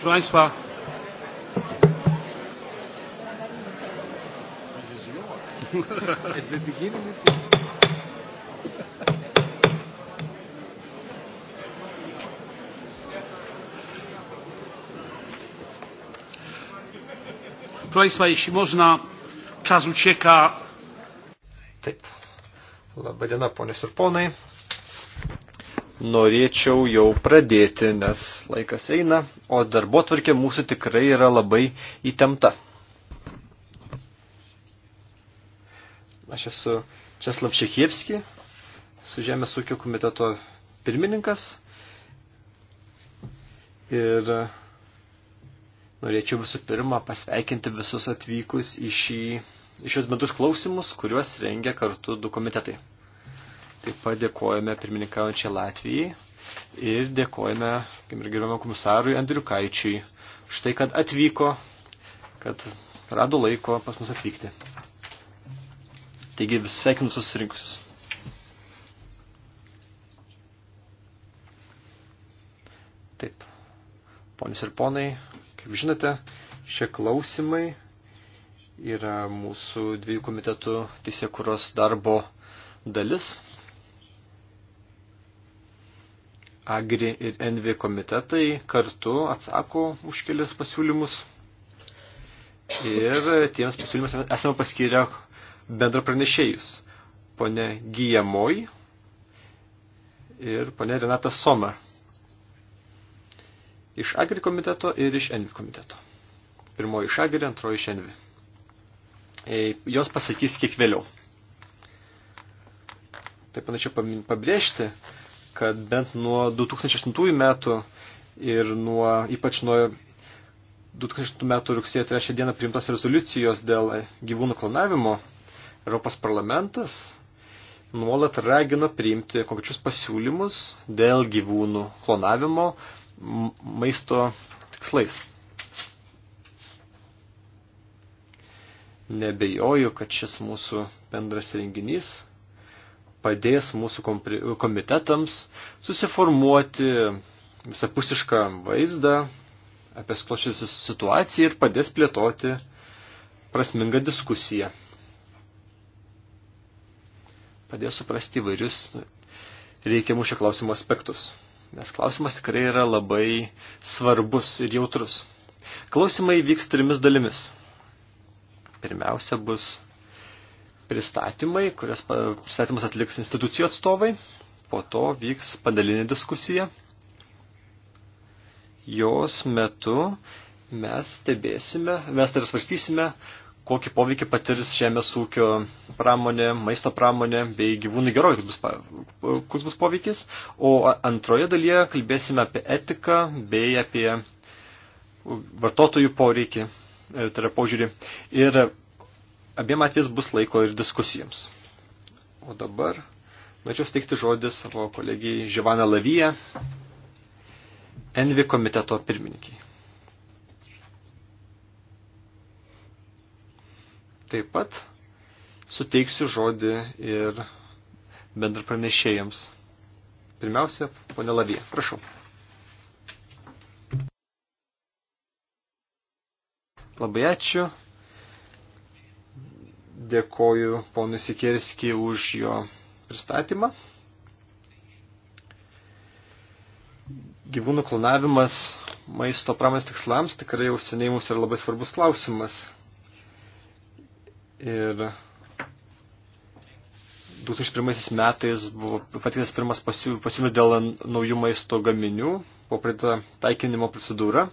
Proszę Państwa, Proszę Państwa, jeśli można, czas ucieka. Taip. Labadiena, ponios ir ponai norėčiau jau pradėti, nes laikas eina, o darbo tvarkė mūsų tikrai yra labai įtempta. Aš esu Česlav Šekievski, su Žemės ūkio komiteto pirmininkas ir norėčiau visų pirma pasveikinti visus atvykus į, šį, į šios metus klausimus, kuriuos rengia kartu du komitetai. Taip pat dėkojame pirmininkaujančiai Latvijai ir dėkojame, kaip ir gerbiamam komisarui Andriukaičiui, štai kad atvyko, kad rado laiko pas mus atvykti. Taigi visi sveikinu susirinkusius. Taip, ponius ir ponai, kaip žinote, šie klausimai yra mūsų dviejų komitetų teisėkuros darbo dalis. Agri ir Envi komitetai kartu atsako už kelias pasiūlymus. Ir tiems pasiūlymus esame paskyrę bendro pranešėjus. Pone Gijamoj ir pone Renata Soma. Iš Agri komiteto ir iš Envi komiteto. Pirmoji iš Agri, antroji iš Envi. E, jos pasakys kiek vėliau. Taip panašiai pabrėžti, kad bent nuo 2008 metų ir nuo, ypač nuo 2008 metų rugsėjo 3 dieną priimtos rezoliucijos dėl gyvūnų klonavimo, Europos parlamentas nuolat ragino priimti konkrečius pasiūlymus dėl gyvūnų klonavimo maisto tikslais. Nebejoju, kad šis mūsų bendras renginys padės mūsų komitetams susiformuoti visapusišką vaizdą apie sklošiusią situaciją ir padės plėtoti prasmingą diskusiją. Padės suprasti įvairius reikiamus šio klausimo aspektus, nes klausimas tikrai yra labai svarbus ir jautrus. Klausimai vyks trimis dalimis. Pirmiausia bus pristatymai, kurias pristatymus atliks institucijų atstovai, po to vyks padalinė diskusija. Jos metu mes stebėsime, mes dar svarstysime, kokį poveikį patirs žemės ūkio pramonė, maisto pramonė bei gyvūnų gerovė, koks bus, koks bus poveikis. O antroje dalyje kalbėsime apie etiką bei apie vartotojų poreikį, e, tai yra požiūrį. Ir abiem atvejais bus laiko ir diskusijoms. O dabar norėčiau steigti žodį savo kolegijai Živana Lavyje, Envi komiteto pirmininkiai. Taip pat suteiksiu žodį ir bendrapranešėjams. Pirmiausia, ponė Lavija, prašau. Labai ačiū. Dėkoju ponui Sikerski už jo pristatymą. Gyvūnų klonavimas maisto pramonės tikslams tikrai jau seniai mums yra labai svarbus klausimas. Ir 2001 metais buvo patiktas pirmas pasiūlymas dėl naujų maisto gaminių, po pradėta taikinimo procedūra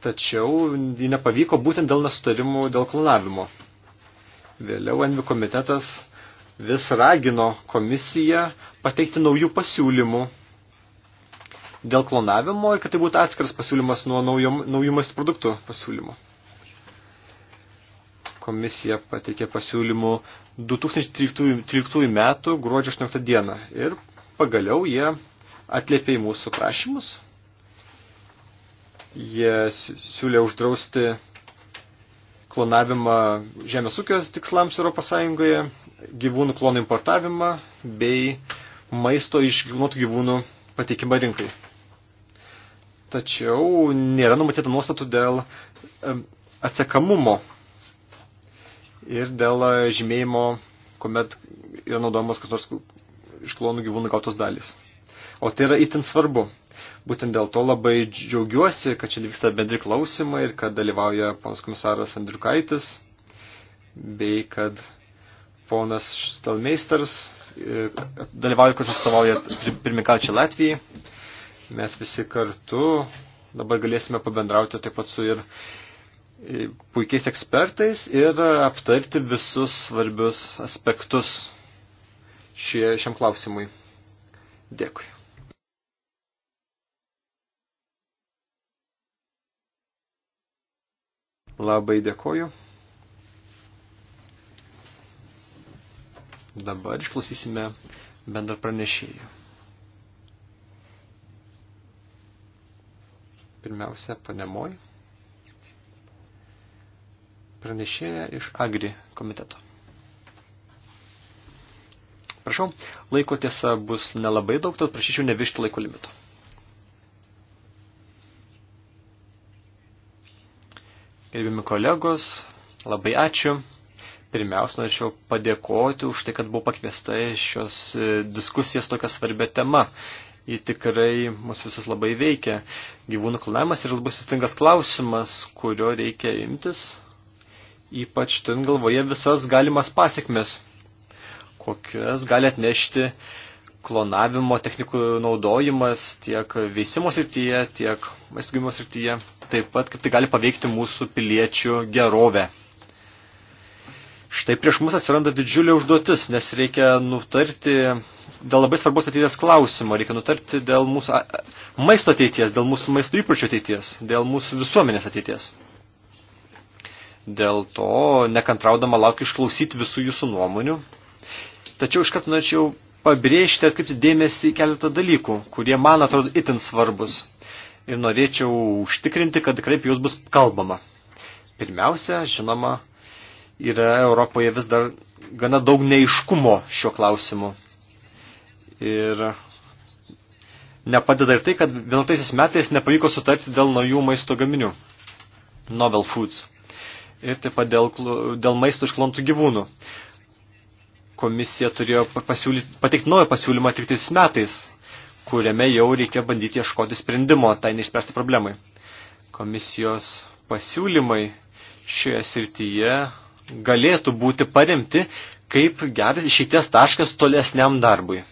tačiau ji nepavyko būtent dėl nesutarimų dėl klonavimo. Vėliau Envi komitetas vis ragino komisiją pateikti naujų pasiūlymų dėl klonavimo ir kad tai būtų atskiras pasiūlymas nuo naujų, naujų maisto produktų pasiūlymo. Komisija pateikė pasiūlymų 2013 metų gruodžio 18 dieną ir pagaliau jie atliepė į mūsų prašymus Jie siūlė uždrausti klonavimą žemės ūkios tikslams ES, gyvūnų klonų importavimą bei maisto iš klonuotų gyvūnų pateikimą rinkai. Tačiau nėra numatyta nuostatų dėl atsekamumo ir dėl e, žymėjimo, kuomet yra naudojamos kas nors iš klonų gyvūnų gautos dalis. O tai yra itin svarbu, Būtent dėl to labai džiaugiuosi, kad čia vyksta bendri klausimai ir kad dalyvauja ponas komisaras Andriukaitis, bei kad ponas Stalmeisters e, dalyvauja, kur atstovauja pirmikalčiai Latvijai. Mes visi kartu dabar galėsime pabendrauti taip pat su ir e, puikiais ekspertais ir aptarti visus svarbius aspektus šie, šiam klausimui. Dėkui. Labai dėkoju. Dabar išklausysime bendrą pranešėjų. Pirmiausia, panemoj. Pranešėja iš Agri komiteto. Prašau, laiko tiesa bus nelabai daug, tad prašyčiau nevišti laiko limito. Gerbimi kolegos, labai ačiū. Pirmiausia, norėčiau padėkoti už tai, kad buvau pakviesta į šios e, diskusijas tokią svarbę temą. Ji tikrai mus visus labai veikia. Gyvūnų klonavimas yra labai sustingas klausimas, kurio reikia imtis. Ypač turint galvoje visas galimas pasiekmes, kokias gali atnešti uh, klonavimo technikų naudojimas tiek veisimo srityje, tiek maisto gimimo srityje, taip pat kaip tai gali paveikti mūsų piliečių gerovę. Štai prieš mus atsiranda didžiulė užduotis, nes reikia nutarti dėl labai svarbos ateities klausimo, reikia nutarti dėl mūsų maisto ateities, dėl mūsų maisto įpročio ateities, dėl mūsų visuomenės ateities. Dėl to nekantraudama laukiu išklausyti visų jūsų nuomonių. Tačiau iškart norėčiau pabrėžti, atkreipti dėmesį į keletą dalykų, kurie man atrodo itin svarbus. Ir norėčiau užtikrinti, kad tikrai apie juos bus kalbama. Pirmiausia, žinoma, yra Europoje vis dar gana daug neiškumo šiuo klausimu. Ir nepadeda ir tai, kad 11 metais nepavyko sutarti dėl naujų maisto gaminių. Novel Foods. Ir taip pat dėl, dėl maisto išklontų gyvūnų komisija turėjo pateikti naują pasiūlymą tik tais metais, kuriame jau reikia bandyti ieškoti sprendimo tai neišspręsti problemai. Komisijos pasiūlymai šioje srityje galėtų būti paremti kaip geras išeities taškas tolesniam darbui.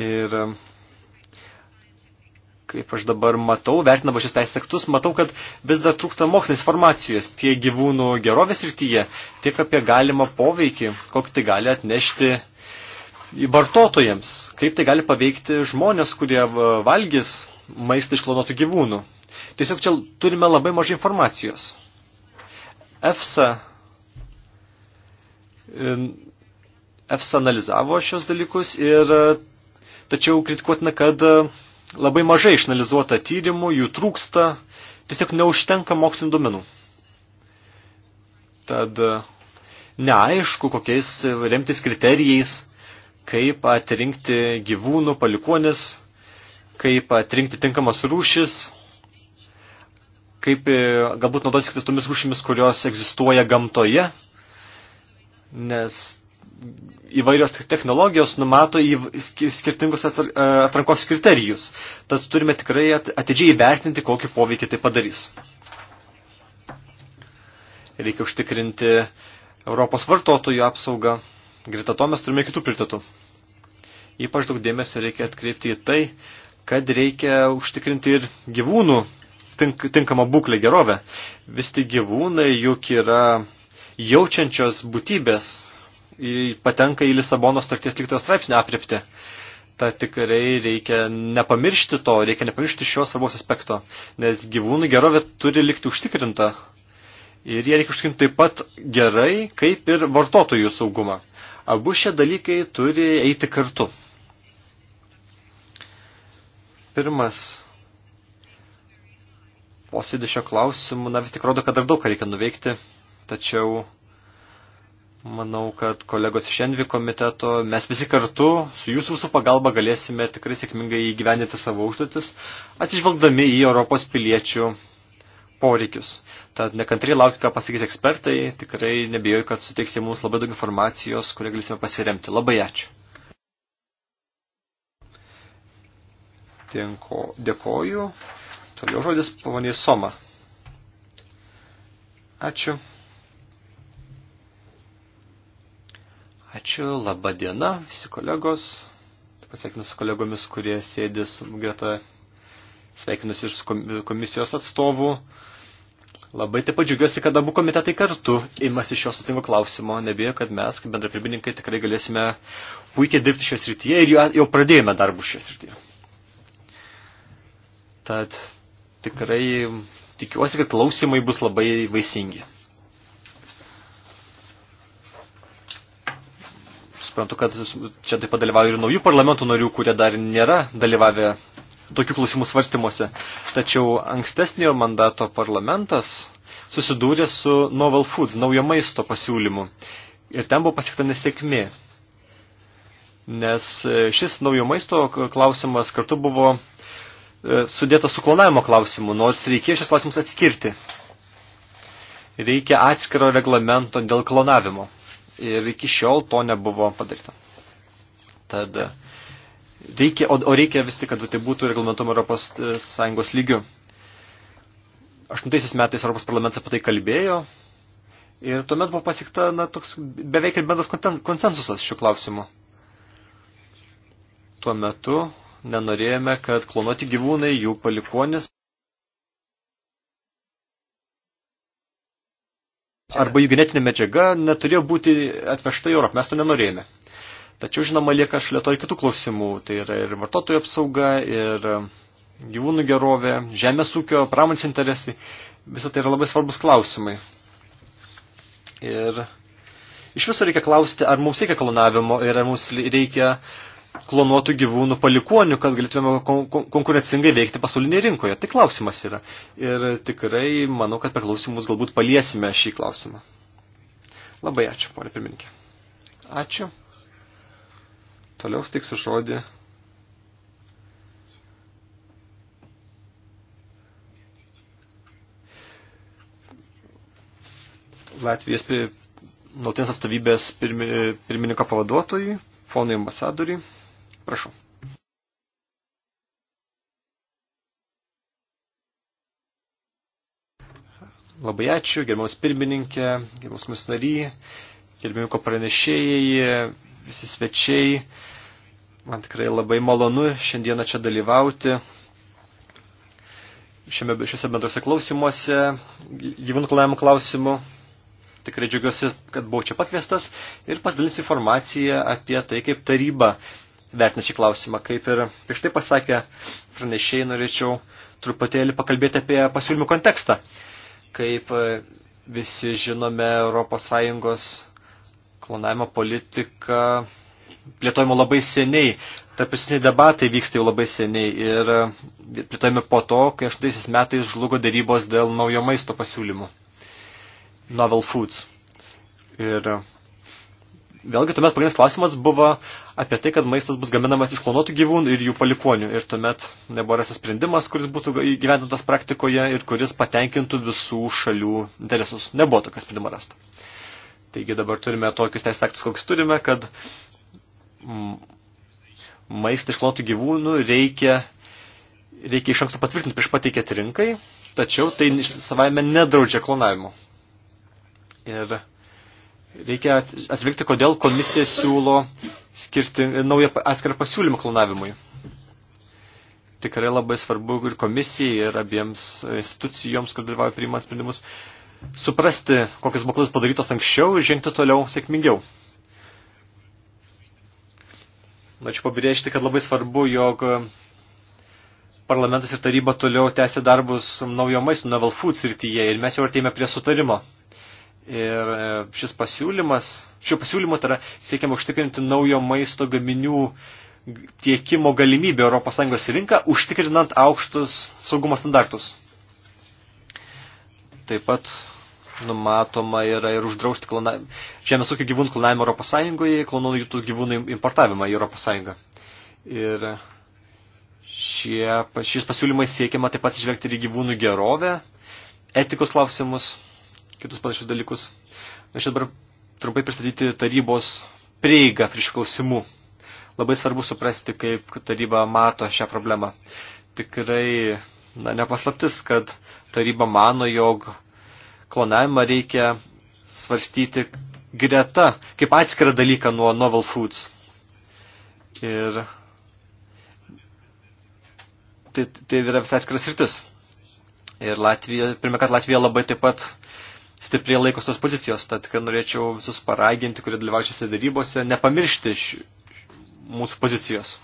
Ir kaip aš dabar matau, vertinama šis teisės aktus, matau, kad vis dar trūksta mokslinės informacijos tiek gyvūnų gerovės rytyje, tiek apie galimą poveikį, kokį tai gali atnešti vartotojams, kaip tai gali paveikti žmonės, kurie e, valgys maistą iš klonotų gyvūnų. Tiesiog čia turime labai mažai informacijos. EFSA, e, EFSA analizavo šios dalykus ir e, tačiau kritikuotina, kad Labai mažai išanalizuota tyrimų, jų trūksta, tiesiog neužtenka mokslinių duomenų. Tad e, neaišku, kokiais remtis kriterijais, kaip atrinkti gyvūnų palikuonis, kaip atrinkti tinkamas rūšis, kaip e, galbūt naudotis tomis rūšimis, kurios egzistuoja gamtoje, nes įvairios technologijos numato į skirtingus e, atrankos kriterijus. Tad turime tikrai atidžiai įvertinti, kokį poveikį tai padarys. Reikia užtikrinti Europos vartotojų apsaugą. Greta to mes turime kitų prioritetų. Ypač daug dėmesio reikia atkreipti į tai, kad reikia užtikrinti ir gyvūnų tink, tinkamą būklę gerovę. Vis tik gyvūnai juk yra jaučiančios būtybės, patenka į Lisabono starties liktojo straipsnio apripti. Ta tikrai reikia nepamiršti to, reikia nepamiršti šio svarbos aspekto, nes gyvūnų gerovė turi likti užtikrinta. Ir jie reikia užtikrinti taip pat gerai, kaip ir vartotojų saugumą. Abu šie dalykai turi eiti kartu. Pirmas posėdį šio klausimu, na vis tik rodo, kad dar daug ką reikia nuveikti, tačiau Manau, kad kolegos iš Envi komiteto, mes visi kartu su jūsų visų pagalba galėsime tikrai sėkmingai įgyvendinti savo užduotis, atsižvelgdami į Europos piliečių poreikius. Tad nekantriai laukiu, ką pasakys ekspertai, tikrai nebijoju, kad suteiksite mums labai daug informacijos, kurią galėsime pasiremti. Labai ačiū. Tienko, dėkoju. Toliau žodis pavanės Soma. Ačiū. Ačiū, laba diena, visi kolegos. Pasveikinu su kolegomis, kurie sėdi su greta. Sveikinusi ir su komisijos atstovu. Labai taip pat džiugiuosi, kad abu komitetai kartu imasi šio sutingo klausimo. Nebijau, kad mes, kaip bendrapirmininkai, tikrai galėsime puikiai dirbti šios rytyje ir jau pradėjome darbus šios rytyje. Tad tikrai tikiuosi, kad klausimai bus labai vaisingi. suprantu, kad čia taip pat dalyvauja ir naujų parlamentų narių, kurie dar nėra dalyvavę tokių klausimų svarstymuose. Tačiau ankstesnio mandato parlamentas susidūrė su Novel Foods, naujo maisto pasiūlymu. Ir ten buvo pasiekta nesėkmė. Nes e, šis naujo maisto klausimas kartu buvo e, sudėtas su klonavimo klausimu, nors reikėjo šis klausimus atskirti. Reikia atskiro reglamento dėl klonavimo ir iki šiol to nebuvo padaryta. Tad e, reikia, o, o reikia vis tik, kad tai būtų reglamentuoma Europos e, Sąjungos lygiu. 2008 metais Europos parlamentas apie tai kalbėjo ir tuomet buvo pasiekta na, toks beveik ir bendras konsensusas šiuo klausimu. Tuo metu nenorėjome, kad klonuoti gyvūnai, jų palikonis arba jų genetinė medžiaga neturėjo būti atvežta į Europą. Mes to nenorėjome. Tačiau, žinoma, lieka šalia to ir kitų klausimų. Tai yra ir vartotojų apsauga, ir e, gyvūnų gerovė, žemės ūkio, pramonės interesai. Visą tai yra labai svarbus klausimai. Ir iš viso reikia klausti, ar mums reikia klonavimo ir ar mums reikia klonuotų gyvūnų palikonių, kad galėtume konkurencingai veikti pasaulinėje rinkoje. Tai klausimas yra. Ir tikrai manau, kad per klausimus galbūt paliesime šį klausimą. Labai ačiū, ponė pirmininkė. Ačiū. Toliau stiksiu žodį. Latvijos nuolatinės atstovybės pirmi, pirmininko pavaduotojui, fonui ambasadoriui. Prašau. Labai ačiū, gerbiamas pirmininkė, gerbiamas mus nary, gerbiami ko pranešėjai, visi svečiai. Man tikrai labai malonu šiandieną čia dalyvauti. Šiame, šiuose bendrose klausimuose, gyvūnų klonavimo klausimu. Tikrai džiaugiuosi, kad buvau čia pakviestas ir pasidalins informaciją apie tai, kaip taryba vertina šį klausimą. Kaip ir prieš tai pasakė pranešėjai, norėčiau truputėlį pakalbėti apie pasiūlymų kontekstą. Kaip e, visi žinome, ES klonavimo politika plėtojimo labai seniai. Tarpisiniai debatai vyksta jau labai seniai ir e, plėtojami po to, kai 80 metais žlugo darybos dėl naujo maisto pasiūlymų. Novel Foods. Ir vėlgi tuomet pagrindinis klausimas buvo apie tai, kad maistas bus gaminamas iš klonuotų gyvūnų ir jų palikonių. Ir tuomet nebuvo rastas sprendimas, kuris būtų įgyvendintas praktikoje ir kuris patenkintų visų šalių interesus. Nebuvo tokio sprendimo rasta. Taigi dabar turime tokius teisės aktus, kokius turime, kad maistą iš klonuotų gyvūnų reikia, reikia iš anksto patvirtinti prieš pateikėt rinkai, tačiau tai savaime nedraudžia klonavimo. Ir Reikia atsvilgti, kodėl komisija siūlo skirti naują atskirą pasiūlymą klonavimui. Tikrai labai svarbu ir komisijai, ir abiems institucijoms, kur dalyvauja priimant sprendimus, suprasti, kokios buvo klaidos padarytos anksčiau ir žengti toliau sėkmingiau. Norėčiau pabrėžti, kad labai svarbu, jog parlamentas ir taryba toliau tęsia darbus naujo maisto novel food srityje ir mes jau artėjame prie sutarimo. Ir e, šis pasiūlymas, šio pasiūlymo tai yra siekiama užtikrinti naujo maisto gaminių tiekimo galimybę ES rinką, užtikrinant aukštus saugumo standartus. Taip pat numatoma yra ir uždrausti klona... žemės ūkio gyvūnų klonavimą Europos Sąjungoje, klonuotų jūtų gyvūnų importavimą į Europos Sąjungą. Ir šie, šis pasiūlymai siekiama taip pat išvelgti ir gyvūnų gerovę, etikos klausimus kitus panašius dalykus. Aš dabar trumpai pristatyti tarybos prieigą prie šių klausimų. Labai svarbu suprasti, kaip taryba mato šią problemą. Tikrai na, nepaslaptis, kad taryba mano, jog klonavimą reikia svarstyti greta, kaip atskirą dalyką nuo novel foods. Ir tai, tai yra visai atskiras rytis. Ir Latvija, pirmia, kad Latvija labai taip pat stipriai laikos tos pozicijos, tad kad norėčiau visus paraginti, kurie dalyvauja šiose darybose, nepamiršti š... mūsų pozicijos.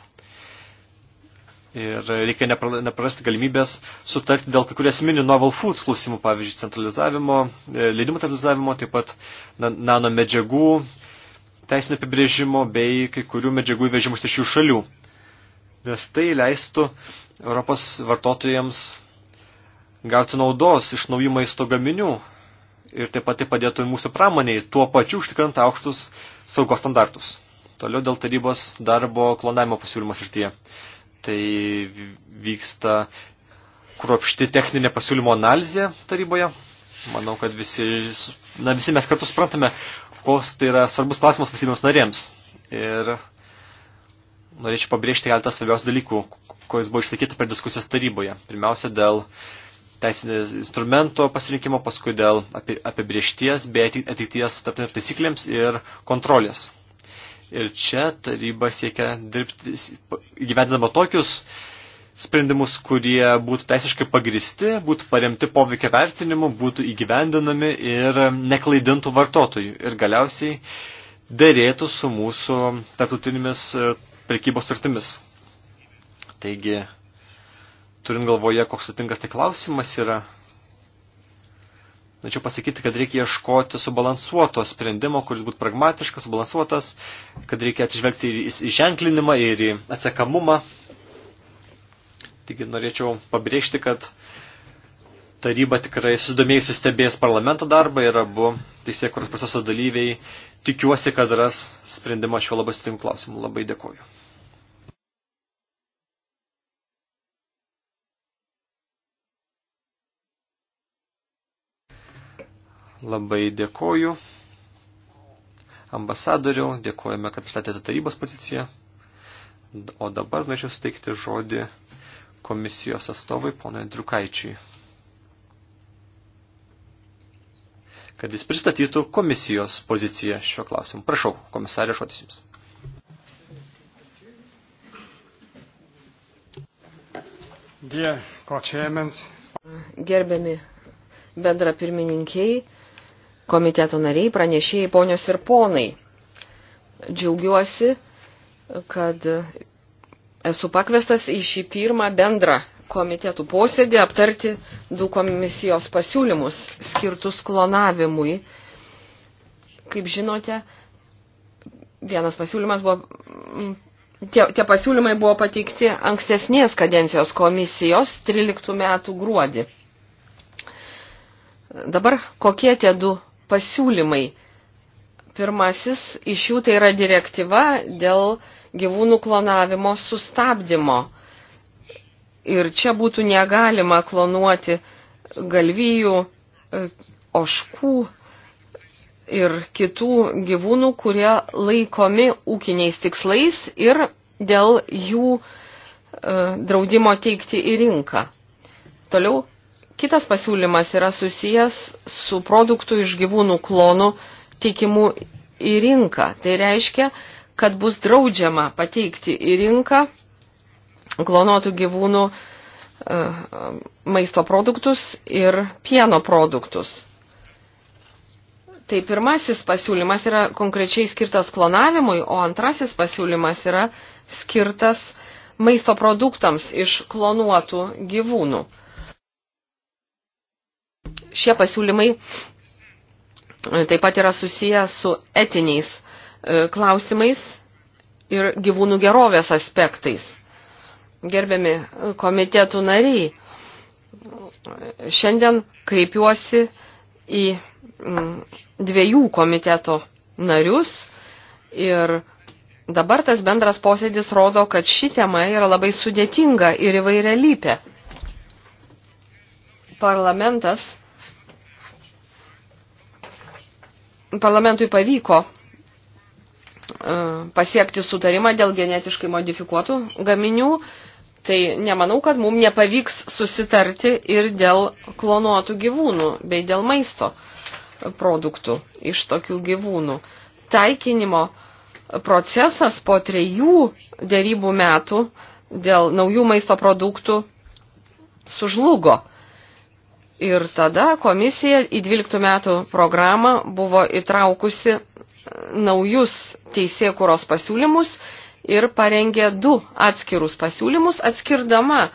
Ir reikia neprarasti galimybės sutarti dėl kai kurių esminių novel foods klausimų, pavyzdžiui, centralizavimo, e, leidimų centralizavimo, taip pat nano medžiagų, teisinio apibrėžimo bei kai kurių medžiagų įvežimus iš šių šalių. Nes tai leistų Europos vartotojams gauti naudos iš naujų maisto gaminių, ir taip pat tai padėtų ir mūsų pramoniai, tuo pačiu užtikrint aukštus saugos standartus. Toliau dėl tarybos darbo klonavimo pasiūlymo srityje. Tai vyksta kruopšti techninė pasiūlymo analizė taryboje. Manau, kad visi, na, visi mes kartu suprantame, koks tai yra svarbus klausimas valstybėms narėms. Ir norėčiau pabrėžti keletą svarbiausių dalykų, ko jis buvo išsakyta per diskusijas taryboje. Pirmiausia, dėl uh, teisinės instrumento pasirinkimo, paskui dėl apibriešties bei atitikties taptinėms taisyklėms ir kontrolės. Ir čia taryba siekia dirbti, gyvendinama tokius sprendimus, kurie būtų teisiškai pagristi, būtų paremti poveikia vertinimu, būtų įgyvendinami ir neklaidintų vartotojų. Ir galiausiai dėrėtų su mūsų tarptautinėmis e, prekybos sartimis. Taigi, turint galvoje, koks sutinkas tai klausimas yra, tačiau pasakyti, kad reikia ieškoti subalansuoto sprendimo, kuris būtų pragmatiškas, subalansuotas, kad reikia atsižvelgti ir į ženklinimą, ir į atsekamumą. Taigi norėčiau pabrėžti, kad taryba tikrai susidomėjusi stebės parlamento darbą ir abu teisėkuros proceso dalyviai tikiuosi, kad ras sprendimą šiuo labai sutinku klausimu. Labai dėkoju. Labai dėkoju ambasadoriau, dėkojame, kad pristatėte tarybos poziciją. O dabar norėčiau suteikti žodį komisijos atstovai ponui Driukaičiui, kad jis pristatytų komisijos poziciją šiuo klausimu. Prašau, komisarė, žodis jums. Gerbiami bendra pirmininkiai, komiteto nariai, pranešėjai, ponios ir ponai. Džiaugiuosi, kad esu pakvestas į šį pirmą bendrą komitetų posėdį aptarti du komisijos pasiūlymus skirtus klonavimui. Kaip žinote, vienas pasiūlymas buvo. Tie, tie pasiūlymai buvo pateikti ankstesnės kadencijos komisijos 13 metų gruodį. Dabar kokie tie du pasiūlymai. Pirmasis iš jų tai yra direktyva dėl gyvūnų klonavimo sustabdymo. Ir čia būtų negalima klonuoti galvijų, e, oškų ir kitų gyvūnų, kurie laikomi ūkiniais tikslais ir dėl jų e, draudimo teikti į rinką. Toliau Kitas pasiūlymas yra susijęs su produktų iš gyvūnų klonų teikimu į rinką. Tai reiškia, kad bus draudžiama pateikti į rinką klonuotų gyvūnų e, maisto produktus ir pieno produktus. Tai pirmasis pasiūlymas yra konkrečiai skirtas klonavimui, o antrasis pasiūlymas yra skirtas maisto produktams iš klonuotų gyvūnų. Šie pasiūlymai e, taip pat yra susiję su etiniais e, klausimais ir gyvūnų gerovės aspektais. Gerbiami e, komitetų nariai, šiandien kreipiuosi į dviejų komiteto narius ir dabar tas bendras posėdis rodo, kad ši tema yra labai sudėtinga ir įvairia lypė. Parlamentas parlamentui pavyko e, pasiekti sutarimą dėl genetiškai modifikuotų gaminių, tai nemanau, kad mums nepavyks susitarti ir dėl klonuotų gyvūnų bei dėl maisto produktų iš tokių gyvūnų. Taikinimo procesas po trejų dėrybų metų dėl naujų maisto produktų sužlugo. Ir tada komisija į 12 metų programą buvo įtraukusi e, naujus teisėkuros pasiūlymus ir parengė du atskirus pasiūlymus, atskirdama e,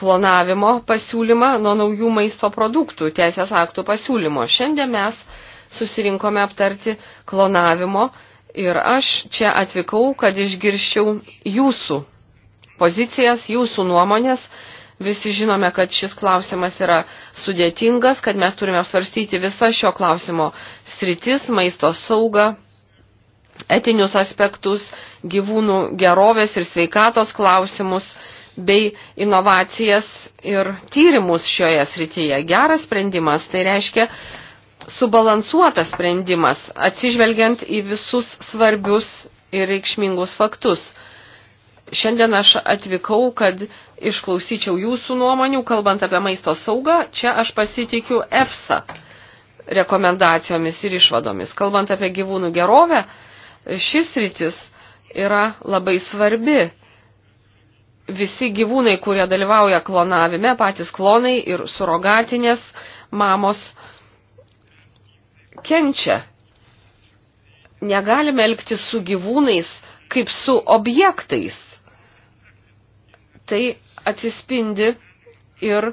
klonavimo pasiūlymą nuo naujų maisto produktų teisės aktų pasiūlymo. Šiandien mes susirinkome aptarti klonavimo ir aš čia atvykau, kad išgirščiau jūsų pozicijas, jūsų nuomonės Visi žinome, kad šis klausimas yra sudėtingas, kad mes turime apsvarstyti visą šio klausimo sritis, maisto saugą, etinius aspektus, gyvūnų gerovės ir sveikatos klausimus bei inovacijas ir tyrimus šioje srityje. Geras sprendimas tai reiškia subalansuotas sprendimas, atsižvelgiant į visus svarbius ir reikšmingus faktus. Šiandien aš atvykau, kad išklausyčiau jūsų nuomonių, kalbant apie maisto saugą. Čia aš pasitikiu EFSA rekomendacijomis ir išvadomis. Kalbant apie gyvūnų gerovę, šis rytis yra labai svarbi. Visi gyvūnai, kurie dalyvauja klonavime, patys klonai ir surogatinės mamos kenčia. Negalime elgtis su gyvūnais kaip su objektais tai atsispindi ir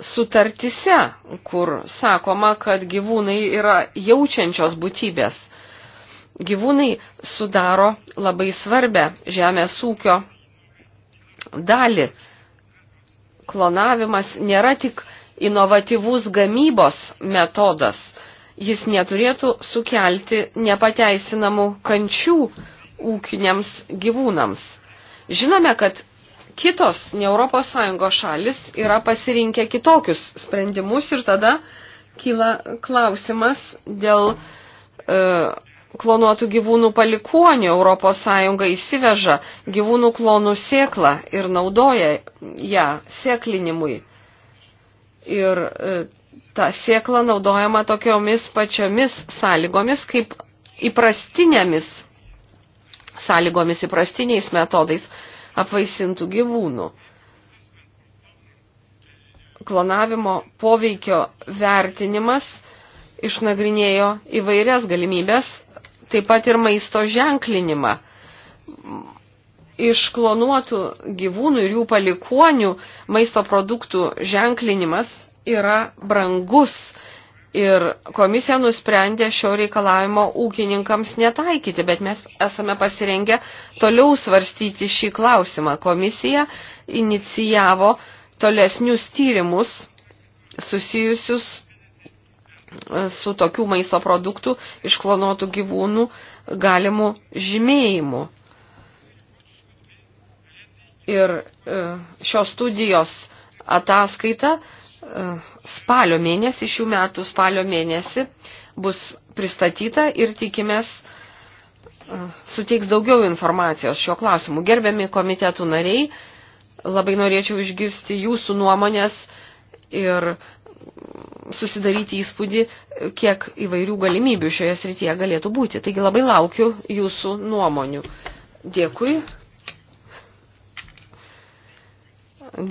sutartise, kur sakoma, kad gyvūnai yra jaučiančios būtybės. Gyvūnai sudaro labai svarbę žemės ūkio dalį. Klonavimas nėra tik inovatyvus gamybos metodas. Jis neturėtų sukelti nepateisinamų kančių ūkiniams gyvūnams. Žinome, kad kitos ne Europos Sąjungos šalis yra pasirinkę kitokius sprendimus ir tada kyla klausimas dėl e, klonuotų gyvūnų palikuonių Europos Sąjunga įsiveža gyvūnų klonų sėklą ir naudoja ją sėklinimui. Ir e, ta sėkla naudojama tokiomis pačiomis sąlygomis kaip įprastinėmis sąlygomis, įprastiniais metodais apvaisintų gyvūnų. Klonavimo poveikio vertinimas išnagrinėjo įvairias galimybės, taip pat ir maisto ženklinimą. Iš klonuotų gyvūnų ir jų palikonių maisto produktų ženklinimas yra brangus Ir komisija nusprendė šio reikalavimo ūkininkams netaikyti, bet mes esame pasirengę toliau svarstyti šį klausimą. Komisija inicijavo tolesnius tyrimus susijusius e, su tokių maisto produktų iš klonuotų gyvūnų galimų žymėjimų. Ir e, šios studijos ataskaita E, spalio mėnesį, šių metų spalio mėnesį bus pristatyta ir tikimės e, suteiks daugiau informacijos šiuo klausimu. Gerbiami komitetų nariai, labai norėčiau išgirsti jūsų nuomonės ir susidaryti įspūdį, kiek įvairių galimybių šioje srityje galėtų būti. Taigi labai laukiu jūsų nuomonių. Dėkui.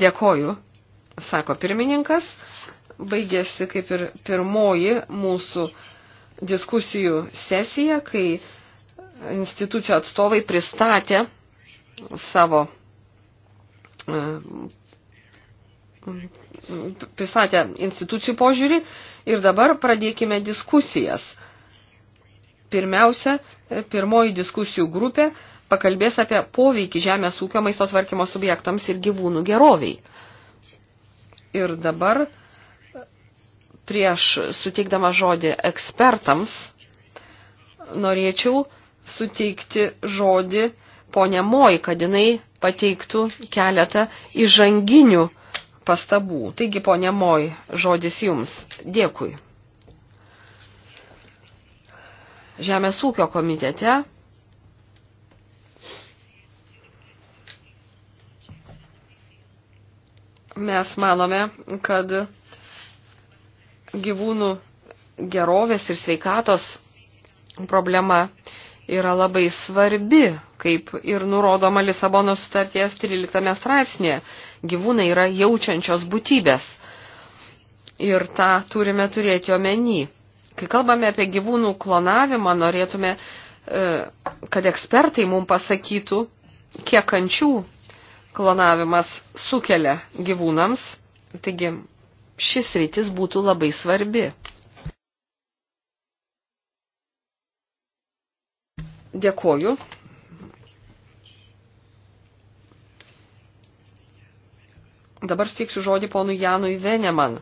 Dėkoju sako pirmininkas, baigėsi kaip ir pirmoji mūsų diskusijų sesija, kai institucijų atstovai pristatė savo e, pristatė institucijų požiūrį ir dabar pradėkime diskusijas. Pirmiausia, pirmoji diskusijų grupė pakalbės apie poveikį žemės ūkio maisto tvarkymo subjektams ir gyvūnų geroviai. Ir dabar prieš suteikdama žodį ekspertams norėčiau suteikti žodį ponė Moj, kad jinai pateiktų keletą įžanginių pastabų. Taigi, ponė Moj, žodis jums. Dėkui. Žemės ūkio komitete Mes manome, kad gyvūnų gerovės ir sveikatos problema yra labai svarbi, kaip ir nurodoma Lisabono sutarties 13 straipsnėje. Gyvūnai yra jaučiančios būtybės. Ir tą turime turėti omeny. Kai kalbame apie gyvūnų klonavimą, norėtume, e, kad ekspertai mums pasakytų, kiek kančių klonavimas sukelia gyvūnams, taigi šis rytis būtų labai svarbi. Dėkoju. Dabar stiksiu žodį ponui Janui Veneman.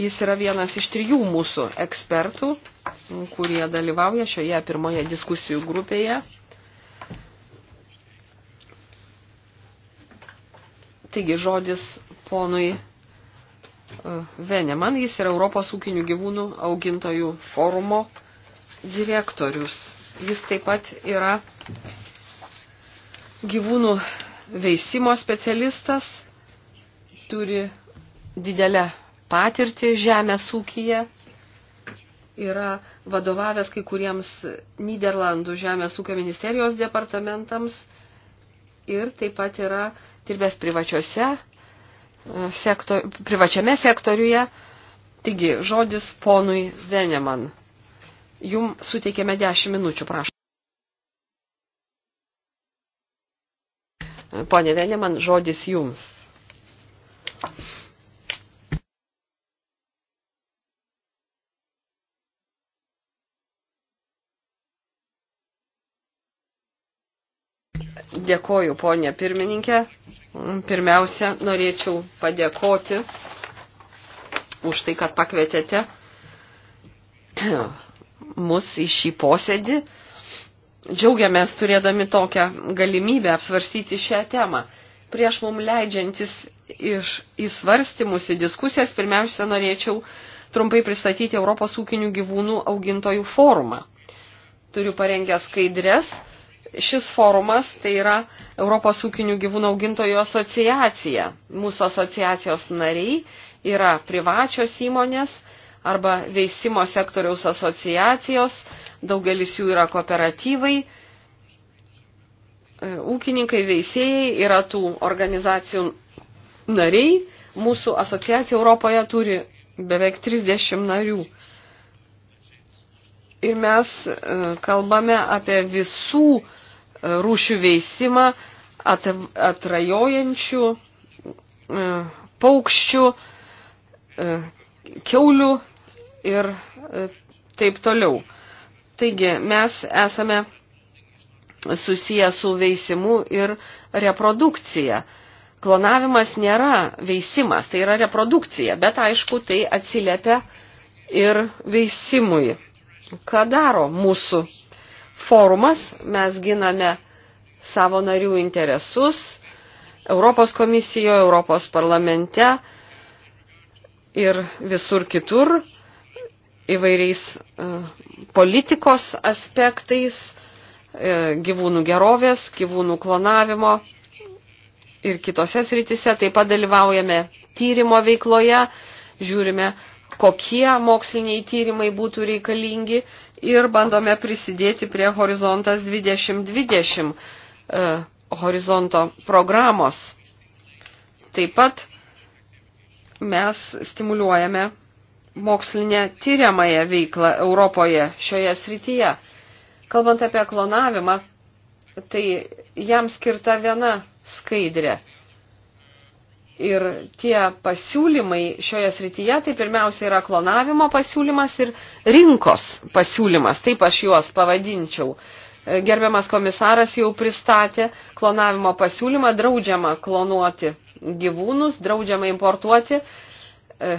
Jis yra vienas iš trijų mūsų ekspertų, kurie dalyvauja šioje pirmoje diskusijų grupėje. Taigi žodis ponui e, Veneman, jis yra Europos ūkinių gyvūnų augintojų forumo direktorius. Jis taip pat yra gyvūnų veisimo specialistas, turi didelę patirtį žemės ūkyje, yra vadovavęs kai kuriems Niderlandų žemės ūkio ministerijos departamentams ir taip pat yra dirbęs privačiose, e, sektor, privačiame sektoriuje. Taigi, žodis ponui Veneman. Jum suteikėme 10 minučių, prašau. E, pone Veneman, žodis jums. Dėkoju, ponė pirmininkė. Pirmiausia, norėčiau padėkoti už tai, kad pakvietėte mus į šį posėdį. Džiaugiamės turėdami tokią galimybę apsvarstyti šią temą. Prieš mum leidžiantis iš įsvarstymus į diskusijas, pirmiausia, norėčiau trumpai pristatyti Europos ūkinių gyvūnų augintojų forumą. Turiu parengę skaidrės šis forumas tai yra Europos ūkinių gyvūnų augintojų asociacija. Mūsų asociacijos nariai yra privačios įmonės arba veisimo sektoriaus asociacijos, daugelis jų yra kooperatyvai. E, ūkininkai veisėjai yra tų organizacijų nariai. Mūsų asociacija Europoje turi beveik 30 narių. Ir mes e, kalbame apie visų rūšių veisimą atrajojančių e, paukščių, e, keulių ir e, taip toliau. Taigi mes esame susiję su veisimu ir reprodukcija. Klonavimas nėra veisimas, tai yra reprodukcija, bet aišku, tai atsiliepia ir veisimui. Ką daro mūsų forumas, mes giname savo narių interesus Europos komisijoje, Europos parlamente ir visur kitur įvairiais e, politikos aspektais, e, gyvūnų gerovės, gyvūnų klonavimo ir kitose srityse. Taip pat dalyvaujame tyrimo veikloje, žiūrime, kokie moksliniai tyrimai būtų reikalingi ir bandome prisidėti prie Horizontas 2020 e, horizonto programos. Taip pat mes stimuliuojame mokslinę tyriamąją veiklą Europoje šioje srityje. Kalbant apie klonavimą, tai jam skirta viena skaidrė. Ir tie pasiūlymai šioje srityje, tai pirmiausia yra klonavimo pasiūlymas ir rinkos pasiūlymas, taip aš juos pavadinčiau. E, gerbiamas komisaras jau pristatė klonavimo pasiūlymą, draudžiama klonuoti gyvūnus, draudžiama importuoti e,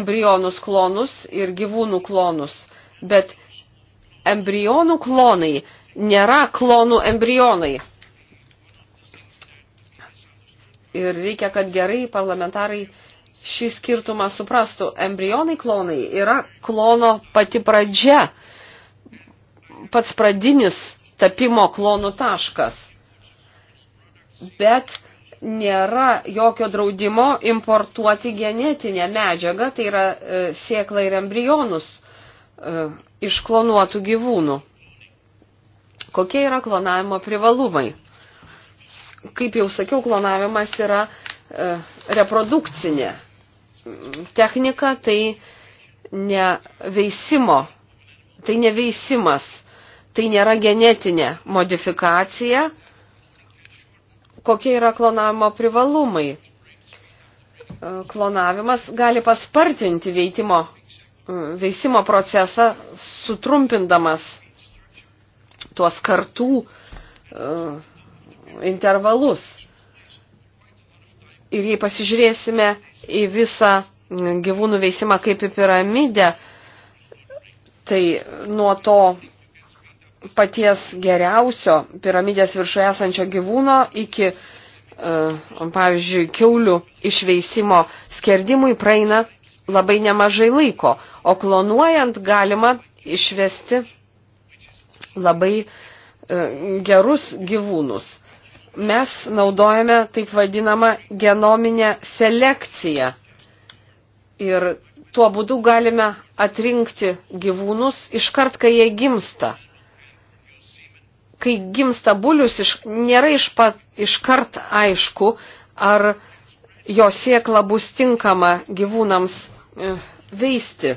embrionus klonus ir gyvūnų klonus. Bet embrionų klonai nėra klonų embrionai ir reikia, kad gerai parlamentarai šį skirtumą suprastų. Embrionai klonai yra klono pati pradžia, pats pradinis tapimo klonų taškas. Bet nėra jokio draudimo importuoti genetinę medžiagą, tai yra e, sėklą ir embrionus e, iš klonuotų gyvūnų. Kokie yra klonavimo privalumai? Kaip jau sakiau, klonavimas yra e, reprodukcinė technika, tai ne veisimo, tai ne veisimas, tai nėra genetinė modifikacija. Kokie yra klonavimo privalumai? E, klonavimas gali paspartinti veitimo, e, veisimo procesą, sutrumpindamas tuos kartų intervalus. Ir jei pasižiūrėsime į visą gyvūnų veisimą kaip į piramidę, tai nuo to paties geriausio piramidės viršuje esančio gyvūno iki, e, pavyzdžiui, keulių išveisimo skerdimui praeina labai nemažai laiko, o klonuojant galima išvesti labai e, gerus gyvūnus mes naudojame taip vadinamą genominę selekciją. Ir tuo būdu galime atrinkti gyvūnus iškart, kai jie gimsta. Kai gimsta bulius, iš, nėra iš pat, iškart aišku, ar jo sėkla bus tinkama gyvūnams e, veisti.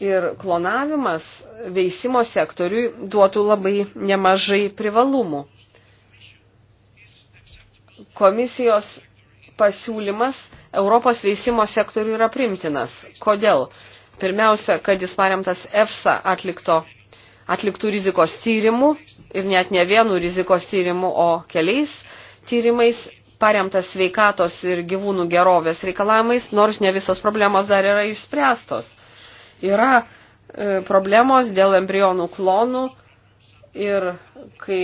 Ir klonavimas veisimo sektoriui duotų labai nemažai privalumų komisijos pasiūlymas Europos veisimo sektoriui yra primtinas. Kodėl? Pirmiausia, kad jis paremtas EFSA atlikto, atliktų rizikos tyrimų ir net ne vienu rizikos tyrimu, o keliais tyrimais paremtas sveikatos ir gyvūnų gerovės reikalavimais, nors ne visos problemos dar yra išspręstos. Yra e, problemos dėl embrionų klonų ir kai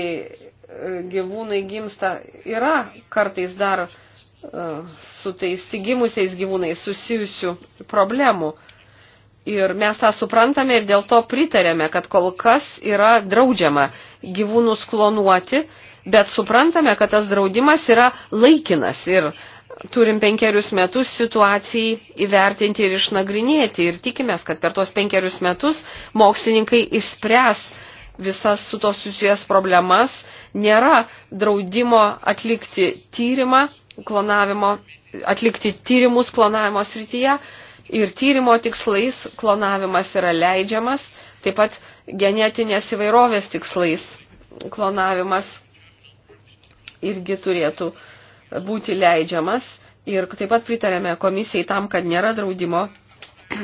gyvūnai gimsta, yra kartais dar e, su tais gimusiais gyvūnais susijusių problemų. Ir mes tą suprantame ir dėl to pritarėme, kad kol kas yra draudžiama gyvūnus klonuoti, bet suprantame, kad tas draudimas yra laikinas ir turim penkerius metus situacijai įvertinti ir išnagrinėti ir tikimės, kad per tuos penkerius metus mokslininkai išspręs uh, visas su to susijęs problemas, nėra draudimo atlikti tyrimą, klonavimo, atlikti tyrimus klonavimo srityje ir tyrimo tikslais klonavimas yra leidžiamas, taip pat genetinės įvairovės tikslais klonavimas irgi turėtų būti leidžiamas. Ir taip pat pritarėme komisijai tam, kad nėra draudimo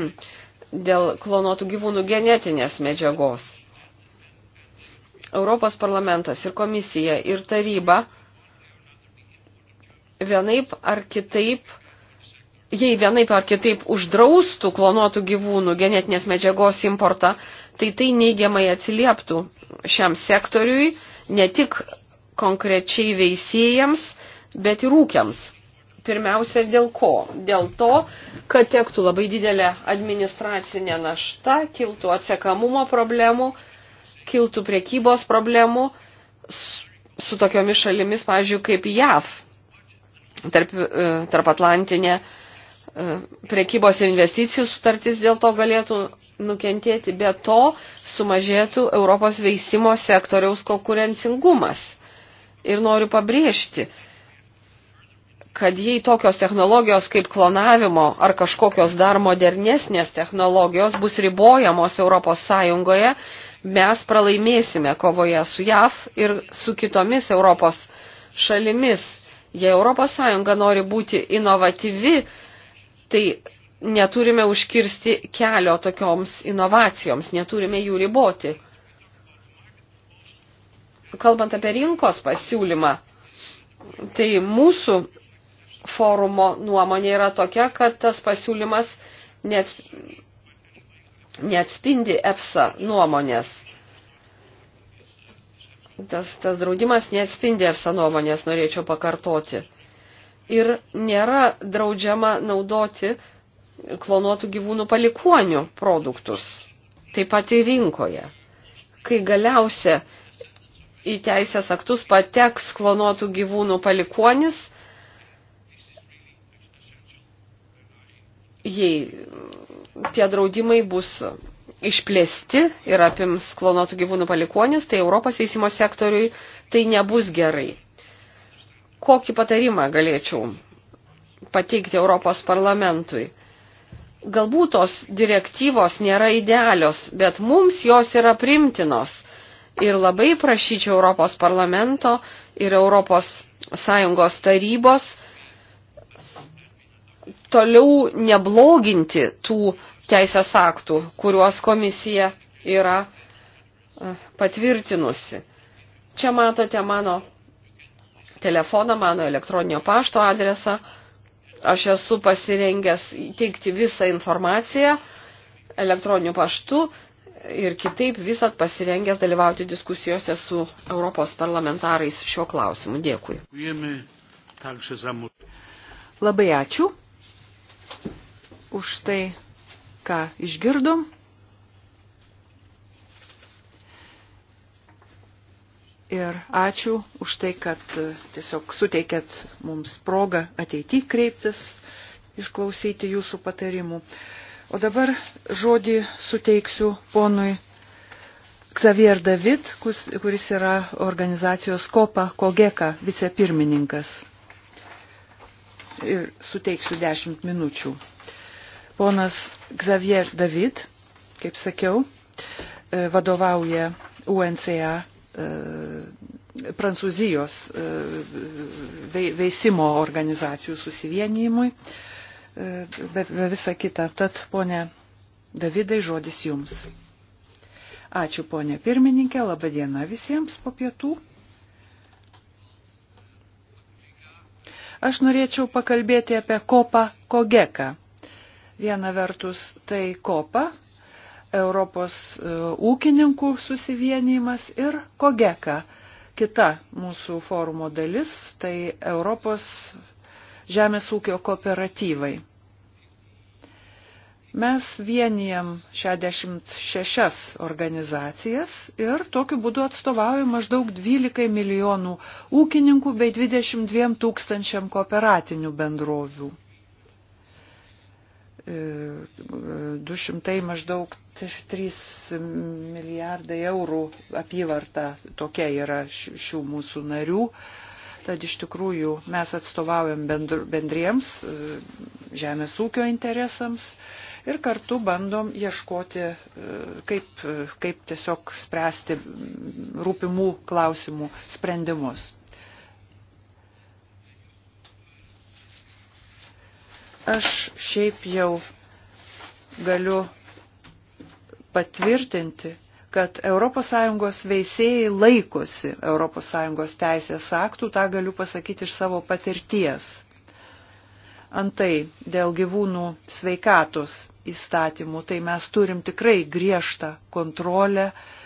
dėl klonuotų gyvūnų genetinės medžiagos. Europos parlamentas ir komisija ir taryba vienaip ar kitaip, jei vienaip ar kitaip uždraustų klonuotų gyvūnų genetinės medžiagos importą, tai tai neigiamai atsilieptų šiam sektoriui, ne tik konkrečiai veisėjams, bet ir ūkiams. Pirmiausia, dėl ko? Dėl to, kad tektų labai didelė administracinė našta, kiltų atsekamumo problemų, kiltų priekybos problemų su tokiomis šalimis, pavyzdžiui, kaip JAV, tarp, e, tarp Atlantinė e, priekybos ir investicijų sutartis dėl to galėtų nukentėti, be to sumažėtų Europos veisimo sektoriaus konkurencingumas. Ir noriu pabrėžti, kad jei tokios technologijos kaip klonavimo ar kažkokios dar modernesnės technologijos bus ribojamos Europos Sąjungoje, mes pralaimėsime kovoje su JAV ir su kitomis Europos šalimis. Jei ES nori būti inovatyvi, tai neturime užkirsti kelio tokioms inovacijoms, neturime jų riboti. Kalbant apie rinkos pasiūlymą, tai mūsų forumo nuomonė yra tokia, kad tas pasiūlymas net neatspindi EFSA nuomonės. Tas, tas draudimas neatspindi EFSA nuomonės, norėčiau pakartoti. Ir nėra draudžiama naudoti klonuotų gyvūnų palikuonių produktus, taip pat ir rinkoje. Kai galiausia į teisės aktus pateks klonuotų gyvūnų palikuonis, jei tie draudimai bus išplėsti ir apims klonotų gyvūnų palikonis, tai Europos veisimo sektoriui tai nebus gerai. Kokį patarimą galėčiau pateikti Europos parlamentui? Galbūt tos direktyvos nėra idealios, bet mums jos yra primtinos. Ir labai prašyčiau Europos parlamento ir Europos Sąjungos tarybos toliau nebloginti tų teisės aktų, kuriuos komisija yra e, patvirtinusi. Čia matote mano telefoną, mano elektroninio pašto adresą. Aš esu pasirengęs teikti visą informaciją elektroniniu paštu ir kitaip visat pasirengęs dalyvauti diskusijose su Europos parlamentarais šiuo klausimu. Dėkui. Labai ačiū už tai, ką išgirdom. Ir ačiū už tai, kad e, tiesiog suteikėt mums progą ateity kreiptis, išklausyti jūsų patarimų. O dabar žodį suteiksiu ponui Xavier David, kuris yra organizacijos Kopa Kogeka vicepirmininkas. Ir suteiksiu dešimt minučių. Ponas Xavier David, kaip sakiau, e, vadovauja UNCA e, Prancūzijos e, veisimo organizacijų susivienijimui, be, be visa kita. Tad, ponė Davidai, žodis jums. Ačiū, ponė pirmininkė, laba diena visiems po pietų. Aš norėčiau pakalbėti apie kopą kogeką. Viena vertus tai kopa, Europos e, ūkininkų susivienimas ir kogeka. Kita mūsų forumo dalis tai Europos žemės ūkio kooperatyvai. Mes vienijam 66 organizacijas ir tokiu būdu atstovauju maždaug 12 milijonų ūkininkų bei 22 tūkstančiam kooperatinių bendrovių. 200 maždaug 3 milijardai eurų apyvarta tokia yra šių mūsų narių. Tad iš tikrųjų mes atstovaujam bendriems e, žemės ūkio interesams ir kartu bandom ieškoti, e, kaip, e, kaip tiesiog spręsti rūpimų klausimų sprendimus. Aš šiaip jau galiu patvirtinti, kad ES veisėjai laikosi ES teisės aktų, tą galiu pasakyti iš savo patirties. Antai, dėl gyvūnų sveikatos įstatymų, tai mes turim tikrai griežtą kontrolę, uh,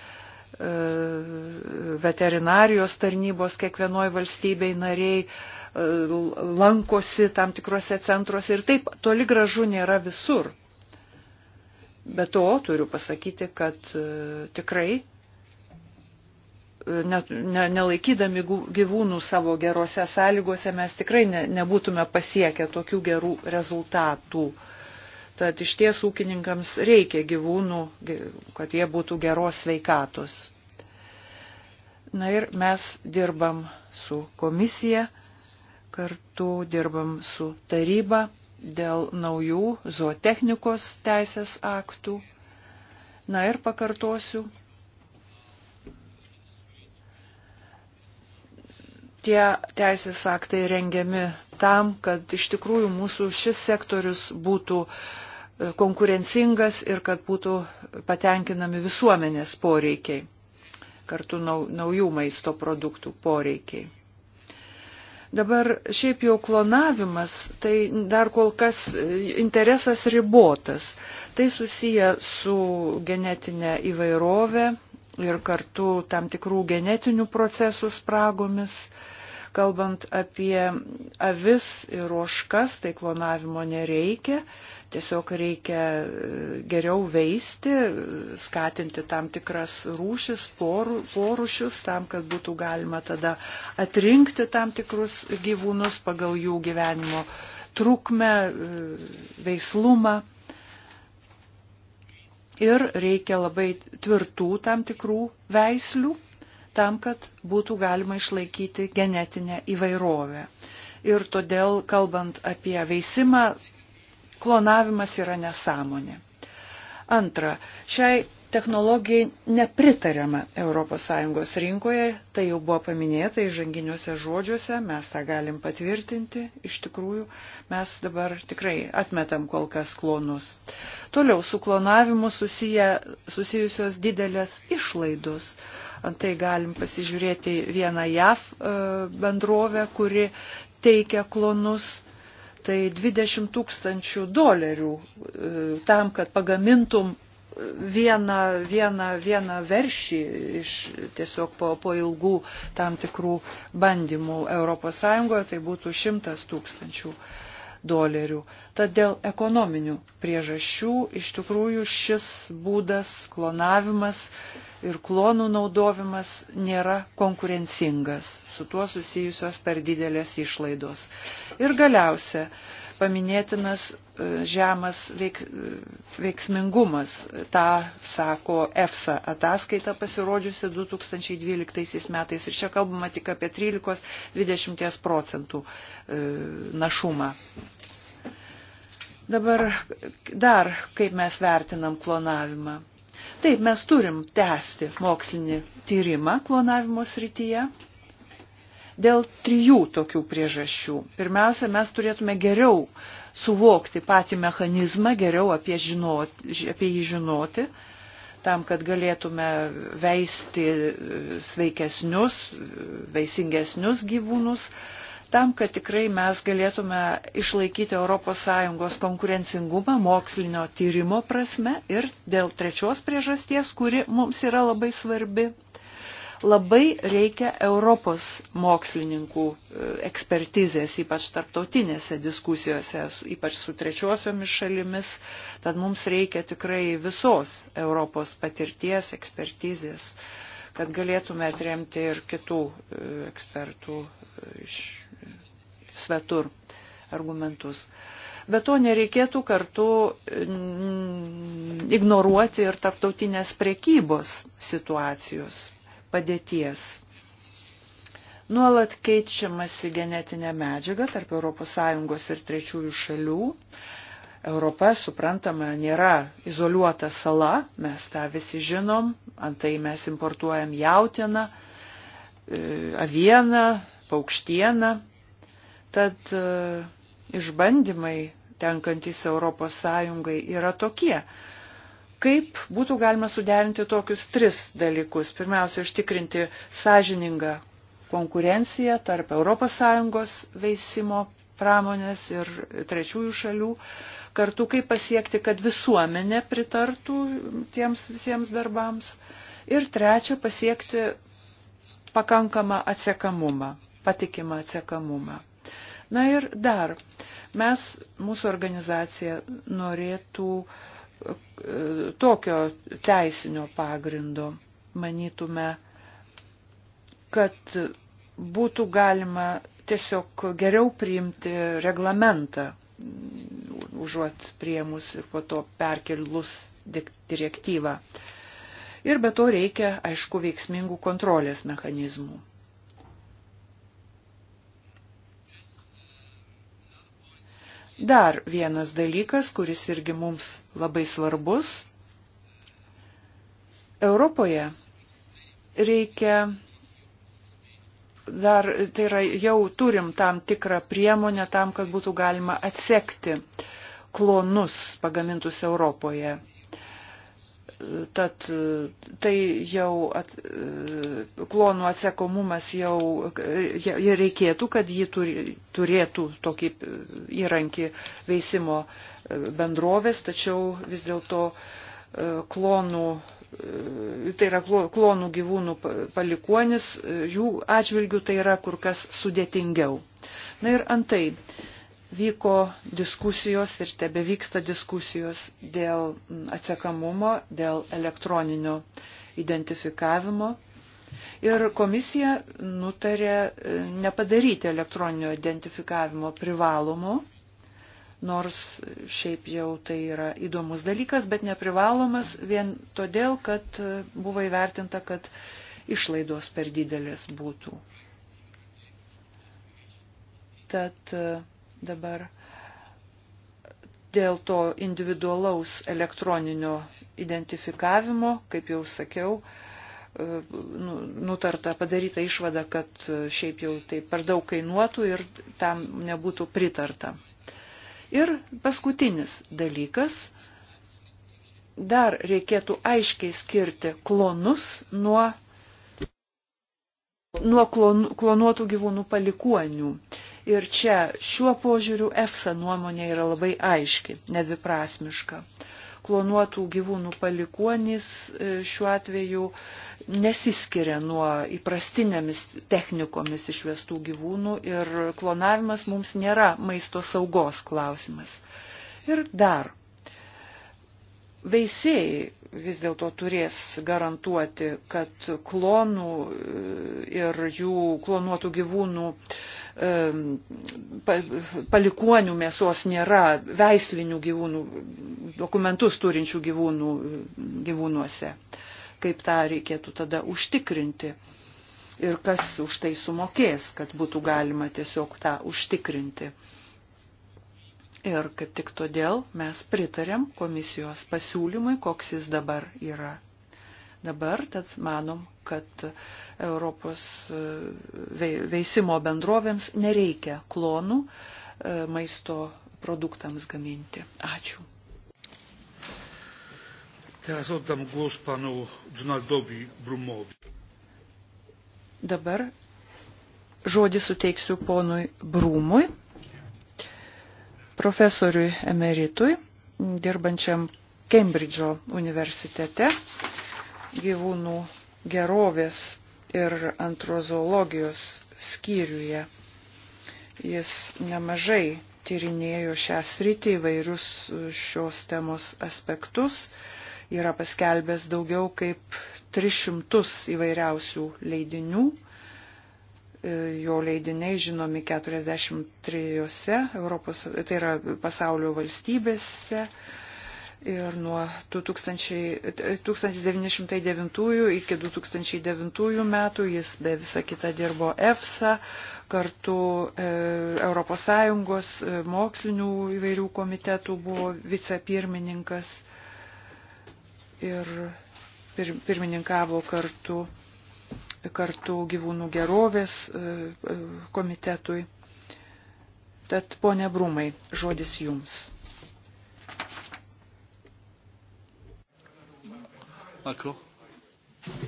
E, veterinarijos tarnybos kiekvienoje valstybei nariai e, lankosi tam tikrose centruose ir taip toli gražu nėra visur. Be to turiu pasakyti, kad e, tikrai ne, ne, nelaikydami gyvūnų savo gerose sąlygose mes tikrai ne, nebūtume pasiekę tokių gerų rezultatų. Uh, Tad iš ties ūkininkams reikia gyvūnų, kad jie būtų geros sveikatos. Na ir mes dirbam su komisija, kartu dirbam su taryba dėl naujų zootechnikos teisės aktų. Na ir pakartosiu, tie teisės aktai rengiami tam, kad iš tikrųjų mūsų šis sektorius būtų e, konkurencingas ir kad būtų patenkinami visuomenės poreikiai, kartu naujų maisto produktų poreikiai. Dabar šiaip jau klonavimas, tai dar kol kas e, interesas ribotas. Tai susiję su genetinė įvairovė ir kartu tam tikrų genetinių procesų spragomis. Uh, Kalbant apie avis ir oškas, tai klonavimo nereikia, tiesiog reikia e, geriau veisti, skatinti tam tikras rūšis, poru, porušius, tam, kad būtų galima tada atrinkti tam tikrus gyvūnus pagal jų gyvenimo trukmę, e, veislumą. Ir reikia labai tvirtų tam tikrų veislių tam, kad būtų galima išlaikyti genetinę įvairovę. Ir todėl, kalbant apie veisimą, klonavimas yra nesąmonė. Antra, šiai technologijai nepritariama ES rinkoje, tai jau buvo paminėta įžanginiuose žodžiuose, mes tą galim patvirtinti, iš tikrųjų mes dabar tikrai atmetam kol kas klonus. Toliau su klonavimu susiję, susijusios didelės išlaidos. Antai galim pasižiūrėti vieną JAF e, bendrovę, kuri teikia klonus tai 20 tūkstančių dolerių e, tam, kad pagamintum vieną, vieną, vieną veršį iš tiesiog po, po ilgų tam tikrų bandymų ES, tai būtų šimtas tūkstančių dolerių. Tad dėl ekonominių priežasčių iš tikrųjų šis būdas, klonavimas ir klonų naudovimas nėra konkurencingas. Su tuo susijusios per didelės išlaidos. Ir galiausia, paminėtinas e, žemas veik, veiksmingumas. Ta sako EFSA ataskaita pasirodžiusi 2012 metais. Ir čia kalbama tik apie 13-20 procentų e, našumą. Dabar dar kaip mes vertinam klonavimą. Taip, mes turim tęsti mokslinį tyrimą klonavimo srityje dėl trijų tokių priežasčių. Pirmiausia, mes turėtume geriau suvokti patį mechanizmą, geriau apie, žinot, apie jį žinoti, tam, kad galėtume veisti e, sveikesnius, e, veisingesnius gyvūnus, tam, kad tikrai mes galėtume išlaikyti ES konkurencingumą mokslinio tyrimo prasme ir dėl trečios priežasties, kuri mums yra labai svarbi Labai reikia Europos mokslininkų e, ekspertizės, ypač tarptautinėse diskusijose, ypač su trečiosiomis šalimis. Tad mums reikia tikrai visos Europos patirties, ekspertizės, kad galėtume atremti ir kitų e, ekspertų e, iš svetur argumentus. Bet to nereikėtų kartu ignoruoti ir tarptautinės prekybos situacijos padėties. Nuolat keičiamasi genetinė medžiaga tarp ES ir trečiųjų šalių. Europa, suprantama, nėra izoliuota sala, mes tą visi žinom, antai mes importuojam jautieną, e, avieną, paukštieną. Tad e, išbandymai tenkantis ES yra tokie Kaip būtų galima suderinti tokius tris dalykus? Pirmiausia, užtikrinti sąžiningą konkurenciją tarp ES veisimo pramonės ir trečiųjų šalių, kartu kaip pasiekti, kad visuomenė pritartų tiems visiems darbams ir trečia pasiekti pakankamą atsekamumą, patikimą atsekamumą. Na ir dar, mes, mūsų organizacija norėtų uh, tokio teisinio pagrindo, manytume, kad būtų galima tiesiog geriau priimti reglamentą, užuot priemus ir po to perkelus direktyvą. Ir be to reikia, aišku, veiksmingų kontrolės mechanizmų. Dar vienas dalykas, kuris irgi mums labai svarbus. Europoje reikia dar, tai yra, jau turim tam tikrą priemonę tam, kad būtų galima atsekti klonus pagamintus Europoje. Tad e, tai jau at, e, klonų atsekomumas jau, e, jau reikėtų, kad jį turi, turėtų tokį įrankį veisimo bendrovės, tačiau vis dėlto klonų, tai yra klonų gyvūnų palikuonis, jų atžvilgių tai yra kur kas sudėtingiau. Na ir antai, vyko diskusijos ir tebe vyksta diskusijos dėl mm, atsekamumo, dėl elektroninio identifikavimo. Ir komisija nutarė e, nepadaryti elektroninio identifikavimo privalomu, nors šiaip jau tai yra įdomus dalykas, bet neprivalomas vien todėl, kad e, buvo įvertinta, kad išlaidos per didelės būtų. Tad e, dabar dėl to individualaus elektroninio identifikavimo, kaip jau sakiau, e, nu, nutarta padaryta išvada, kad e, šiaip jau tai per daug kainuotų ir tam nebūtų pritarta. Ir paskutinis dalykas, dar reikėtų aiškiai skirti klonus nuo, nuo klon, klonuotų gyvūnų palikuonių. Ir čia šiuo požiūriu EFSA nuomonė yra labai aiški, nedviprasmiška. Klonuotų gyvūnų palikuonys e, šiuo atveju nesiskiria nuo įprastinėmis technikomis išvestų gyvūnų ir klonavimas mums nėra maisto saugos klausimas. Ir dar veisėjai vis dėlto turės garantuoti, kad klonų e, ir jų klonuotų gyvūnų palikuonių mėsos nėra veislinių gyvūnų, dokumentus turinčių gyvūnų, gyvūnuose. Kaip tą reikėtų tada užtikrinti ir kas už tai sumokės, kad būtų galima tiesiog tą užtikrinti. Ir kaip tik todėl mes pritarėm komisijos pasiūlymui, koks jis dabar yra Dabar tad manom, kad Europos e, veisimo bendrovėms nereikia klonų e, maisto produktams gaminti. Ačiū. Teraz oddam głos panu Donaldowi Brumowi. Dabar žodį suteiksiu ponui Brumui, profesoriui emeritui, dirbančiam Kembridžo universitete gyvūnų gerovės ir antrozoologijos skyriuje. Jis nemažai tyrinėjo šią sritį įvairius šios temos aspektus, yra paskelbęs daugiau kaip 300 įvairiausių leidinių, jo leidiniai žinomi 43, Europos, tai yra pasaulio valstybėse, Ir nuo 1909 iki 2009 metų jis be visą kitą dirbo EFSA, kartu ES e, mokslinių įvairių komitetų buvo vicepirmininkas ir pirmininkavo kartu, kartu gyvūnų gerovės e, e, komitetui. Tad, ponia Brumai, žodis jums. Micro.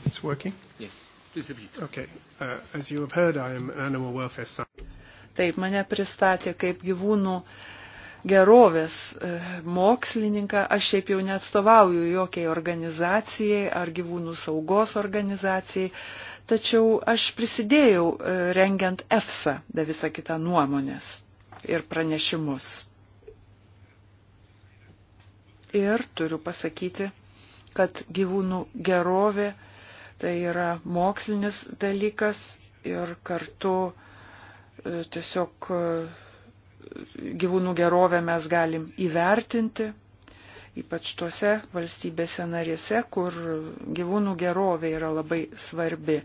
It's working? Yes. Please repeat. Okay. Uh, as you have heard, I am an animal welfare scientist. Taip, mane pristatė kaip gyvūnų gerovės e, mokslininką. Aš šiaip jau neatstovauju jokiai organizacijai ar gyvūnų saugos organizacijai, tačiau aš prisidėjau e, rengiant EFSA, be visą kitą nuomonės ir pranešimus. Ir turiu pasakyti, kad gyvūnų gerovė tai yra mokslinis dalykas ir kartu e, tiesiog e, gyvūnų gerovę mes galim įvertinti, ypač tuose valstybėse narėse, kur gyvūnų gerovė yra labai svarbi.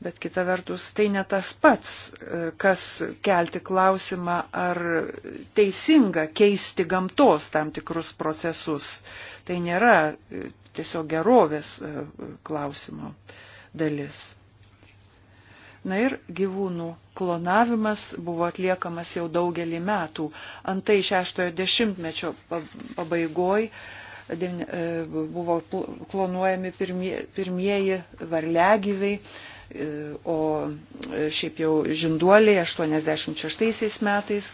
Bet kita vertus, tai ne tas pats, e, kas kelti klausimą, ar teisinga keisti gamtos tam tikrus procesus. Tai nėra e, tiesiog gerovės e, klausimo dalis. Na ir gyvūnų klonavimas buvo atliekamas jau daugelį metų. Antai šeštojo dešimtmečio pabaigoj buvo klonuojami pirmieji varliagyviai o šiaip jau žinduoliai 86 metais.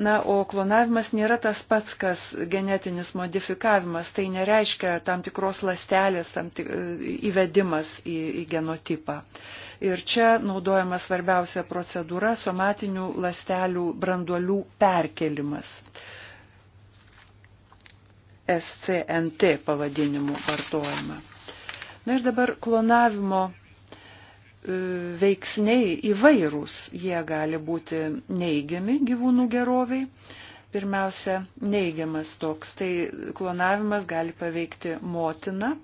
Na, o klonavimas nėra tas pats, kas genetinis modifikavimas, tai nereiškia tam tikros lastelės tam tik, įvedimas į, į genotipą. Ir čia naudojama svarbiausia procedūra - somatinių lastelių branduolių perkelimas. SCNT pavadinimu vartojama. Na ir dabar klonavimo veiksniai įvairūs. Jie gali būti neigiami gyvūnų geroviai. Pirmiausia, neigiamas toks. Tai klonavimas gali paveikti motiną,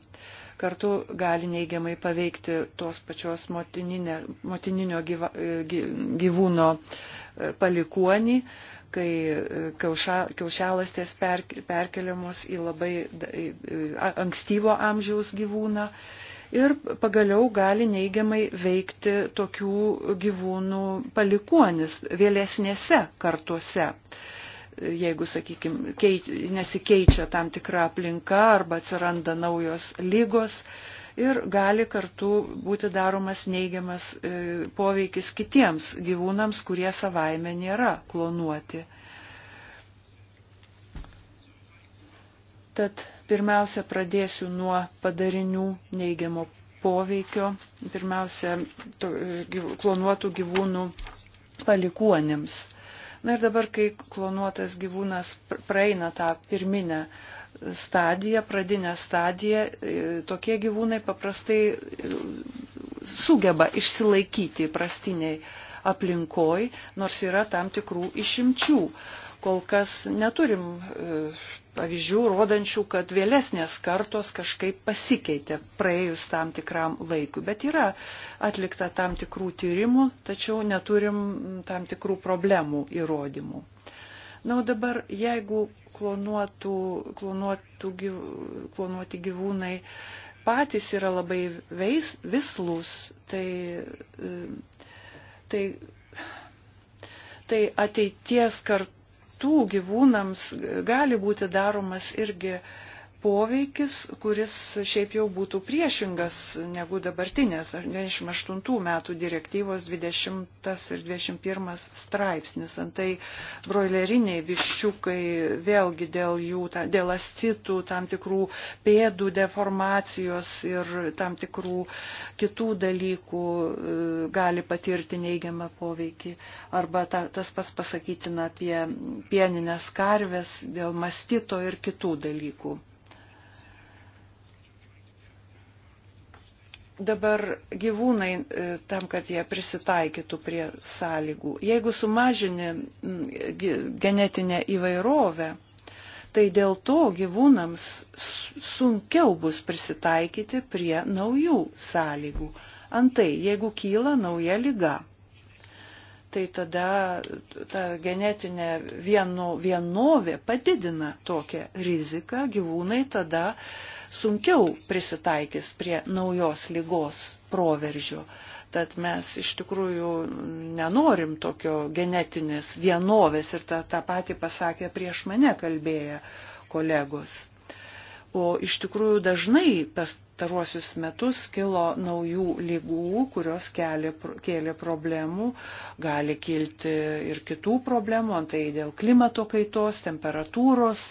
kartu gali neigiamai paveikti tos pačios motininio gyva, e, gyvūno e, palikuonį, kai e, kiauša, kiaušialastės per, perkeliamos į labai ankstyvo amžiaus gyvūną ir pagaliau gali neigiamai veikti tokių gyvūnų palikuonis vėlesnėse kartuose. Jeigu, sakykime, nesikeičia tam tikra aplinka arba atsiranda naujos lygos ir gali kartu būti daromas neigiamas e, poveikis kitiems gyvūnams, kurie savaime nėra klonuoti. Tad Pirmiausia, pradėsiu nuo padarinių neigiamo poveikio, pirmiausia, to, gyv, klonuotų gyvūnų palikuonėms. Na ir dabar, kai klonuotas gyvūnas praeina tą pirminę stadiją, pradinę stadiją, e, tokie gyvūnai paprastai e, sugeba išsilaikyti prastiniai aplinkoj, nors yra tam tikrų išimčių. Kol kas neturim e, pavyzdžių rodančių, kad vėlesnės kartos kažkaip pasikeitė praėjus tam tikram laikui. Bet yra atlikta tam tikrų tyrimų, tačiau neturim tam tikrų problemų įrodymų. Na, o dabar, jeigu klonuotų, klonuotų, klonuoti gyvūnai patys yra labai veis, vislus, tai, e, tai, tai ateities kartų vaistų gyvūnams gali būti daromas irgi poveikis, kuris šiaip jau būtų priešingas negu dabartinės 28 metų direktyvos 20 ir 21 straipsnis. Antai broileriniai viščiukai vėlgi dėl jų, dėl ascitų, tam tikrų pėdų deformacijos ir tam tikrų kitų dalykų e, gali patirti neigiamą poveikį. Arba ta, tas pas pasakytina apie pieninės karves dėl mastito ir kitų dalykų. dabar gyvūnai e, tam, kad jie prisitaikytų prie sąlygų. Jeigu sumažini genetinę įvairovę, tai dėl to gyvūnams sunkiau bus prisitaikyti prie naujų sąlygų. Antai, jeigu kyla nauja lyga, tai tada ta genetinė vieno, vienovė padidina tokią riziką, gyvūnai tada uh, sunkiau prisitaikys prie naujos lygos proveržio. Tad mes iš tikrųjų nenorim tokio genetinės vienovės ir tą, tą patį pasakė prieš mane kalbėję kolegos. O iš tikrųjų dažnai tas pastaruosius metus kilo naujų lygų, kurios kėlė, kėlė problemų, gali kilti ir kitų problemų, antai dėl klimato kaitos, temperatūros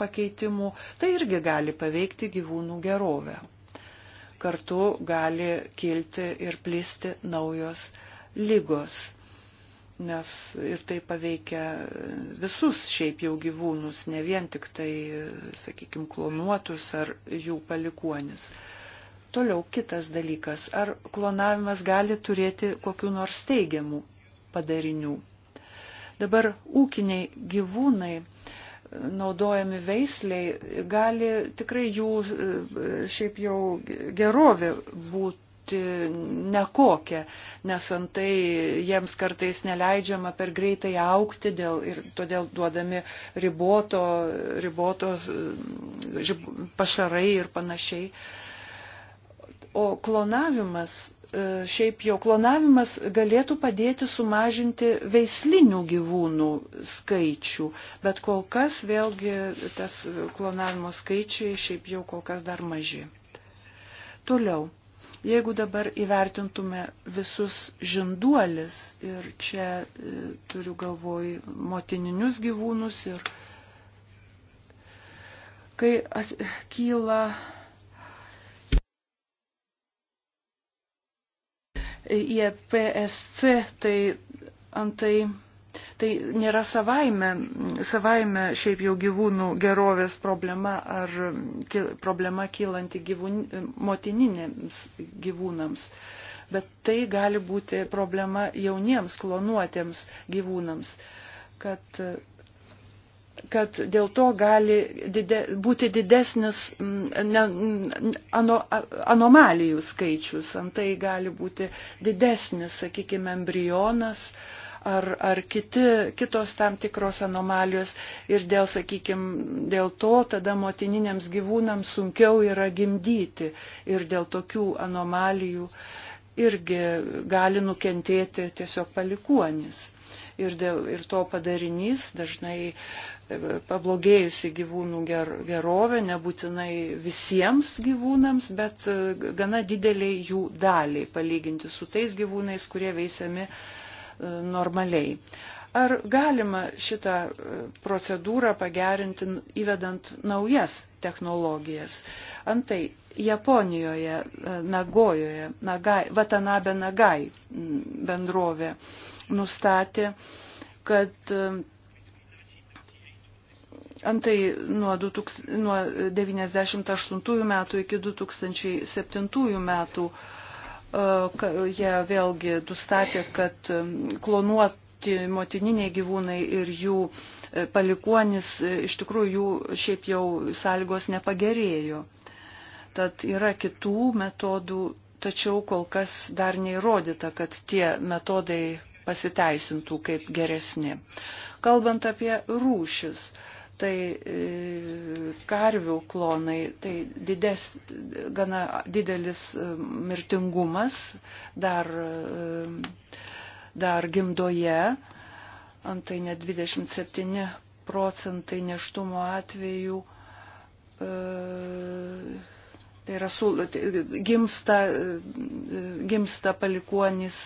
pakeitimų, tai irgi gali paveikti gyvūnų gerovę. Kartu gali kilti ir plisti naujos lygos nes ir tai paveikia visus šiaip jau gyvūnus, ne vien tik tai, sakykime, klonuotus ar jų palikuonis. Toliau kitas dalykas, ar klonavimas gali turėti kokiu nors teigiamų padarinių. Dabar ūkiniai gyvūnai naudojami veisliai, gali tikrai jų e, šiaip jau gerovė būt, nekokia, nes antai jiems kartais neleidžiama per greitai aukti dėl, ir todėl duodami riboto, riboto žib, pašarai ir panašiai. O klonavimas, e, šiaip jau klonavimas galėtų padėti sumažinti veislinių gyvūnų skaičių, bet kol kas vėlgi tas klonavimo skaičiai šiaip jau kol kas dar maži. Toliau Jeigu dabar įvertintume visus žinduolis, ir čia e, turiu galvoj motininius gyvūnus, ir kai as, kyla į e PSC, tai antai tai nėra savaime, savaime šiaip jau gyvūnų gerovės problema ar problema kylanti gyvūn, motininėms gyvūnams. Bet tai gali būti problema jauniems klonuotiems gyvūnams, kad, kad dėl to gali dide, būti didesnis ne, ano, anomalijų skaičius, antai gali būti didesnis, sakykime, embrionas, uh, ar, ar kiti, kitos tam tikros anomalijos ir dėl, sakykime, dėl to tada motininiams gyvūnams sunkiau yra gimdyti ir dėl tokių anomalijų irgi gali nukentėti tiesiog palikuonis ir, dėl, ir to padarinys dažnai e, pablogėjusi gyvūnų ger, gerovė, nebūtinai visiems gyvūnams, bet e, gana dideliai jų daliai palyginti su tais gyvūnais, kurie veisiami E, normaliai. Ar galima šitą e, procedūrą pagerinti įvedant naujas technologijas? Antai Japonijoje, e, Nagojoje, Nagai, Vatanabe Nagai bendrovė nustatė, kad antai nuo, 2000, nuo 98 metų iki 2007 metų jie vėlgi nustatė, kad klonuoti motininiai gyvūnai ir jų e, palikuonis, e, iš tikrųjų jų šiaip jau sąlygos nepagerėjo. Tad yra kitų metodų, tačiau kol kas dar neįrodyta, kad tie metodai pasiteisintų kaip geresni. Kalbant apie rūšis, tai e, karvių klonai, tai dides, gana didelis e, mirtingumas dar, e, dar gimdoje, antai net 27 procentai neštumo atvejų. Tai yra, tai gimsta, gimsta palikuonis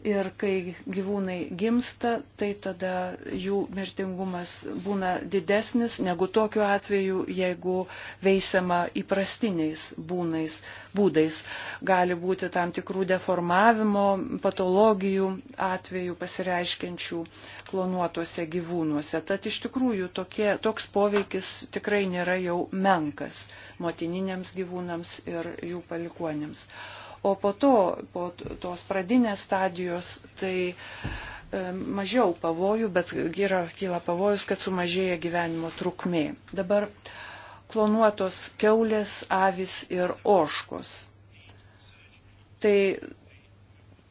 Ir kai gyvūnai gimsta, tai tada jų mirtingumas būna didesnis negu tokiu atveju, jeigu veisiama įprastiniais būnais, būdais. Gali būti tam tikrų deformavimo, patologijų atvejų pasireiškiančių klonuotuose gyvūnuose. Tad iš tikrųjų tokie, toks poveikis tikrai nėra jau menkas motininiams gyvūnams ir jų palikuonėms o po to, po tos pradinės stadijos, tai e, mažiau pavojų, bet yra, kyla pavojus, kad sumažėja gyvenimo trukmė. Dabar klonuotos keulės, avis ir oškos. Tai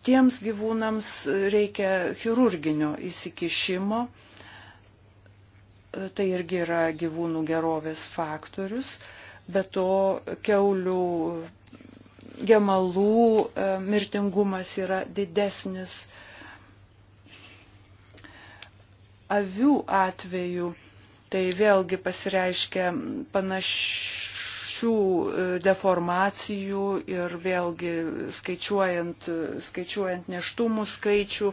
tiems gyvūnams reikia chirurginio įsikišimo. E, tai irgi yra gyvūnų gerovės faktorius. Be to, keulių gemalų e, mirtingumas yra didesnis. Avių atveju tai vėlgi pasireiškia panašių e, deformacijų ir vėlgi skaičiuojant, e, skaičiuojant neštumų skaičių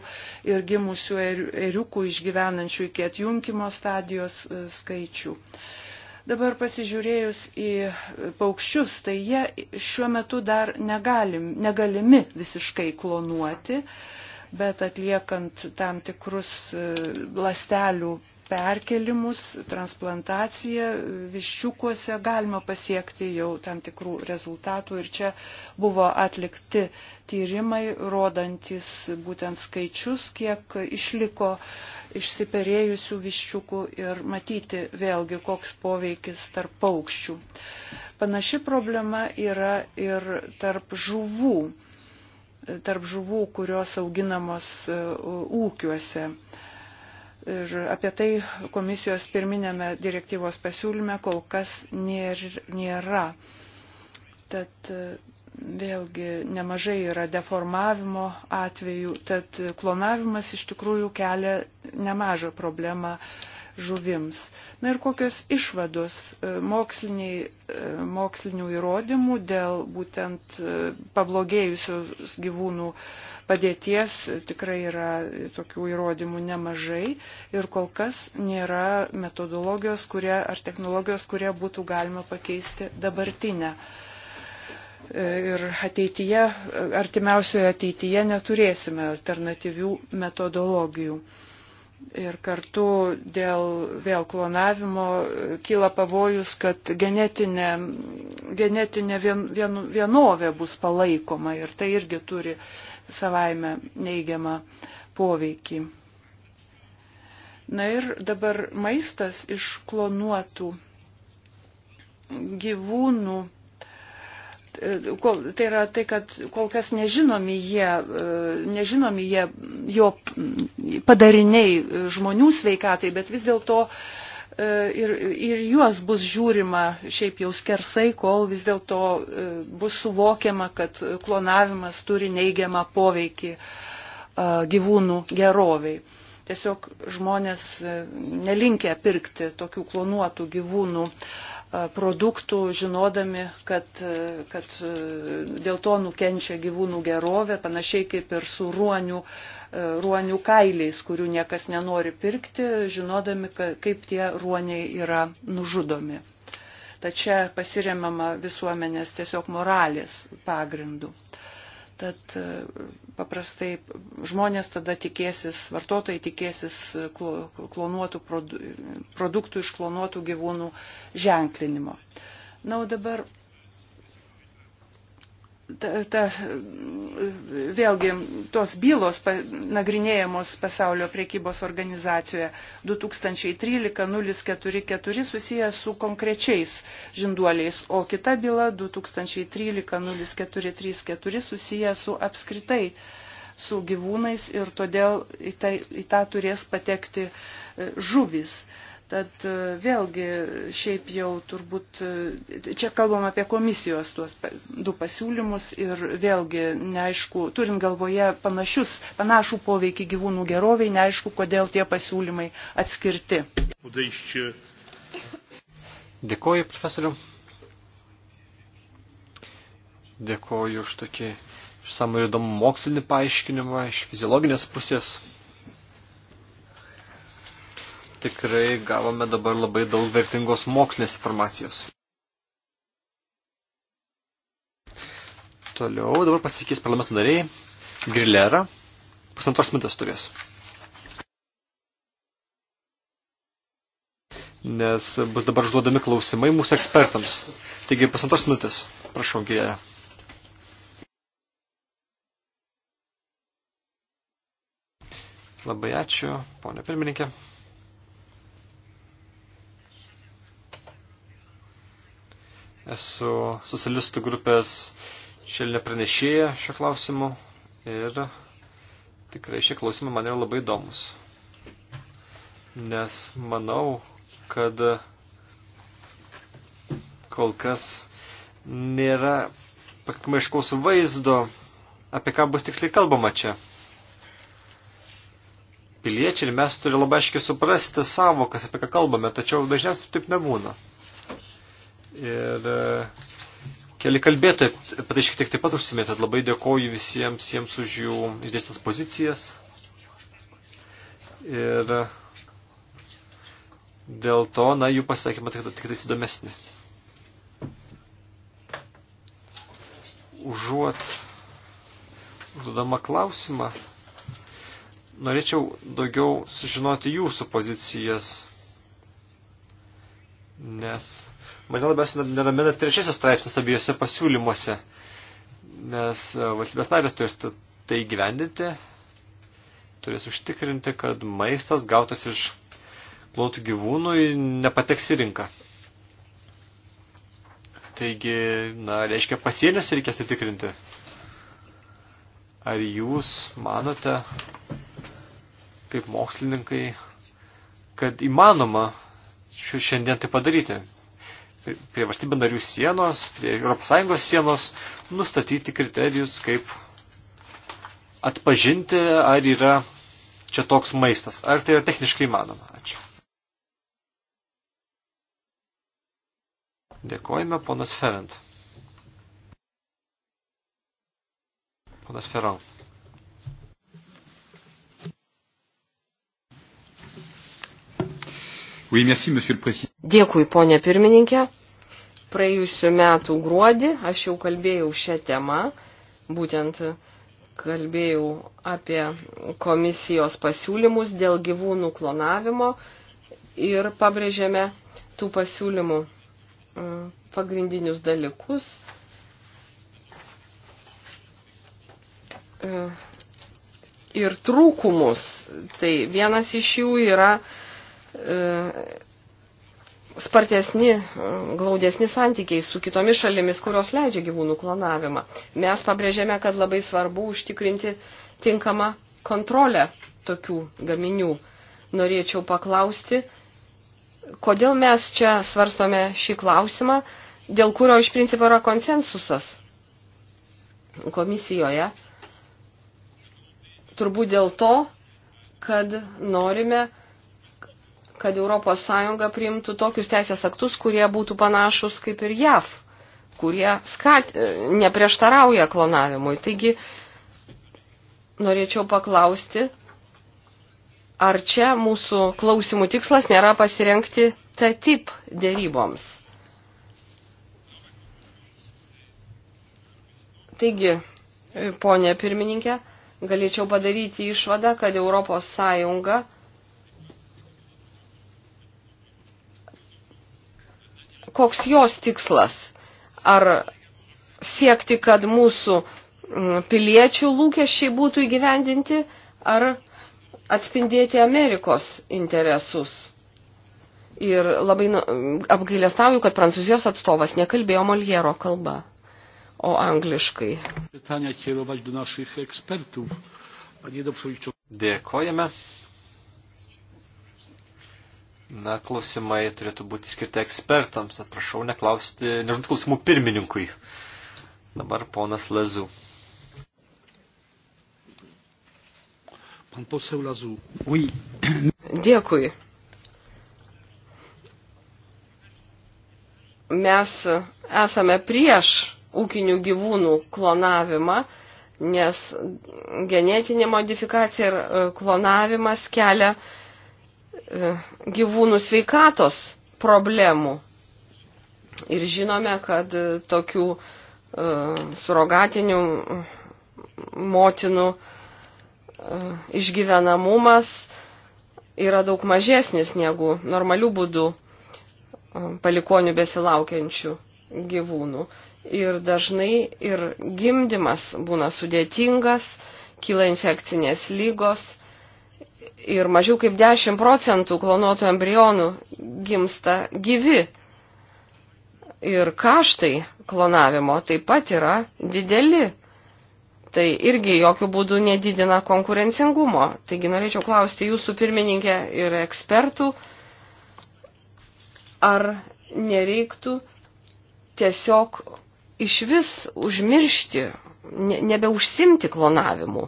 ir gimusių eriukų išgyvenančių iki atjunkimo stadijos skaičių. Uh, Dabar pasižiūrėjus į paukščius, tai jie šiuo metu dar negalim, negalimi visiškai klonuoti, bet atliekant tam tikrus e, lastelių perkelimus, transplantaciją viščiukuose galima pasiekti jau tam tikrų rezultatų ir čia buvo atlikti tyrimai, rodantis būtent skaičius, kiek išliko uh, išsiperėjusių viščiukų ir matyti vėlgi, koks poveikis tarp paukščių. Panaši problema yra ir tarp žuvų, tarp žuvų, kurios auginamos e, ūkiuose. Ir apie tai komisijos pirminėme direktyvos pasiūlyme kol kas nėra. Tad e, vėlgi nemažai yra deformavimo atvejų, tad klonavimas iš tikrųjų kelia nemažą problemą žuvims. Na ir kokios išvados e, e, mokslinių įrodymų dėl būtent e, pablogėjusios gyvūnų padėties tikrai yra tokių įrodymų nemažai ir kol kas nėra metodologijos kurie, ar technologijos, kurie būtų galima pakeisti dabartinę E, ir ateityje, artimiausioje ateityje neturėsime alternatyvių metodologijų. Ir kartu dėl vėl klonavimo e, kyla pavojus, kad genetinė, genetinė vien, vien, vienovė bus palaikoma ir tai irgi turi savaime neigiamą poveikį. Na ir dabar maistas iš klonuotų gyvūnų kol, tai yra tai, kad kol kas nežinomi jie, e, nežinomi jie jo padariniai e, žmonių sveikatai, bet vis dėlto e, ir, ir juos bus žiūrima šiaip jau skersai, kol vis dėlto bus suvokiama, kad klonavimas turi neigiamą poveikį gyvūnų geroviai. Tiesiog žmonės nelinkia pirkti tokių klonuotų gyvūnų uh, E, produktų, žinodami, kad, e, kad e, dėl to nukenčia gyvūnų gerovė, panašiai kaip ir su ruonių, ruonių kailiais, kurių niekas nenori pirkti, žinodami, kaip tie ruoniai yra nužudomi. Tačiau pasiremama visuomenės tiesiog moralės pagrindų. Tad e, paprastai žmonės tada tikėsis, vartotojai tikėsis klonuotų produktų iš klonuotų gyvūnų ženklinimo. Na, o dabar ta, ta, vėlgi tos bylos nagrinėjamos pasaulio priekybos organizacijoje 2013-044 susijęs su konkrečiais žinduoliais, o kita byla 2013-0434 susijęs su apskritai su gyvūnais ir todėl į, tai, į tą turės patekti e, žuvis. E, Tad e, vėlgi šiaip jau turbūt e, čia kalbam apie komisijos tuos du pasiūlymus ir vėlgi neaišku, turint galvoje panašius, panašų poveikį gyvūnų geroviai, neaišku, kodėl tie pasiūlymai atskirti. Dėkoju, profesoriu. Dėkoju už tokį išsamų ir įdomų mokslinį paaiškinimą iš fiziologinės pusės tikrai gavome dabar labai daug vertingos mokslinės informacijos. Toliau dabar pasisakys parlamento nariai Grilera. Pusantros minutės turės. Nes bus dabar užduodami klausimai mūsų ekspertams. Taigi pusantros minutės. Prašau, Grilera. Labai ačiū, ponė pirmininkė. Esu socialistų grupės šelinė pranešėja šio klausimu ir tikrai šie klausimai man yra labai įdomus. Nes manau, kad kol kas nėra pakankamai iškaus vaizdo, apie ką bus tiksliai kalbama čia. Piliečiai ir mes turi labai aiškiai suprasti savokas, apie ką kalbame, tačiau dažniausiai taip nebūna. Ir e, keli kalbėtojai apie tai šiek tiek taip pat užsimė, tad labai dėkoju visiems jiems už jų išdėstas pozicijas. Ir e, dėl to, na, jų pasakymą tik, tik tais įdomesnė. Užuot užduodama klausimą, norėčiau daugiau sužinoti jūsų pozicijas, nes Mane labiausiai neramina trečiasis straipsnis abiejose pasiūlymuose, nes e, valstybės narės turės tai gyvendinti, turės užtikrinti, kad maistas gautas iš klonotų gyvūnų nepateks į rinką. Taigi, na, reiškia, pasienės reikės atitikrinti. Ar jūs manote, kaip mokslininkai, kad įmanoma šiandien tai padaryti? prie valstybių narių sienos, prie ES sienos, nustatyti kriterijus, kaip atpažinti, ar yra čia toks maistas, ar tai yra techniškai įmanoma. Ačiū. Dėkojame, ponas Ferent. Ponas Ferant. Oui, merci, Dėkui, ponė pirmininkė praėjusiu metu gruodį aš jau kalbėjau šią temą, būtent kalbėjau apie komisijos pasiūlymus dėl gyvūnų klonavimo ir pabrėžėme tų pasiūlymų mm, pagrindinius dalykus. E, ir trūkumus. Tai vienas iš jų yra e, spartesni, glaudesni santykiai su kitomis šalimis, kurios leidžia gyvūnų klonavimą. Mes pabrėžėme, kad labai svarbu užtikrinti tinkamą kontrolę tokių gaminių. Norėčiau paklausti, kodėl mes čia svarstome šį klausimą, dėl kurio iš principo yra konsensusas komisijoje. Turbūt dėl to, kad norime kad ES priimtų tokius teisės aktus, kurie būtų panašus kaip ir JAV, kurie skat, neprieštarauja klonavimui. Taigi, norėčiau paklausti, ar čia mūsų klausimų tikslas nėra pasirenkti TTIP dėryboms. Taigi, ponė pirmininkė, galėčiau padaryti išvadą, kad Europos Sąjunga koks jos tikslas. Ar siekti, kad mūsų mm, piliečių lūkesčiai būtų įgyvendinti, ar atspindėti Amerikos interesus. Ir labai nu, apgailestauju, kad prancūzijos atstovas nekalbėjo Moliero kalba, o angliškai. Dėkojame. Na, klausimai turėtų būti skirti ekspertams, prašau neklausti, nežinot klausimų pirmininkui. Dabar ponas Lazu. Pan poseu Lazu. Oui. Dėkui. Mes esame prieš ūkinių gyvūnų klonavimą, nes genetinė modifikacija ir e, klonavimas kelia uh, E, gyvūnų sveikatos problemų. Ir žinome, kad e, tokių e, surogatinių motinų išgyvenamumas yra daug mažesnis negu normalių būdų palikonių besilaukiančių gyvūnų. Ir dažnai ir gimdymas būna sudėtingas, kyla infekcinės lygos ir mažiau kaip 10 procentų klonuotų embrionų gimsta gyvi. Ir kaštai klonavimo taip pat yra dideli. Tai irgi jokių būdų nedidina konkurencingumo. Taigi norėčiau klausti jūsų pirmininkę ir ekspertų, ar nereiktų tiesiog iš vis užmiršti, nebeužsimti klonavimu,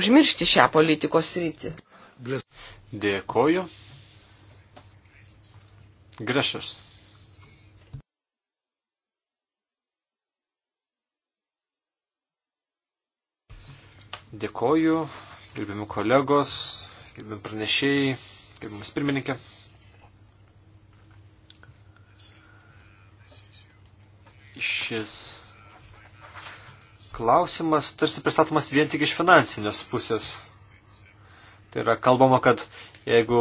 užmiršti šią politikos rytį. Gres... Dėkoju. Grešas. Dėkoju, gerbiami kolegos, gerbiami pranešėjai, gerbiamas pirmininkė. Šis klausimas tarsi pristatomas vien tik iš finansinės pusės. Tai yra kalbama, kad jeigu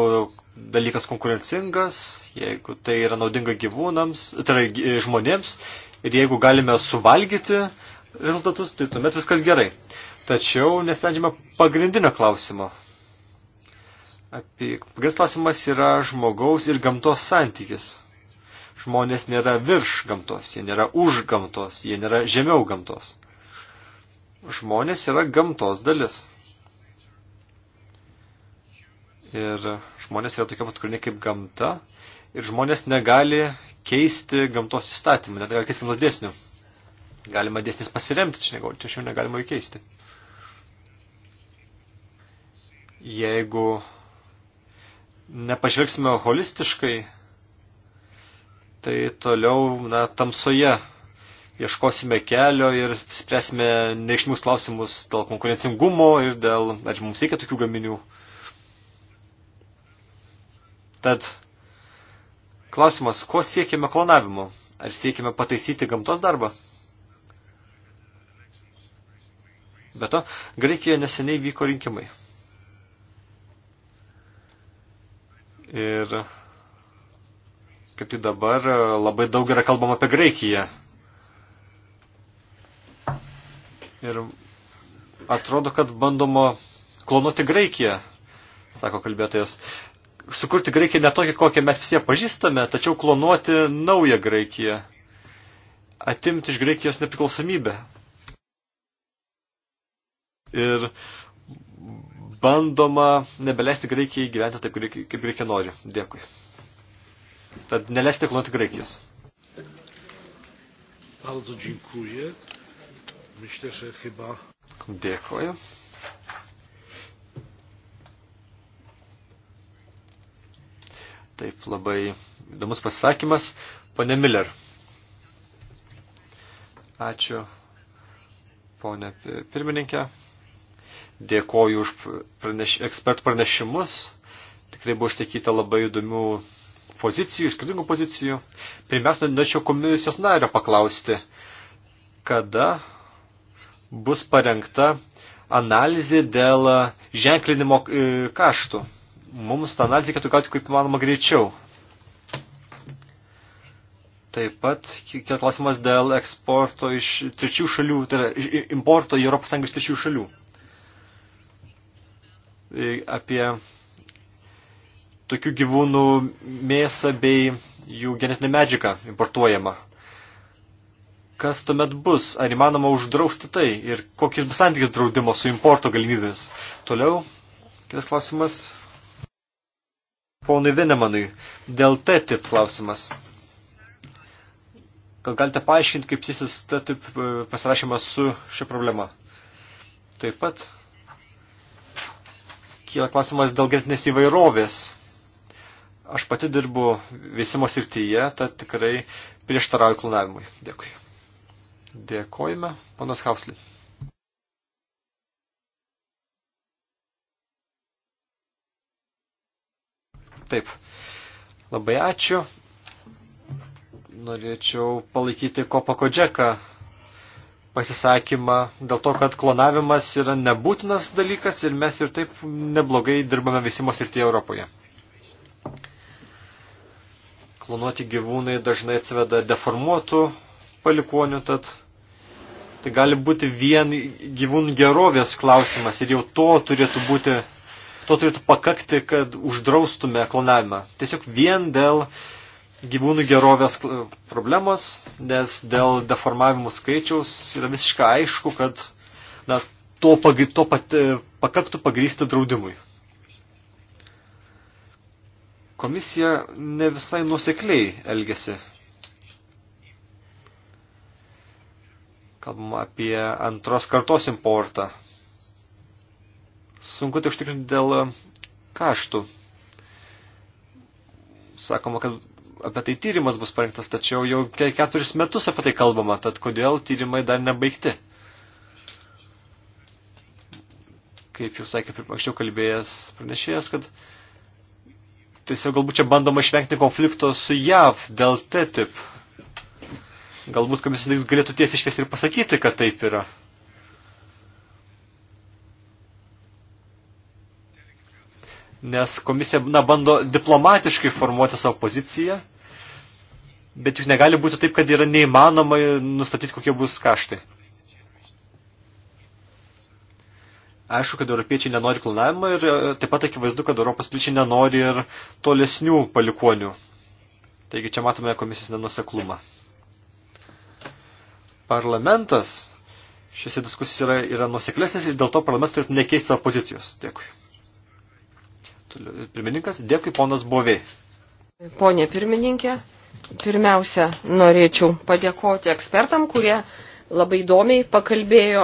dalykas konkurencingas, jeigu tai yra naudinga gyvūnams, tai yra žmonėms, ir jeigu galime suvalgyti rezultatus, tai tuomet viskas gerai. Tačiau nesprendžiame pagrindinio klausimo. Apie pagrindinis klausimas yra žmogaus ir gamtos santykis. Žmonės nėra virš gamtos, jie nėra už gamtos, jie nėra žemiau gamtos. Žmonės yra gamtos dalis. Ir žmonės yra tokie pat kūriniai kaip gamta. Ir žmonės negali keisti gamtos įstatymų, net gali keisti gamtos dėsnių. Galima dėsnis pasiremti, čia, negal, čia šių negalima jų keisti. Jeigu nepažvelgsime holistiškai, tai toliau, na, tamsoje ieškosime kelio ir spręsime neišmius klausimus dėl konkurencingumo ir dėl, ar mums reikia tokių gaminių. Tad klausimas, ko siekime klonavimu? Ar siekime pataisyti gamtos darbą? Be to, Graikijoje neseniai vyko rinkimai. Ir kaip tik dabar labai daug yra kalbama apie Graikiją. Ir atrodo, kad bandoma klonuoti Graikiją, sako kalbėtojas sukurti Graikiją ne tokią, kokią mes visi pažįstame, tačiau klonuoti naują Graikiją, atimti iš Graikijos nepriklausomybę. Ir bandoma nebeleisti Graikijai gyventi taip, kaip Graikija nori. Dėkui. Tad neleisti klonuoti Graikijos. Bardzo dziękuję. Myślę, że chyba... Dėkuoju. Taip, labai įdomus pasisakymas. Pone Miller. Ačiū, ponė pirmininkė. Dėkoju už praneš, ekspertų pranešimus. Tikrai buvo išsakyta labai įdomių pozicijų, skirtingų pozicijų. Pirmiausia, norėčiau komisijos nario paklausti, kada bus parengta analizė dėl ženklinimo e, kaštų mums tą analizę reikėtų gauti kaip manoma greičiau. Taip pat kiek klausimas dėl eksporto iš trečių šalių, tai yra importo į ES iš trečių šalių. E, apie tokių gyvūnų mėsą bei jų genetinę medžiagą importuojama. Kas tuomet bus? Ar įmanoma uždrausti tai? Ir kokis bus santykis draudimo su importo galimybės? Toliau, kitas klausimas ponui Vinemanui. Dėl T-tip klausimas. Gal galite paaiškinti, kaip sisis T-tip e, pasirašymas su šia problema? Taip pat kyla klausimas dėl genetinės įvairovės. Aš pati dirbu visimo srityje, tad tikrai prieštarauju klonavimui. Dėkui. Dėkojame, panas Hauslis. Taip. Labai ačiū. Norėčiau palaikyti Kopako Džeką pasisakymą dėl to, kad klonavimas yra nebūtinas dalykas ir mes ir taip neblogai dirbame visimo srityje Europoje. Klonuoti gyvūnai dažnai atsiveda deformuotų palikonių, tad tai gali būti vien gyvūnų gerovės klausimas ir jau to turėtų būti to turėtų pakakti, kad uždraustume klonavimą. Tiesiog vien dėl gyvūnų gerovės problemos, nes dėl deformavimų skaičiaus yra visiškai aišku, kad na, to, pag, to pat, e, pakaktų pagrysti draudimui. Komisija ne visai nusekliai elgesi. Kalbama apie antros kartos importą. Sunku tai užtikrinti dėl e, kaštų. Sakoma, kad apie tai tyrimas bus parengtas, tačiau jau keturis metus apie tai kalbama, tad kodėl tyrimai dar nebaigti? Kaip jau sakė, anksčiau kalbėjęs pranešėjas, kad tiesiog galbūt čia bandoma išvengti konflikto su JAV dėl TTIP. Galbūt komisijos galėtų tiesiai išviesiai ir pasakyti, kad taip yra. nes komisija na, bando diplomatiškai formuoti savo poziciją, bet juk negali būti taip, kad yra neįmanoma nustatyti, kokie bus kaštai. Aišku, kad europiečiai nenori klonavimo ir e, taip pat akivaizdu, kad Europos piliečiai nenori ir tolesnių palikonių. Taigi čia matome komisijos nenuseklumą. Parlamentas šiose diskusijos yra, yra nuseklesnis ir dėl to parlamentas turėtų nekeisti savo pozicijos. Dėkui. Pirmininkas, dėkui ponas Bovė. Pone pirmininkė, pirmiausia, norėčiau padėkoti ekspertam, kurie labai įdomiai pakalbėjo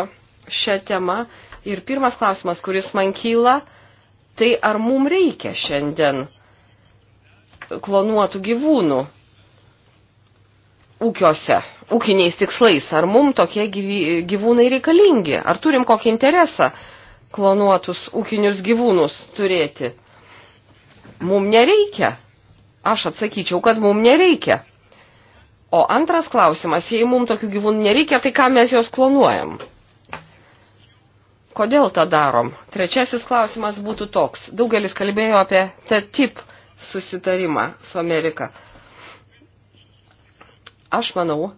šią temą. Ir pirmas klausimas, kuris man kyla, tai ar mums reikia šiandien klonuotų gyvūnų ūkiuose, ūkiniais tikslais, ar mums tokie gyvūnai reikalingi, ar turim kokį interesą klonuotus ūkinius gyvūnus turėti mum nereikia. Aš atsakyčiau, kad mum nereikia. O antras klausimas, jei mum tokių gyvūnų nereikia, tai ką mes juos klonuojam? Kodėl tą darom? Trečiasis klausimas būtų toks. Daugelis kalbėjo apie T-tip susitarimą su Amerika. Aš manau,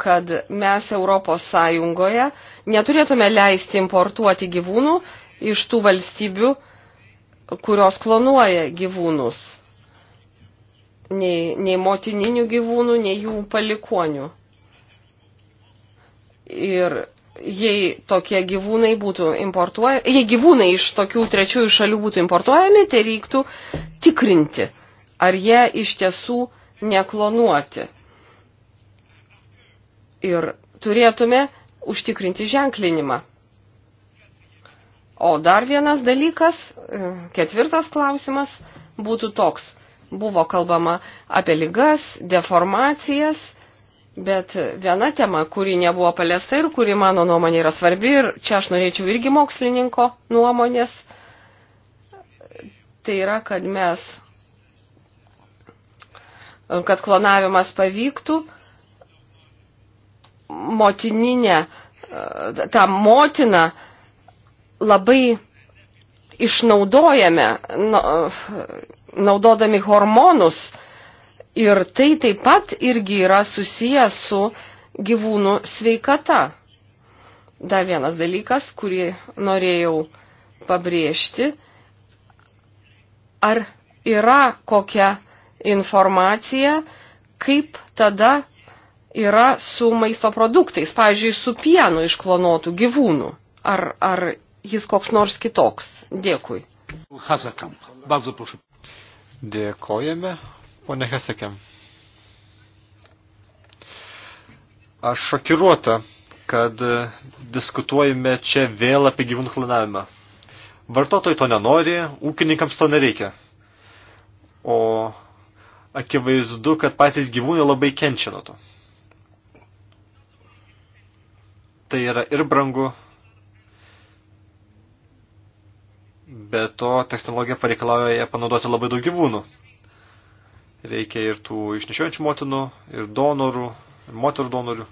kad mes Europos Sąjungoje neturėtume leisti importuoti gyvūnų iš tų valstybių, kurios klonuoja gyvūnus. Nei, nei motininių gyvūnų, nei jų palikonių. Ir jei tokie gyvūnai būtų importuojami, jei gyvūnai iš tokių trečiųjų šalių būtų importuojami, tai reiktų tikrinti, ar jie iš tiesų neklonuoti. Ir turėtume užtikrinti ženklinimą. O dar vienas dalykas, e, ketvirtas klausimas būtų toks. Buvo kalbama apie ligas, deformacijas, bet viena tema, kuri nebuvo paliesta ir kuri mano nuomonė yra svarbi, ir čia aš norėčiau irgi mokslininko nuomonės, tai yra, kad mes, kad klonavimas pavyktų, motininė, e, tą motiną, labai išnaudojame, naudodami hormonus ir tai taip pat irgi yra susiję su gyvūnų sveikata. Dar vienas dalykas, kurį norėjau pabrėžti, ar yra kokia informacija, kaip tada yra su maisto produktais, pavyzdžiui, su pienu iš klonotų gyvūnų. Ar, ar jis koks nors kitoks. Dėkui. Hasekam, bardzo prošu. Dėkojame, ponė Hasekam. Aš šokiruota, kad diskutuojame čia vėl apie gyvūnų klonavimą. Vartotojai to nenori, ūkininkams to nereikia. O akivaizdu, kad patys gyvūnai labai kenčia nuo to. Tai yra ir brangu, Be to, technologija pareikalauja panaudoti labai daug gyvūnų. Reikia ir tų išnešiojančių motinų, ir donorų, ir moterų donorių.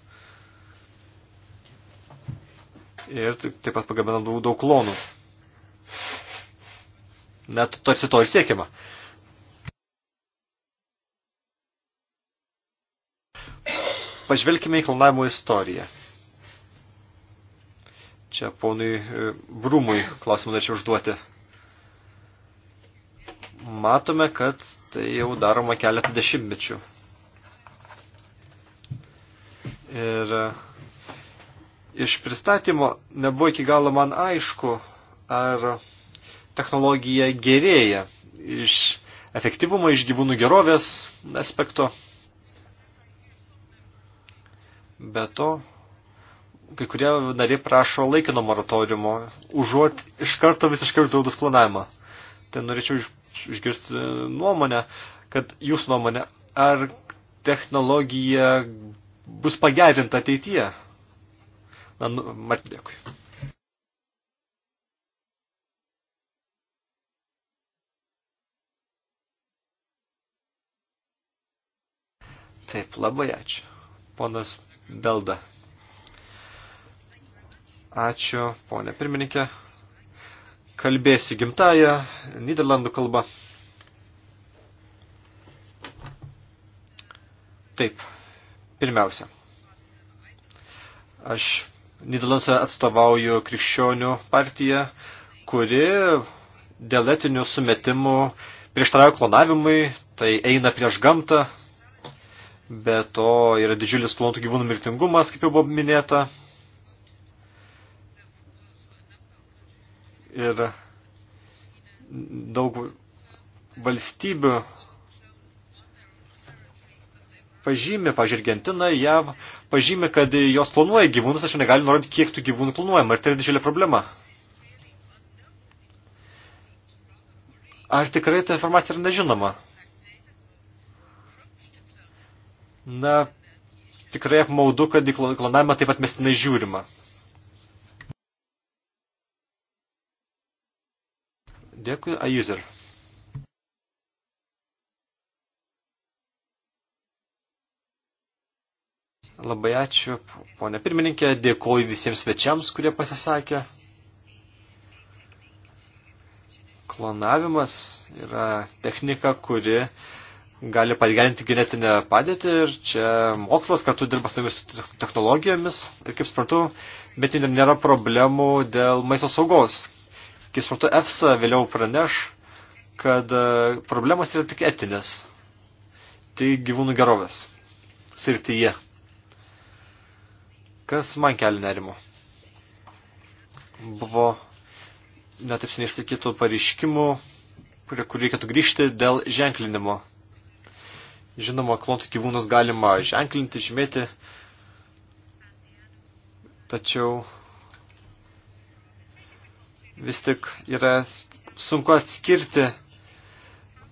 Ir taip, taip pat pagamina daug, daug klonų. Net tarsi to ir siekiama. Pažvelkime į klonavimo istoriją. Čia ponui e, Brumui klausimą norėčiau užduoti. Matome, kad tai jau daroma keletą dešimtmečių. Ir e, iš pristatymo nebuvo iki galo man aišku, ar technologija gerėja iš efektyvumo, iš gyvūnų gerovės aspekto. Be to, kai kurie nariai prašo laikino moratoriumo, užuot iš karto visiškai uždraudus planavimą. Tai norėčiau išgirsti nuomonę, kad jūs nuomonė, ar technologija bus pagerinta ateityje? Na, nu, Martin, dėkui. Taip, labai ačiū. Ponas Belda. Ačiū, ponė pirmininkė. Kalbėsiu gimtają Niderlandų kalbą. Taip, pirmiausia. Aš Niderlandose atstovauju krikščionių partiją, kuri dėl etinių sumetimų prieštarauja klonavimui, tai eina prieš gamtą, be to yra didžiulis klonotų gyvūnų mirtingumas, kaip jau buvo minėta, ir daug valstybių pažymė, pažiūrė, Argentina, JAV, pažymė, kad jos planuoja gyvūnus, aš negali nurodyti, kiek tų gyvūnų planuojama, ir tai yra didžiulė problema. Ar tikrai ta informacija yra nežinoma? Na, tikrai apmaudu, kad į klonavimą taip pat mes nežiūrima. žiūrima. Dėkui, Ajuzer. Labai ačiū, ponė pirmininkė, dėkoju visiems svečiams, kurie pasisakė. Klonavimas yra technika, kuri gali pagerinti genetinę padėtį ir čia mokslas, kad tu dirbas naujomis technologijomis ir kaip suprantu, bet nėra problemų dėl maisto saugos. Kai supratau, EFSA vėliau praneš, kad e, problemas yra tik etinės. Tai gyvūnų gerovės. Sirtyje. Kas man keli nerimo? Buvo netaip seniai sakytų pareiškimų, prie kurių reikėtų grįžti dėl ženklinimo. Žinoma, klontus gyvūnus galima ženklinti, žymėti, tačiau vis tik yra sunku atskirti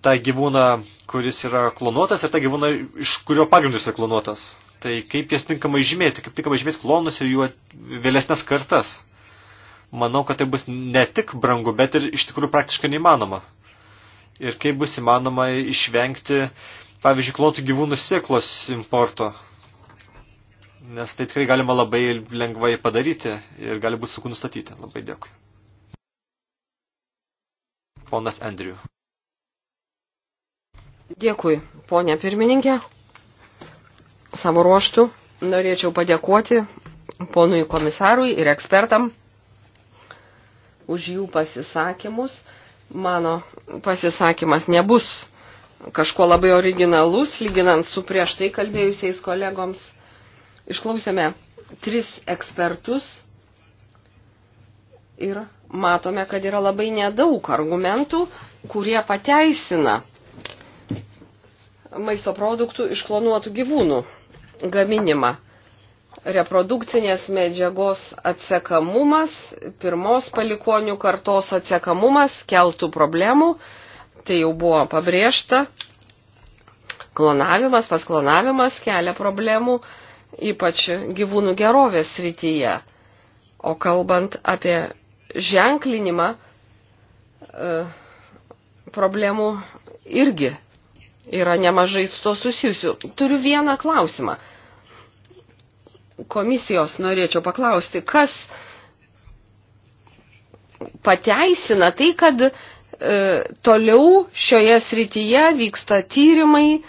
tą gyvūną, kuris yra klonuotas ir tą gyvūną, iš kurio pagrindus yra klonuotas. Tai kaip jas tinkamai žymėti, kaip tinkamai žymėti klonus ir jų vėlesnės kartas. Manau, kad tai bus ne tik brangu, bet ir iš tikrųjų praktiškai neįmanoma. Ir kaip bus įmanoma išvengti, pavyzdžiui, klonuotų gyvūnų sėklos importo. Nes tai tikrai galima labai lengvai padaryti ir gali būti sunku nustatyti. Labai dėkui ponas Andriu. Dėkui, ponė pirmininkė. Savo ruoštų norėčiau padėkoti ponui komisarui ir ekspertam už jų pasisakymus. Mano pasisakymas nebus kažkuo labai originalus, lyginant su prieš tai kalbėjusiais kolegoms. Išklausėme tris ekspertus ir matome, kad yra labai nedaug argumentų, kurie pateisina maisto produktų iš klonuotų gyvūnų gaminimą. Reprodukcinės medžiagos atsekamumas, pirmos palikonių kartos atsekamumas keltų problemų, tai jau buvo pabrėžta. Klonavimas, pasklonavimas kelia problemų, ypač gyvūnų gerovės srityje. O kalbant apie ženklinimą e, problemų irgi yra nemažai su to susijusių. Turiu vieną klausimą. Komisijos norėčiau paklausti, kas pateisina tai, kad e, toliau šioje srityje vyksta tyrimai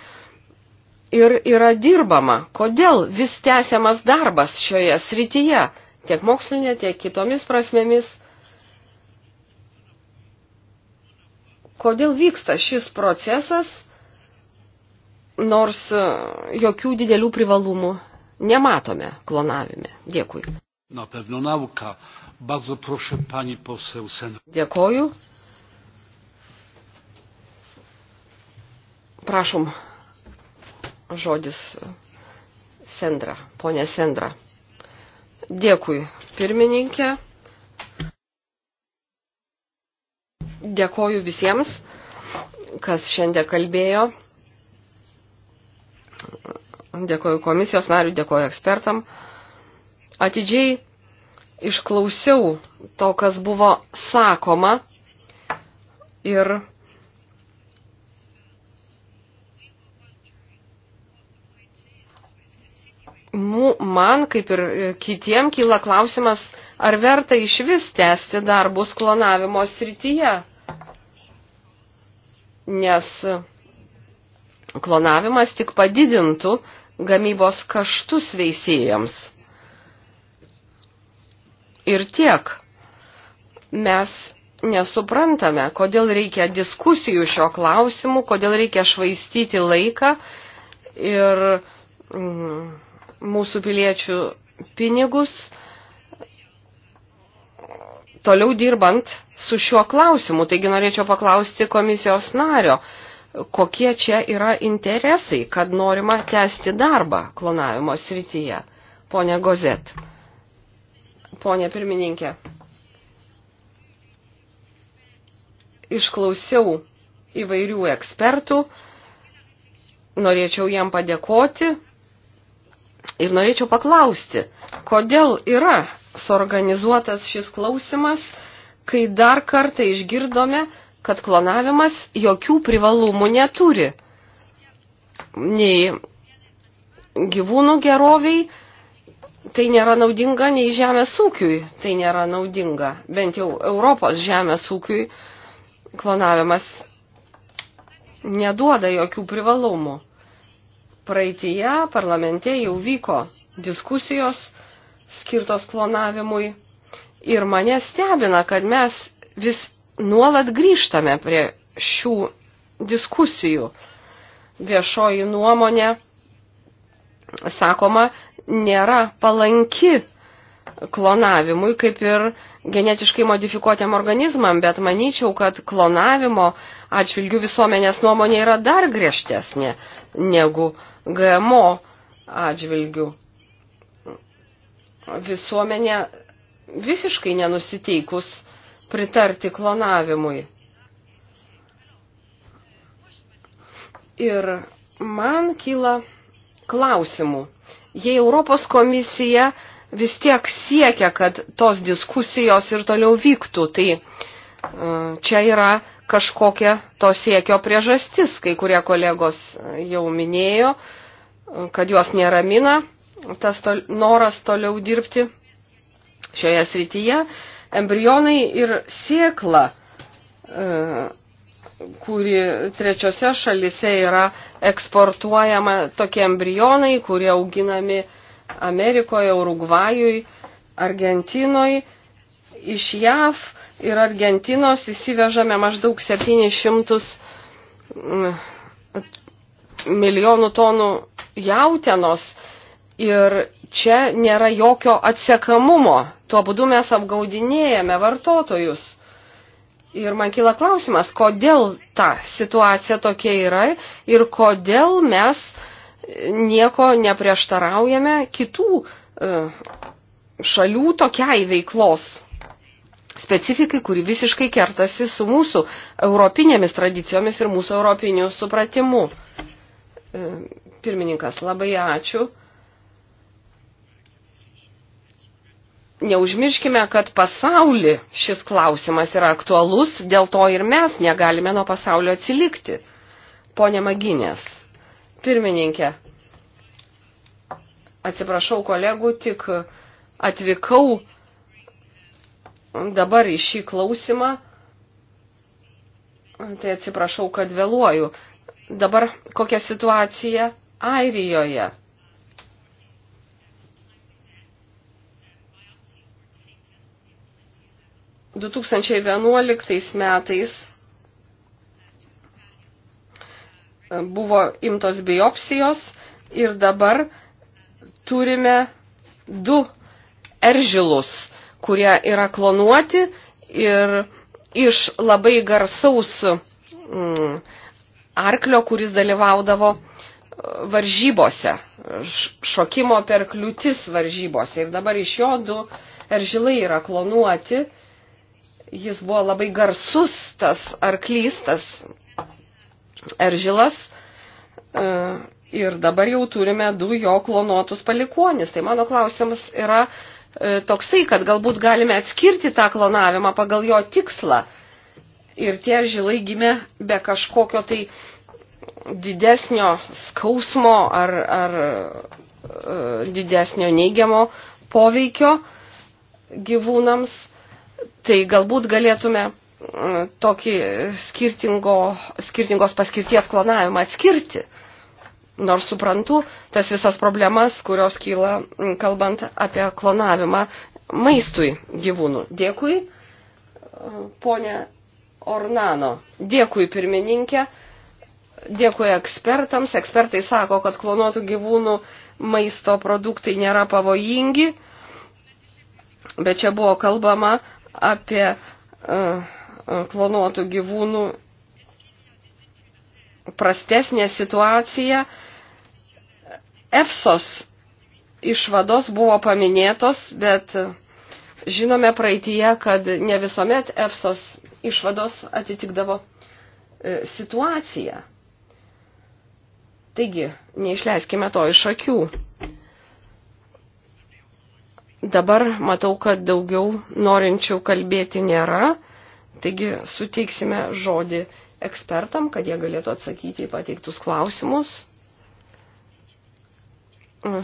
ir yra dirbama. Kodėl vis tęsiamas darbas šioje srityje, tiek mokslinė, tiek kitomis prasmėmis? kodėl vyksta šis procesas, nors e, jokių didelių privalumų nematome klonavime. Dėkui. Na pewno nauka. Bardzo proszę pani poseł Sen. Dėkoju. Prašom žodis Sendra, ponė Sendra. Dėkui, pirmininkė. Dėkoju visiems, kas šiandien kalbėjo. Dėkoju komisijos nariu, dėkoju ekspertam. Atidžiai išklausiau to, kas buvo sakoma ir man, kaip ir kitiem, kyla klausimas, ar verta iš vis tęsti darbus klonavimo srityje nes klonavimas tik padidintų gamybos kaštus veisėjams. Ir tiek. Mes nesuprantame, kodėl reikia diskusijų šio klausimu, kodėl reikia švaistyti laiką ir mm, mūsų piliečių pinigus toliau dirbant su šiuo klausimu. Taigi norėčiau paklausti komisijos nario, kokie čia yra interesai, kad norima tęsti darbą klonavimo srityje. Pone Gozet. Pone pirmininkė. Išklausiau įvairių ekspertų, norėčiau jam padėkoti ir norėčiau paklausti, kodėl yra sorganizuotas šis klausimas, kai dar kartą išgirdome, kad klonavimas jokių privalumų neturi. Nei gyvūnų geroviai, tai nėra naudinga, nei žemės ūkiui tai nėra naudinga. Bent jau Europos žemės ūkiui klonavimas neduoda jokių privalumų. Praeitėje parlamente jau vyko diskusijos skirtos klonavimui. Ir mane stebina, kad mes vis nuolat grįžtame prie šių diskusijų. Viešoji nuomonė, sakoma, nėra palanki klonavimui, kaip ir genetiškai modifikuotėm organizmam, bet manyčiau, kad klonavimo atžvilgių visuomenės nuomonė yra dar griežtesnė negu GMO atžvilgių visuomenė visiškai nenusiteikus pritarti klonavimui. Ir man kyla klausimų. Jei Europos komisija vis tiek siekia, kad tos diskusijos ir toliau vyktų, tai e, čia yra kažkokia to siekio priežastis, kai kurie kolegos jau minėjo, e, kad juos neramina tas tol, noras toliau dirbti šioje srityje. Embrionai ir sėkla, e, kuri trečiose šalise yra eksportuojama tokie embrionai, kurie auginami Amerikoje, Urugvajui, Argentinoje. Iš JAV ir Argentinos įsivežame maždaug 700 milijonų tonų jautienos Ir čia nėra jokio atsekamumo. Tuo būdu mes apgaudinėjame vartotojus. Ir man kyla klausimas, kodėl ta situacija tokia yra ir kodėl mes nieko neprieštaraujame kitų e, šalių tokiai veiklos specifikai, kuri visiškai kertasi su mūsų europinėmis tradicijomis ir mūsų europiniu supratimu. E, pirmininkas, labai ačiū. neužmirškime, kad pasaulį šis klausimas yra aktualus, dėl to ir mes negalime nuo pasaulio atsilikti. Pone Maginės, pirmininkė, atsiprašau kolegų, tik atvykau dabar į šį klausimą, tai atsiprašau, kad vėluoju. Dabar kokia situacija Airijoje? 2011 metais buvo imtos biopsijos ir dabar turime du eržilus, kurie yra klonuoti ir iš labai garsaus mm, arklio, kuris dalyvaudavo e, varžybose, šokimo per kliūtis varžybose. Ir dabar iš jo du eržilai yra klonuoti Jis buvo labai garsus tas arklys, tas eržilas. E, ir dabar jau turime du jo klonuotus palikuonis. Tai mano klausimas yra e, toksai, kad galbūt galime atskirti tą klonavimą pagal jo tikslą. Ir tie žilai gimė be kažkokio tai didesnio skausmo ar, ar e, didesnio neigiamo poveikio gyvūnams. Tai galbūt galėtume e, tokį skirtingo, skirtingos paskirties klonavimą atskirti. Nors suprantu tas visas problemas, kurios kyla kalbant apie klonavimą maistui gyvūnų. Dėkui, e, ponė Ornano. Dėkui, pirmininkė. Dėkui ekspertams. Ekspertai sako, kad klonuotų gyvūnų maisto produktai nėra pavojingi. Bet čia buvo kalbama apie uh, klonuotų gyvūnų prastesnė situacija. EFSOS išvados buvo paminėtos, bet e, žinome praeitie, kad ne visuomet EFSOS išvados atitikdavo situaciją. Taigi, neišleiskime to iš akių. Dabar matau, kad daugiau norinčių kalbėti nėra, taigi suteiksime žodį ekspertam, kad jie galėtų atsakyti į pateiktus klausimus.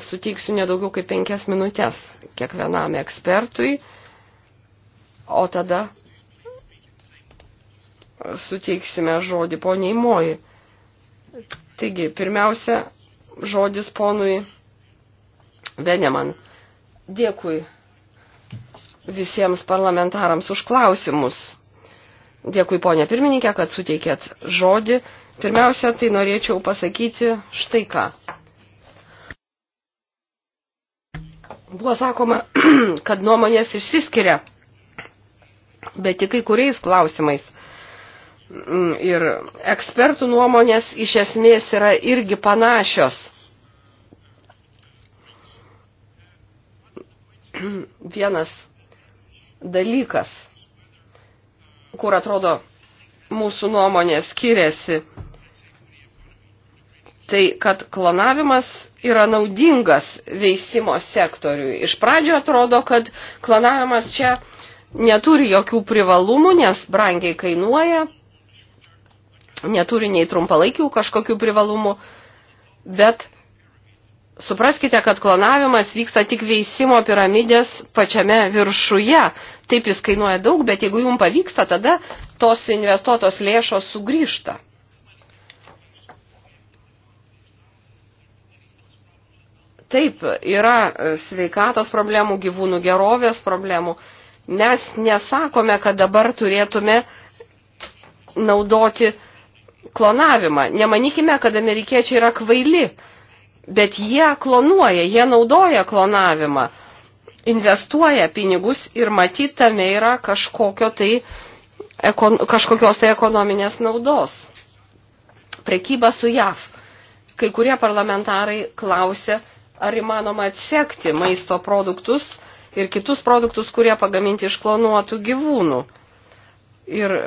Suteiksiu nedaugiau kaip penkias minutės kiekvienam ekspertui, o tada suteiksime žodį poniai Moji. Taigi, pirmiausia, žodis ponui Veneman. Dėkui visiems parlamentarams už klausimus. Dėkui, ponė pirmininkė, kad suteikėt žodį. Pirmiausia, tai norėčiau pasakyti štai ką. Buvo sakoma, kad nuomonės išsiskiria, bet tik kai kuriais klausimais. Mm, ir ekspertų nuomonės iš esmės yra irgi panašios. vienas dalykas, kur atrodo mūsų nuomonė skiriasi, tai kad klonavimas yra naudingas veisimo sektoriui. Iš pradžio atrodo, kad klonavimas čia neturi jokių privalumų, nes brangiai kainuoja, neturi nei trumpalaikių kažkokių privalumų, bet Supraskite, kad klonavimas vyksta tik veisimo piramidės pačiame viršuje. Taip jis kainuoja daug, bet jeigu jums pavyksta, tada tos investuotos lėšos sugrįžta. Taip, yra e, sveikatos problemų, gyvūnų gerovės problemų. Mes nesakome, kad dabar turėtume naudoti klonavimą. Nemanykime, kad amerikiečiai yra kvaili bet jie klonuoja, jie naudoja klonavimą, investuoja pinigus ir matyt tame yra kažkokio tai, ekon, kažkokios tai ekonominės naudos. Prekyba su JAV. Kai kurie parlamentarai klausia, ar įmanoma atsekti maisto produktus ir kitus produktus, kurie pagaminti iš klonuotų gyvūnų. Ir e,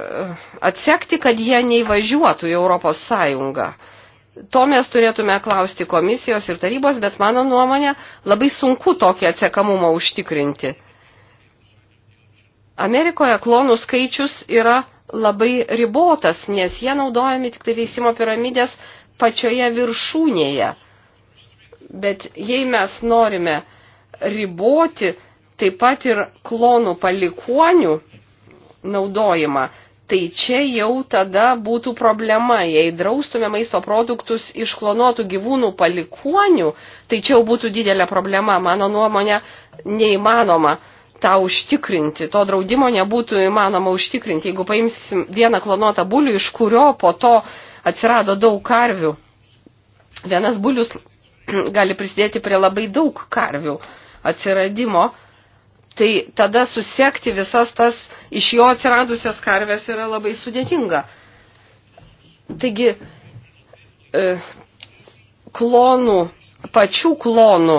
atsekti, kad jie neįvažiuotų į Europos Sąjungą. To mes turėtume klausti komisijos ir tarybos, bet mano nuomonė labai sunku tokį atsekamumą užtikrinti. Amerikoje klonų skaičius yra labai ribotas, nes jie naudojami tik tai veisimo piramidės pačioje viršūnėje. Bet jei mes norime riboti taip pat ir klonų palikuonių naudojimą, Tai čia jau tada būtų problema, jei draustume maisto produktus iš klonuotų gyvūnų palikuonių, tai čia jau būtų didelė problema, mano nuomonė, neįmanoma tą užtikrinti. To draudimo nebūtų įmanoma užtikrinti, jeigu paimsim vieną klonuotą bulių, iš kurio po to atsirado daug karvių. Vienas bulius gali prisidėti prie labai daug karvių atsiradimo Tai tada susekti visas tas iš jo atsiradusias karves yra labai sudėtinga. Taigi, e, klonų, pačių klonų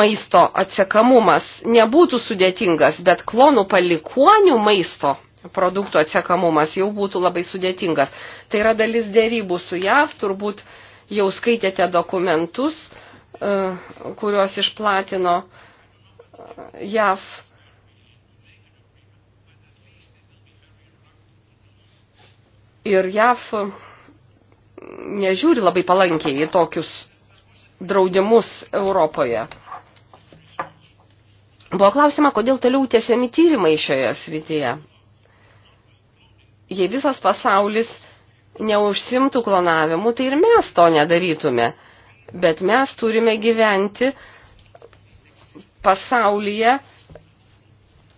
maisto atsekamumas nebūtų sudėtingas, bet klonų palikuonių maisto produktų atsekamumas jau būtų labai sudėtingas. Tai yra dalis dėrybų su JAV, turbūt jau skaitėte dokumentus, e, kuriuos išplatino uh, JAV. Ir JAV nežiūri labai palankiai į tokius draudimus Europoje. Buvo klausima, kodėl toliau tiesiami tyrimai šioje srityje. Jei visas pasaulis neužsimtų klonavimu, tai ir mes to nedarytume. Bet mes turime gyventi uh, pasaulyje,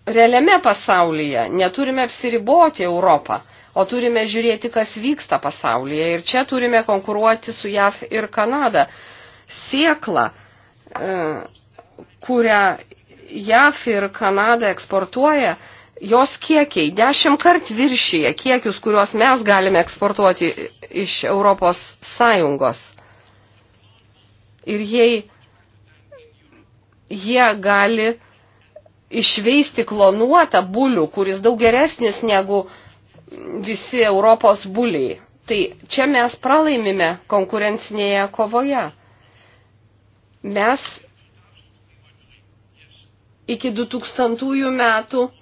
realiame pasaulyje. Neturime apsiriboti Europą, o turime žiūrėti, kas vyksta pasaulyje. Ir čia turime konkuruoti su JAV ir Kanada. Sėkla, e, kurią JAV ir Kanada eksportuoja, jos kiekiai dešimt kart viršyje kiekius, kuriuos mes galime eksportuoti iš Europos Sąjungos. Ir jei jie gali išveisti klonuotą bulių, kuris daug geresnis negu visi Europos buliai. Tai čia mes pralaimime konkurencinėje kovoje. Mes iki 2000 metų e,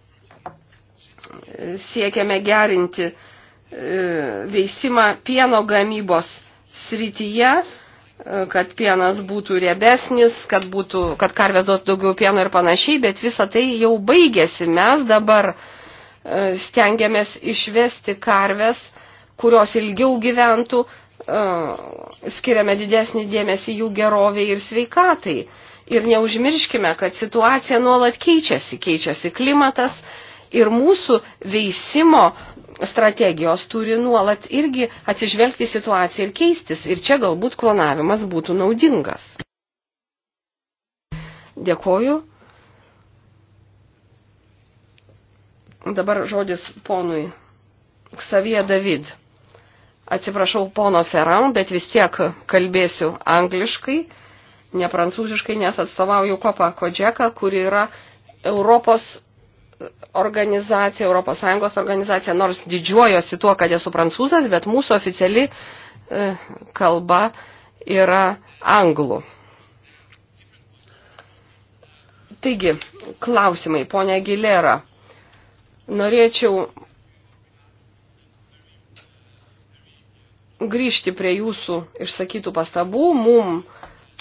siekiame gerinti e, veisimą pieno gamybos srityje kad pienas būtų riebesnis, kad, būtų, kad karvės duotų daugiau pieno ir panašiai, bet visa tai jau baigėsi. Mes dabar e, stengiamės išvesti karves, kurios ilgiau gyventų, e, skiriame didesnį dėmesį jų geroviai ir sveikatai. Ir neužmirškime, kad situacija nuolat keičiasi, keičiasi klimatas ir mūsų veisimo strategijos turi nuolat irgi atsižvelgti situaciją ir keistis. Ir čia galbūt klonavimas būtų naudingas. Dėkoju. Dabar žodis ponui Ksavija David. Atsiprašau pono Ferran, bet vis tiek kalbėsiu angliškai, ne prancūziškai, nes atstovauju Kopą Kodžeką, kuri yra Europos organizacija, ES organizacija, nors didžiuojosi tuo, kad esu prancūzas, bet mūsų oficiali e, kalba yra anglų. Taigi, klausimai, ponia Gilera. Norėčiau grįžti prie jūsų išsakytų pastabų. Mum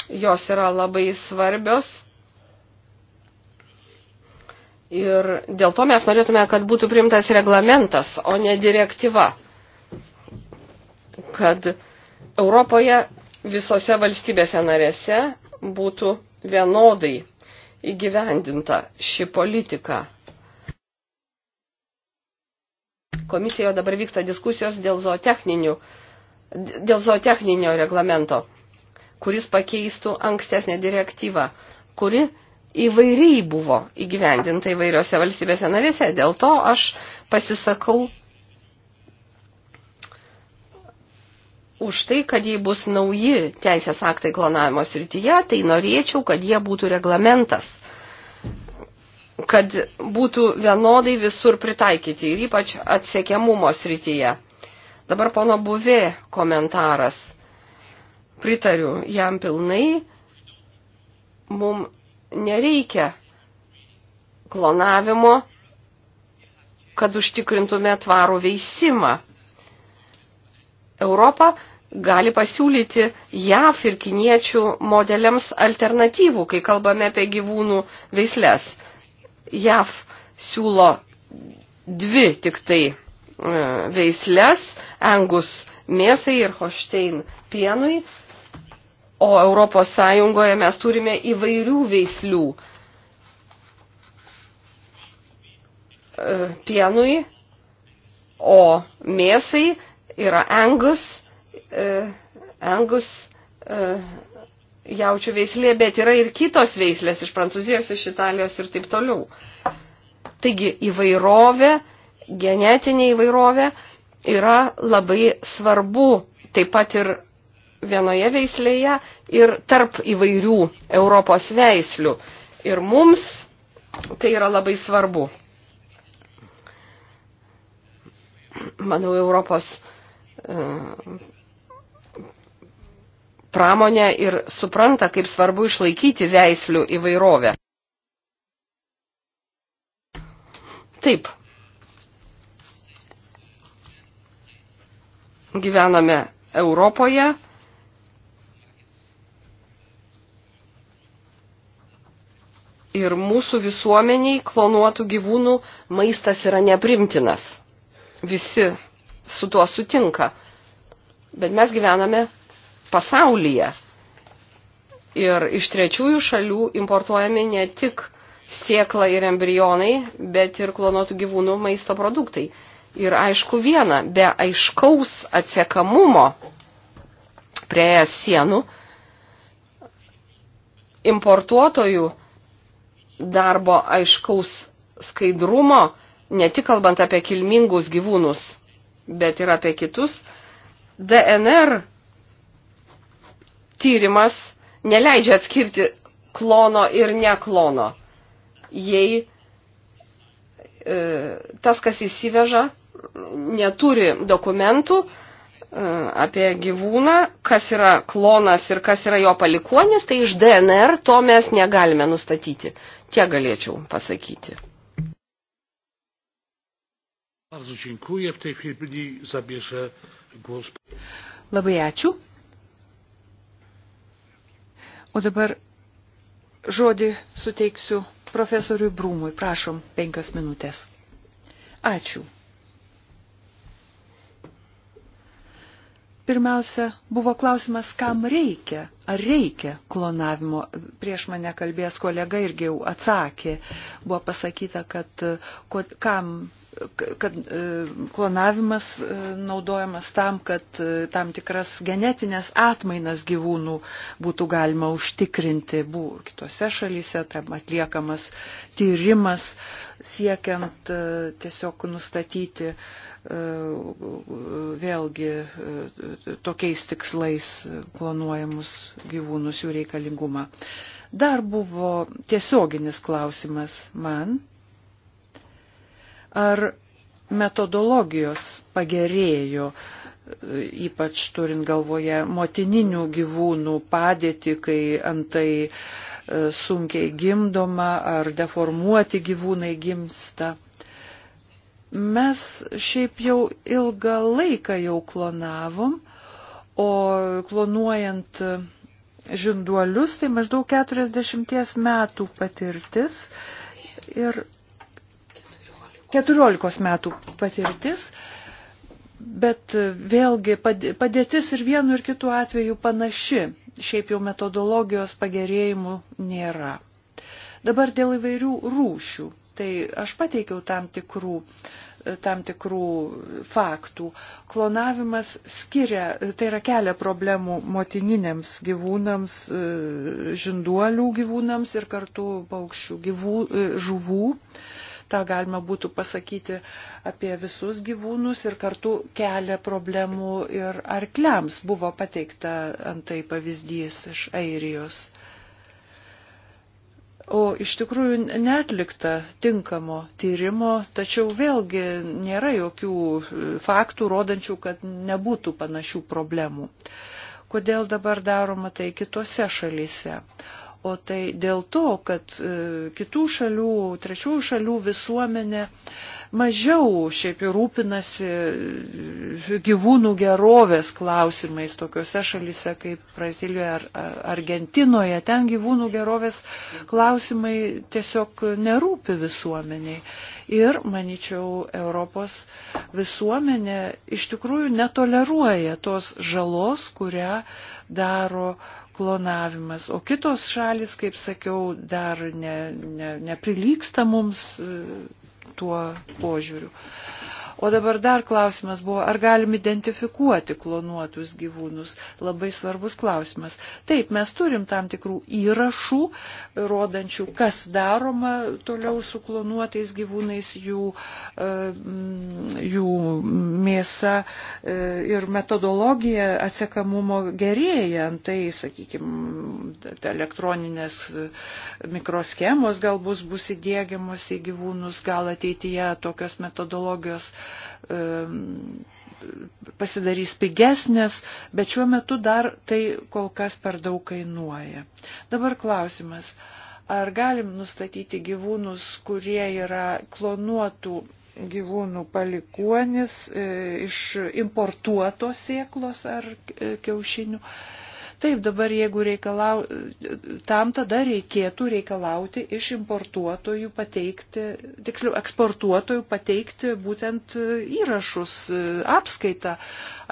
jos yra labai svarbios Ir dėl to mes norėtume, kad būtų priimtas reglamentas, o ne direktyva. Kad Europoje visose valstybėse narėse būtų vienodai įgyvendinta ši politika. Komisijoje dabar vyksta diskusijos dėl, dėl zootechninio reglamento, kuris pakeistų ankstesnę direktyvą, kuri įvairiai buvo įgyvendinta įvairiose valstybėse narėse. Dėl to aš pasisakau už tai, kad jei bus nauji teisės aktai klonavimo srityje, tai norėčiau, kad jie būtų reglamentas kad būtų vienodai visur pritaikyti ir ypač atsiekiamumo srityje. Dabar pono buvė komentaras. Pritariu jam pilnai. Mums nereikia klonavimo, kad užtikrintume tvarų veisimą. Europą gali pasiūlyti JAF ir kiniečių modeliams alternatyvų, kai kalbame apie gyvūnų veislės. JAF siūlo dvi tik tai e, veislės, angus mėsai ir hoštein pienui. O Europos Sąjungoje mes turime įvairių veislių. E, pienui, o mėsai yra angus, e, angus e, jaučių veislė, bet yra ir kitos veislės iš Prancūzijos, iš Italijos ir taip toliau. Taigi įvairovė, genetinė įvairovė yra labai svarbu taip pat ir vienoje veislėje ir tarp įvairių Europos veislių. Ir mums tai yra labai svarbu. Manau, Europos e, pramonė ir supranta, kaip svarbu išlaikyti veislių įvairovę. Taip. Gyvename Europoje ir mūsų visuomeniai klonuotų gyvūnų maistas yra neprimtinas. Visi su tuo sutinka. Bet mes gyvename pasaulyje. Ir iš trečiųjų šalių importuojami ne tik sėkla ir embrionai, bet ir klonuotų gyvūnų maisto produktai. Ir aišku viena, be aiškaus atsiekamumo prie sienų importuotojų darbo aiškaus skaidrumo, ne tik kalbant apie kilmingus gyvūnus, bet ir apie kitus, DNR tyrimas neleidžia atskirti klono ir neklono. Jei e, tas, kas įsiveža, neturi dokumentų e, apie gyvūną, kas yra klonas ir kas yra jo palikonis, tai iš DNR to mes negalime nustatyti. Tiek galėčiau pasakyti. Labai ačiū. O dabar žodį suteiksiu profesoriui Brūmui. Prašom, penkios minutės. Ačiū. pirmiausia, buvo klausimas, kam reikia, ar reikia klonavimo. Prieš mane kalbės kolega irgi jau atsakė, buvo pasakyta, kad kam kad e, klonavimas e, naudojamas tam, kad e, tam tikras genetinės atmainas gyvūnų būtų galima užtikrinti. Buvo kitose šalyse tam atliekamas tyrimas, siekiant tiesiog nustatyti vėlgi tokiais tikslais klonuojamus gyvūnus jų reikalingumą. Dar buvo tiesioginis klausimas man Ar metodologijos pagerėjo, ypač turint galvoje motininių gyvūnų padėtį, kai antai e, sunkiai gimdoma ar deformuoti gyvūnai gimsta? Mes šiaip jau ilgą laiką jau klonavom, o klonuojant žinduolius, tai maždaug 40 metų patirtis. Ir 14 metų patirtis, bet vėlgi padėtis ir vienu ir kitu atveju panaši. Šiaip jau metodologijos pagerėjimų nėra. Dabar dėl įvairių rūšių. Tai aš pateikiau tam tikrų, tam tikrų faktų. Klonavimas skiria, tai yra kelia problemų motininėms gyvūnams, žinduolių gyvūnams ir kartu paukščių gyvų, žuvų tą galima būtų pasakyti apie visus gyvūnus ir kartu kelia problemų ir arkliams. Buvo pateikta antai pavyzdys iš Airijos. O iš tikrųjų netlikta tinkamo tyrimo, tačiau vėlgi nėra jokių e, faktų rodančių, kad nebūtų panašių problemų. Kodėl dabar daroma tai kitose šalyse? O tai dėl to, kad e, kitų šalių, trečiųjų šalių visuomenė mažiau šiaip rūpinasi e, gyvūnų gerovės klausimais tokiuose šalise kaip Brazilijoje ar Argentinoje. Ten gyvūnų gerovės klausimai tiesiog nerūpi visuomeniai. Ir, manyčiau, Europos visuomenė iš tikrųjų netoleruoja tos žalos, kurią daro klonavimas, o kitos šalis, kaip sakiau, dar ne, ne, neprilyksta mums e, tuo požiūriu. O dabar dar klausimas buvo, ar galim identifikuoti klonuotus gyvūnus. Labai svarbus klausimas. Taip, mes turim tam tikrų įrašų, rodančių, kas daroma toliau su klonuotais gyvūnais, jų, e, jų mėsa e, ir metodologija atsekamumo gerėja. Tai, sakykime, elektroninės e, mikroschemos galbūt bus įdėgiamos į gyvūnus, gal ateityje tokios metodologijos pasidarys pigesnės, bet šiuo metu dar tai kol kas per daug kainuoja. Dabar klausimas, ar galim nustatyti gyvūnus, kurie yra klonuotų gyvūnų palikuonis e, iš importuotos sėklos ar e, kiaušinių? Taip, dabar jeigu reikalau, tam tada reikėtų reikalauti iš importuotojų pateikti, tiksliau, eksportuotojų pateikti būtent įrašus, apskaitą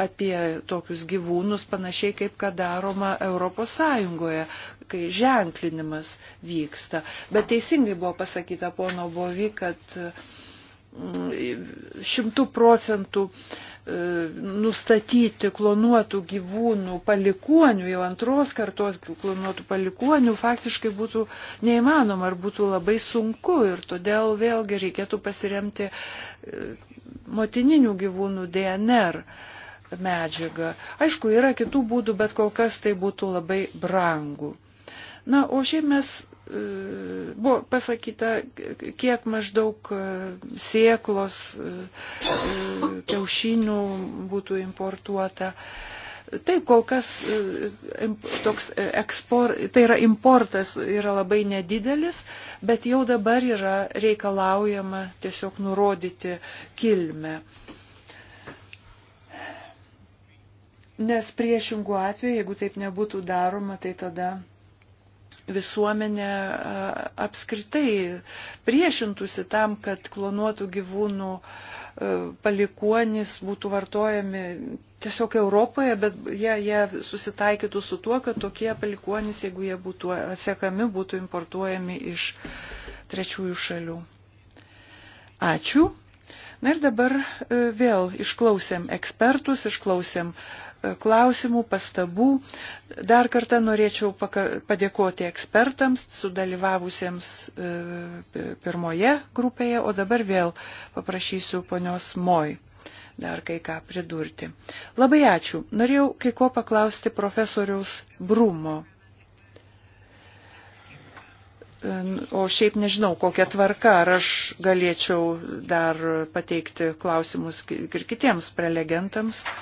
apie tokius gyvūnus, panašiai kaip kad daroma Europos Sąjungoje, kai ženklinimas vyksta. Bet teisingai buvo pasakyta pono Bovi, kad mm, šimtų procentų uh, E, nustatyti klonuotų gyvūnų palikuonių, jau antros kartos klonuotų palikuonių faktiškai būtų neįmanoma ar būtų labai sunku ir todėl vėlgi reikėtų pasiremti e, motininių gyvūnų DNR medžiagą. Aišku, yra kitų būdų, bet kol kas tai būtų labai brangu. Na, o šiaip mes buvo pasakyta, kiek maždaug e, sėklos e, e, kiaušinių būtų importuota. Taip, kol kas toks ekspor, tai yra importas yra labai nedidelis, bet jau dabar yra reikalaujama tiesiog nurodyti kilmę. Nes priešingų atveju, jeigu taip nebūtų daroma, tai tada visuomenė apskritai priešintųsi tam, kad klonuotų gyvūnų palikuonys būtų vartojami tiesiog Europoje, bet jie, jie susitaikytų su tuo, kad tokie palikuonys, jeigu jie būtų atsiekami, būtų importuojami iš trečiųjų šalių. Ačiū. Na ir dabar e, vėl išklausėm ekspertus, išklausėm klausimų, pastabų. Dar kartą norėčiau padėkoti ekspertams, sudalyvavusiems e, pirmoje grupėje, o dabar vėl paprašysiu ponios Moj dar kai ką pridurti. Labai ačiū. Norėjau kai ko paklausti profesoriaus Brumo. O šiaip nežinau, kokia tvarka, ar aš galėčiau dar pateikti klausimus ir kitiems prelegentams. Uh,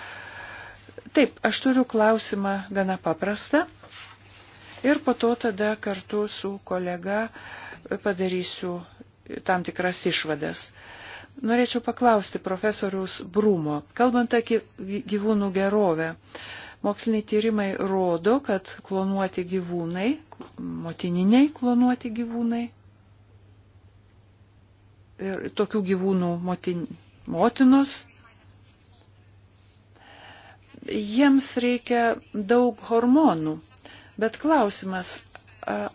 Taip, aš turiu klausimą gana paprastą ir po to tada kartu su kolega padarysiu tam tikras išvadas. Norėčiau paklausti profesorius Brumo, kalbant apie gyvūnų gerovę. Moksliniai tyrimai rodo, kad klonuoti gyvūnai, motininiai klonuoti gyvūnai ir tokių gyvūnų motin, motinos jiems reikia daug hormonų. Bet klausimas,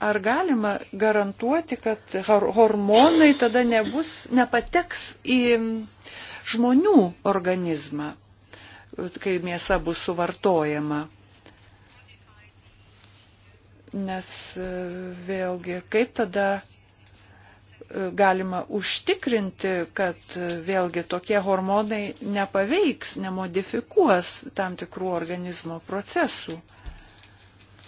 ar galima garantuoti, kad hormonai tada nebus, nepateks į žmonių organizmą, kai mėsa bus suvartojama? Nes e, vėlgi, kaip tada galima užtikrinti, kad vėlgi tokie hormonai nepaveiks, nemodifikuos tam tikrų organizmo procesų,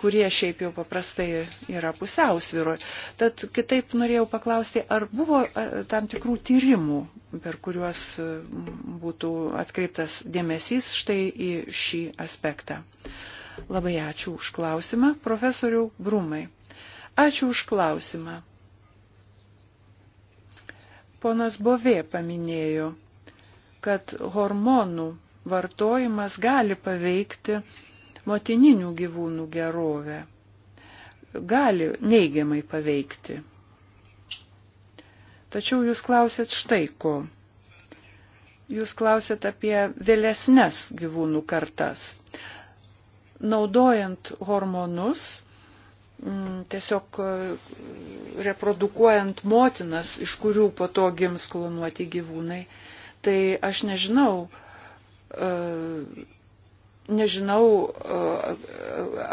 kurie šiaip jau paprastai yra pusiausvyroj. Tad kitaip norėjau paklausti, ar buvo tam tikrų tyrimų, per kuriuos būtų atkreiptas dėmesys štai į šį aspektą. Labai ačiū už klausimą, profesoriau Brumai. Ačiū už klausimą. Ponas Bovė paminėjo, kad hormonų vartojimas gali paveikti motininių gyvūnų gerovę. Gali neigiamai paveikti. Tačiau jūs klausėt štai ko. Jūs klausėt apie vėlesnes gyvūnų kartas. Naudojant hormonus, Mm, tiesiog e, reprodukuojant motinas, iš kurių po to gims klonuoti gyvūnai, tai aš nežinau, e, nežinau, e,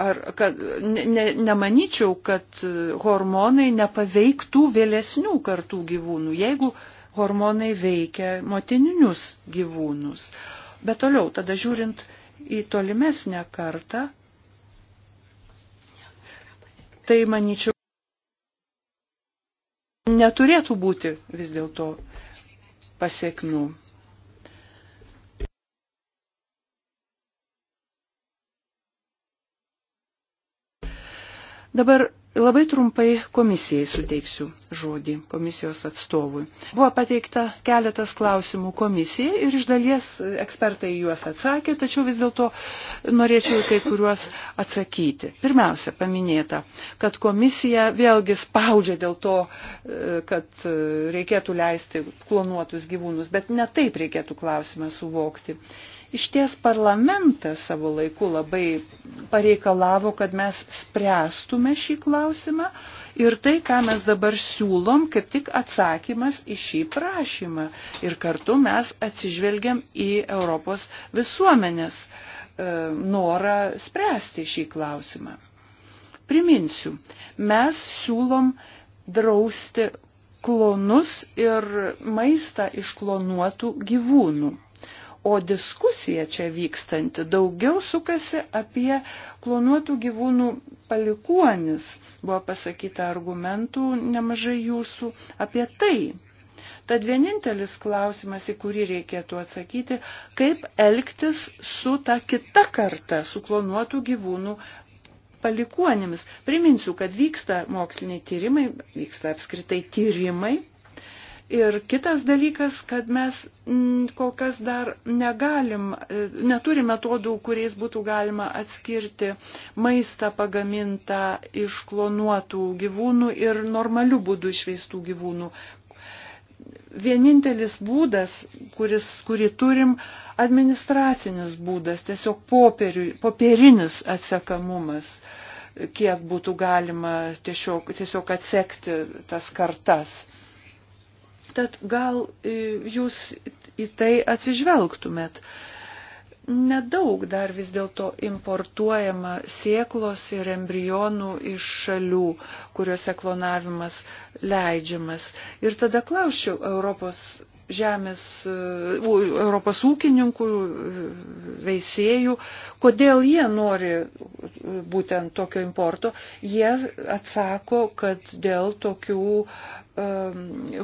ar, kad, ne, ne, nemanyčiau, kad hormonai nepaveiktų vėlesnių kartų gyvūnų, jeigu hormonai veikia motininius gyvūnus. Bet toliau, tada žiūrint į tolimesnę kartą, tai, manyčiau, neturėtų būti vis dėlto pasiekmių. Dabar labai trumpai komisijai suteiksiu žodį, komisijos atstovui. Buvo pateikta keletas klausimų komisijai ir iš dalies ekspertai juos atsakė, tačiau vis dėlto norėčiau kai kuriuos atsakyti. Pirmiausia, paminėta, kad komisija vėlgi spaudžia dėl to, kad reikėtų leisti klonuotus gyvūnus, bet ne taip reikėtų klausimą suvokti. Iš ties parlamentas savo laiku labai pareikalavo, kad mes spręstume šį klausimą ir tai, ką mes dabar siūlom, kaip tik atsakymas į šį prašymą. Ir kartu mes atsižvelgiam į Europos visuomenės e, norą spręsti šį klausimą. Priminsiu, mes siūlom drausti klonus ir maistą iš klonuotų gyvūnų. O diskusija čia vykstanti daugiau sukasi apie klonuotų gyvūnų palikuonis. Buvo pasakyta argumentų nemažai jūsų apie tai. Tad vienintelis klausimas, į kurį reikėtų atsakyti, kaip elgtis su ta kita karta, su klonuotų gyvūnų palikuonimis. Priminsiu, kad vyksta moksliniai tyrimai, vyksta apskritai tyrimai Ir kitas dalykas, kad mes mm, kol kas dar negalim, e, neturime metodų, kuriais būtų galima atskirti maistą pagamintą iš klonuotų gyvūnų ir normalių būdų išveistų gyvūnų. Vienintelis būdas, kuris, kurį turim, administracinis būdas, tiesiog popierių, popierinis atsekamumas kiek būtų galima tiesiog, tiesiog atsekti tas kartas. Tad gal e, jūs į tai atsižvelgtumėt. Nedaug dar vis dėlto importuojama sėklos ir embrionų iš šalių, kuriuose klonavimas leidžiamas. Ir tada klausiu Europos žemės, e, Europos ūkininkų, e, veisėjų, kodėl jie nori e, būtent tokio importo, jie atsako, kad dėl tokių um,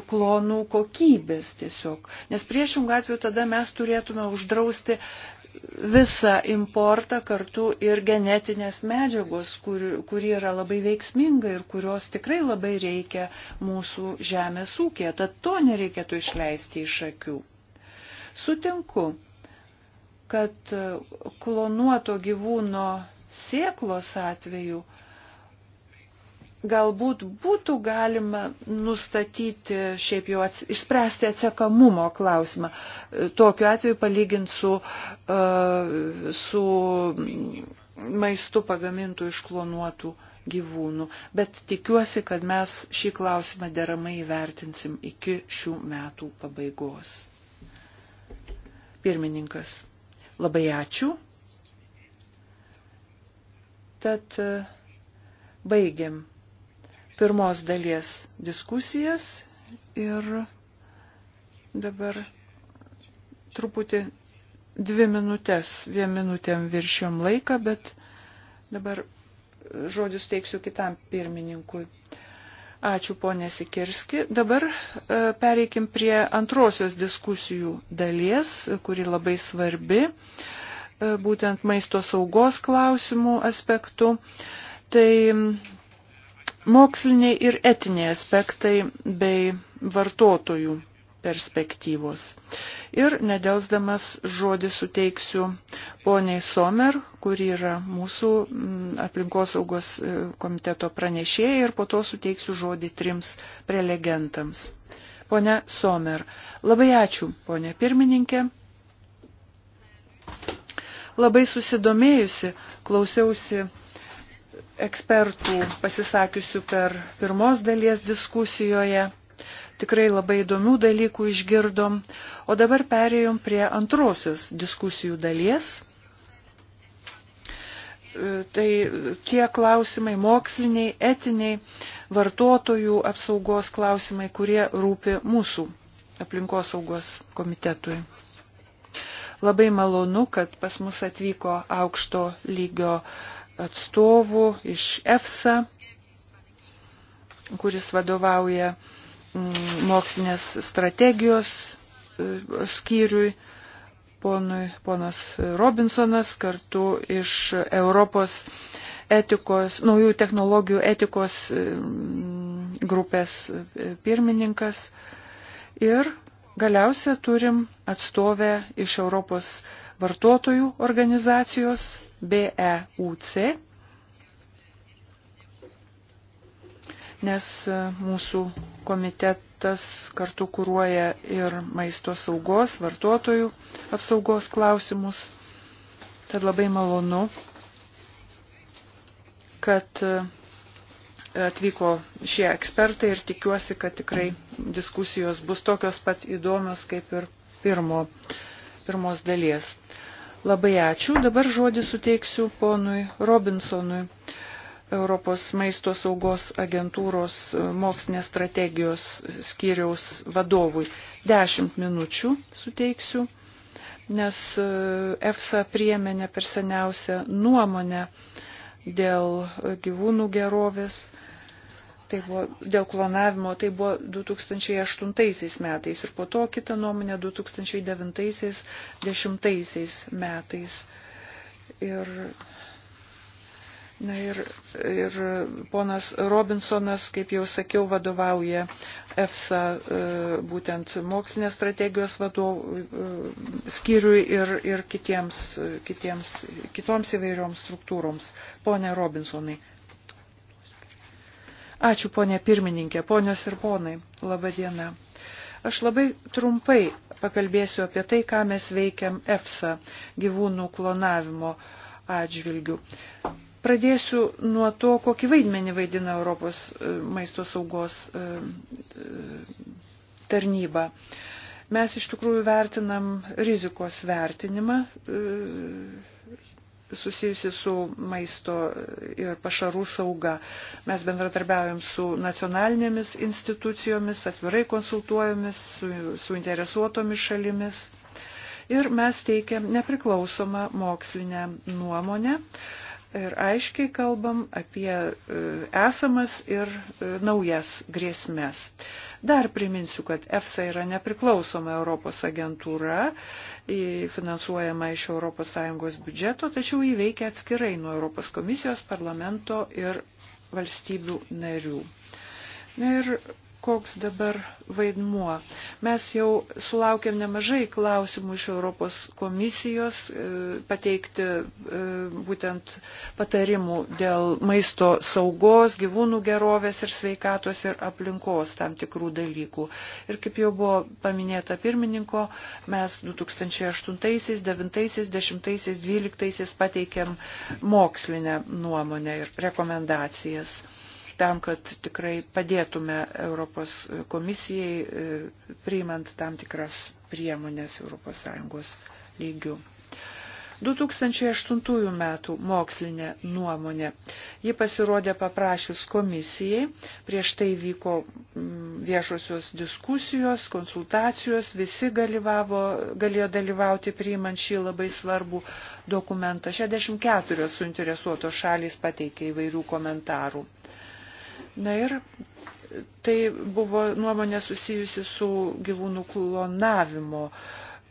klonų kokybės tiesiog. Nes priešingų atveju tada mes turėtume uždrausti visą importą kartu ir genetinės medžiagos, kur, kuri yra labai veiksminga ir kurios tikrai labai reikia mūsų žemės ūkė. Tad to nereikėtų išleisti iš akių. Sutinku, kad klonuoto gyvūno sėklos atveju uh, galbūt būtų galima nustatyti, šiaip jau ats, išspręsti atsekamumo klausimą. Tokiu atveju palygint su, e, su maistu pagamintų iš klonuotų gyvūnų. Bet tikiuosi, kad mes šį klausimą deramai įvertinsim iki šių metų pabaigos. Pirmininkas, labai ačiū. Tad e, baigiam pirmos dalies diskusijas ir dabar truputį dvi minutės, vien minutėm viršėm laiką, bet dabar žodžius teiksiu kitam pirmininkui. Ačiū, ponė Sikirski. Dabar e, pereikim prie antrosios diskusijų dalies, kuri labai svarbi, e, būtent maisto saugos klausimų aspektų. Tai moksliniai ir etiniai aspektai bei vartotojų perspektyvos. Ir nedelsdamas žodį suteiksiu poniai Somer, kuri yra mūsų mm, aplinkosaugos e, komiteto pranešėja ir po to suteiksiu žodį trims prelegentams. Pone Somer, labai ačiū, ponė pirmininkė. Labai susidomėjusi klausiausi ekspertų pasisakiusių per pirmos dalies diskusijoje. Tikrai labai įdomių dalykų išgirdom. O dabar perėjom prie antrosios diskusijų dalies. E, tai tie klausimai moksliniai, etiniai, vartotojų apsaugos klausimai, kurie rūpi mūsų aplinkosaugos komitetui. Labai malonu, kad pas mus atvyko aukšto lygio uh, atstovų iš EFSA, kuris vadovauja mm, mokslinės strategijos e, skyriui, ponui, ponas Robinsonas, kartu iš Europos etikos, naujų technologijų etikos e, mm, grupės e, pirmininkas. Ir galiausia turim atstovę iš Europos vartotojų organizacijos BEUC, nes mūsų komitetas kartu kūruoja ir maisto saugos, vartotojų apsaugos klausimus. Tad labai malonu, kad atvyko šie ekspertai ir tikiuosi, kad tikrai diskusijos bus tokios pat įdomios kaip ir pirmo, pirmos dalies. Labai ačiū. Dabar žodį suteiksiu ponui Robinsonui, Europos maisto saugos agentūros e, mokslinės strategijos skyriaus vadovui. Dešimt minučių suteiksiu, nes e, EFSA priemė ne per seniausią nuomonę dėl gyvūnų gerovės tai buvo dėl klonavimo, tai buvo 2008 metais ir po to kita nuomonė 2009-2010 metais. Ir, na, ir, ir ponas Robinsonas, kaip jau sakiau, vadovauja EFSA e, būtent mokslinės strategijos vadovų e, skyriui ir, ir kitiems, kitiems, kitoms įvairioms struktūroms. Pone Robinsonai. Ačiū, ponė pirmininkė, ponios ir ponai. Labadiena. Aš labai trumpai pakalbėsiu apie tai, ką mes veikiam EFSA gyvūnų klonavimo atžvilgių. Pradėsiu nuo to, kokį vaidmenį vaidina Europos e, maisto saugos e, e, tarnyba. Mes iš tikrųjų vertinam rizikos vertinimą susijusi su maisto ir pašarų sauga. Mes bendratarbiaujam su nacionalinėmis institucijomis, atvirai konsultuojomis su, su interesuotomis šalimis ir mes teikiam nepriklausomą mokslinę nuomonę ir aiškiai kalbam apie e, esamas ir e, naujas grėsmės. Dar priminsiu, kad EFSA yra nepriklausoma Europos agentūra, finansuojama iš ES biudžeto, tačiau jį veikia atskirai nuo Europos komisijos, parlamento ir valstybių narių. Ir koks dabar vaidmuo. Mes jau sulaukėm nemažai klausimų iš Europos komisijos e, pateikti e, būtent patarimų dėl maisto saugos, gyvūnų gerovės ir sveikatos ir aplinkos tam tikrų dalykų. Ir kaip jau buvo paminėta pirmininko, mes 2008, 2009, 2010, 2012 pateikėm mokslinę nuomonę ir rekomendacijas tam, kad tikrai padėtume Europos komisijai, e, priimant tam tikras priemonės ES lygių. 2008 metų mokslinė nuomonė. Ji pasirodė paprašius komisijai, prieš tai vyko viešosios diskusijos, konsultacijos, visi dalyvavo, galėjo dalyvauti priimant šį labai svarbų dokumentą. 64 suinteresuotos šalys pateikė įvairių komentarų. Na ir tai buvo nuomonė susijusi su gyvūnų klonavimo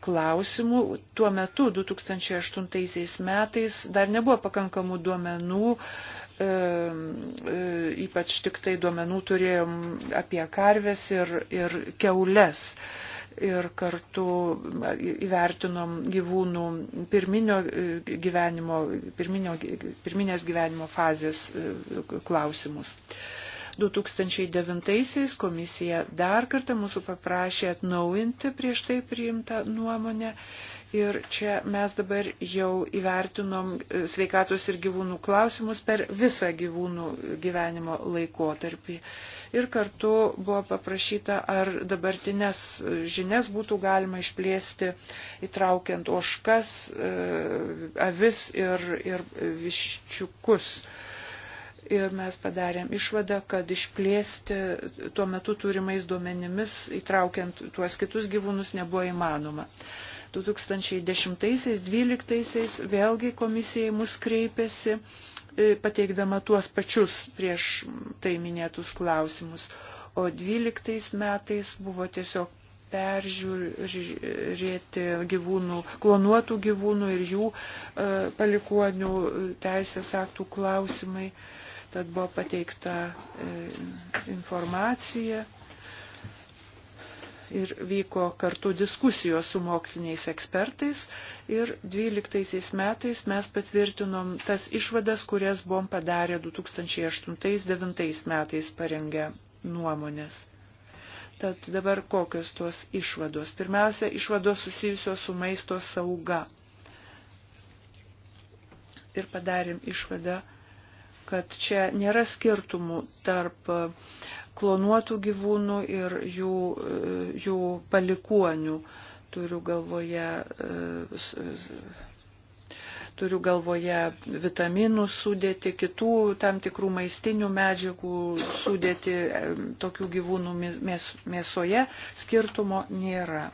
klausimų. Tuo metu, 2008 metais, dar nebuvo pakankamų duomenų, e, e, ypač tik tai duomenų turėjom apie karves ir, ir keules. E, ir kartu įvertinom gyvūnų pirminio gyvenimo, pirminio, pirminės gyvenimo fazės e, klausimus. 2009-aisiais komisija dar kartą mūsų paprašė atnaujinti prieš tai priimtą nuomonę ir čia mes dabar jau įvertinom e, sveikatos ir gyvūnų klausimus per visą gyvūnų gyvenimo laikotarpį ir kartu buvo paprašyta, ar dabartinės žinias būtų galima išplėsti įtraukiant oškas, e, avis ir, ir viščiukus. Ir mes padarėm išvadą, kad išplėsti tuo metu turimais duomenimis, įtraukiant tuos kitus gyvūnus, nebuvo įmanoma. 2010-2012 vėlgi komisijai mus kreipėsi E, pateikdama tuos pačius prieš tai minėtus klausimus. O 12 metais buvo tiesiog peržiūrėti gyvūnų, klonuotų gyvūnų ir jų e, palikuonių teisės aktų klausimai. Tad buvo pateikta e, informacija ir vyko kartu diskusijos su moksliniais ekspertais ir 12 metais mes patvirtinom tas išvadas, kurias buvom padarę 2008-2009 metais parengę nuomonės. Tad dabar kokios tos išvados? Pirmiausia, išvados susijusios su maisto sauga. Ir padarėm išvadą, kad čia nėra skirtumų tarp uh, klonuotų gyvūnų ir jų, e, jų palikuonių. Turiu galvoje, e, turiu galvoje vitaminų sudėti, kitų tam tikrų maistinių medžiagų sudėti e, tokių gyvūnų mėsoje skirtumo nėra.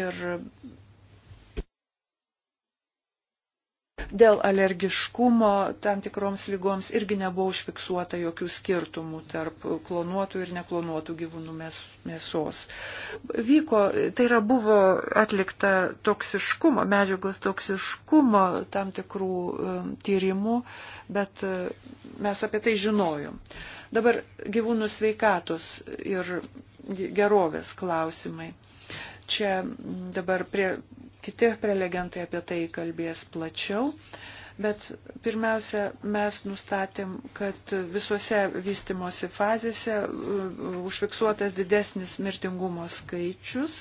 Ir Dėl alergiškumo tam tikroms lygoms irgi nebuvo užfiksuota jokių skirtumų tarp klonuotų ir neklonuotų gyvūnų mėsos. Vyko, tai yra buvo atlikta toksiškumo, medžiagos toksiškumo tam tikrų um, tyrimų, bet uh, mes apie tai žinojom. Dabar gyvūnų sveikatos ir gerovės klausimai. Čia dabar prie, kiti prelegentai apie tai kalbės plačiau. Bet pirmiausia, mes nustatėm, kad visuose vystimosi fazėse užfiksuotas didesnis mirtingumo skaičius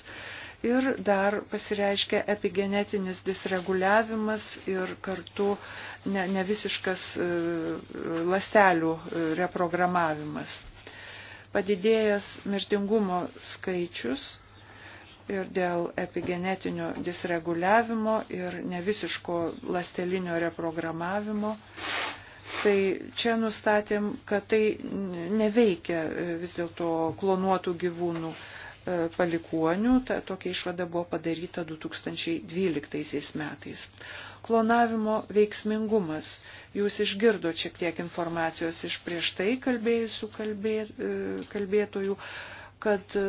ir dar pasireiškia epigenetinis disreguliavimas ir kartu ne, ne visiškas e, lastelių e, reprogramavimas. Padidėjęs mirtingumo skaičius ir dėl epigenetinio disreguliavimo ir nevisiško lastelinio reprogramavimo. Tai čia nustatėm, kad tai neveikia e, vis dėlto klonuotų gyvūnų e, palikuonių. Ta, tokia išvada buvo padaryta 2012 metais. Klonavimo veiksmingumas. Jūs išgirdot šiek tiek informacijos iš prieš tai kalbėjusių kalbė, e, kalbėtojų. kalbėtojų kad e,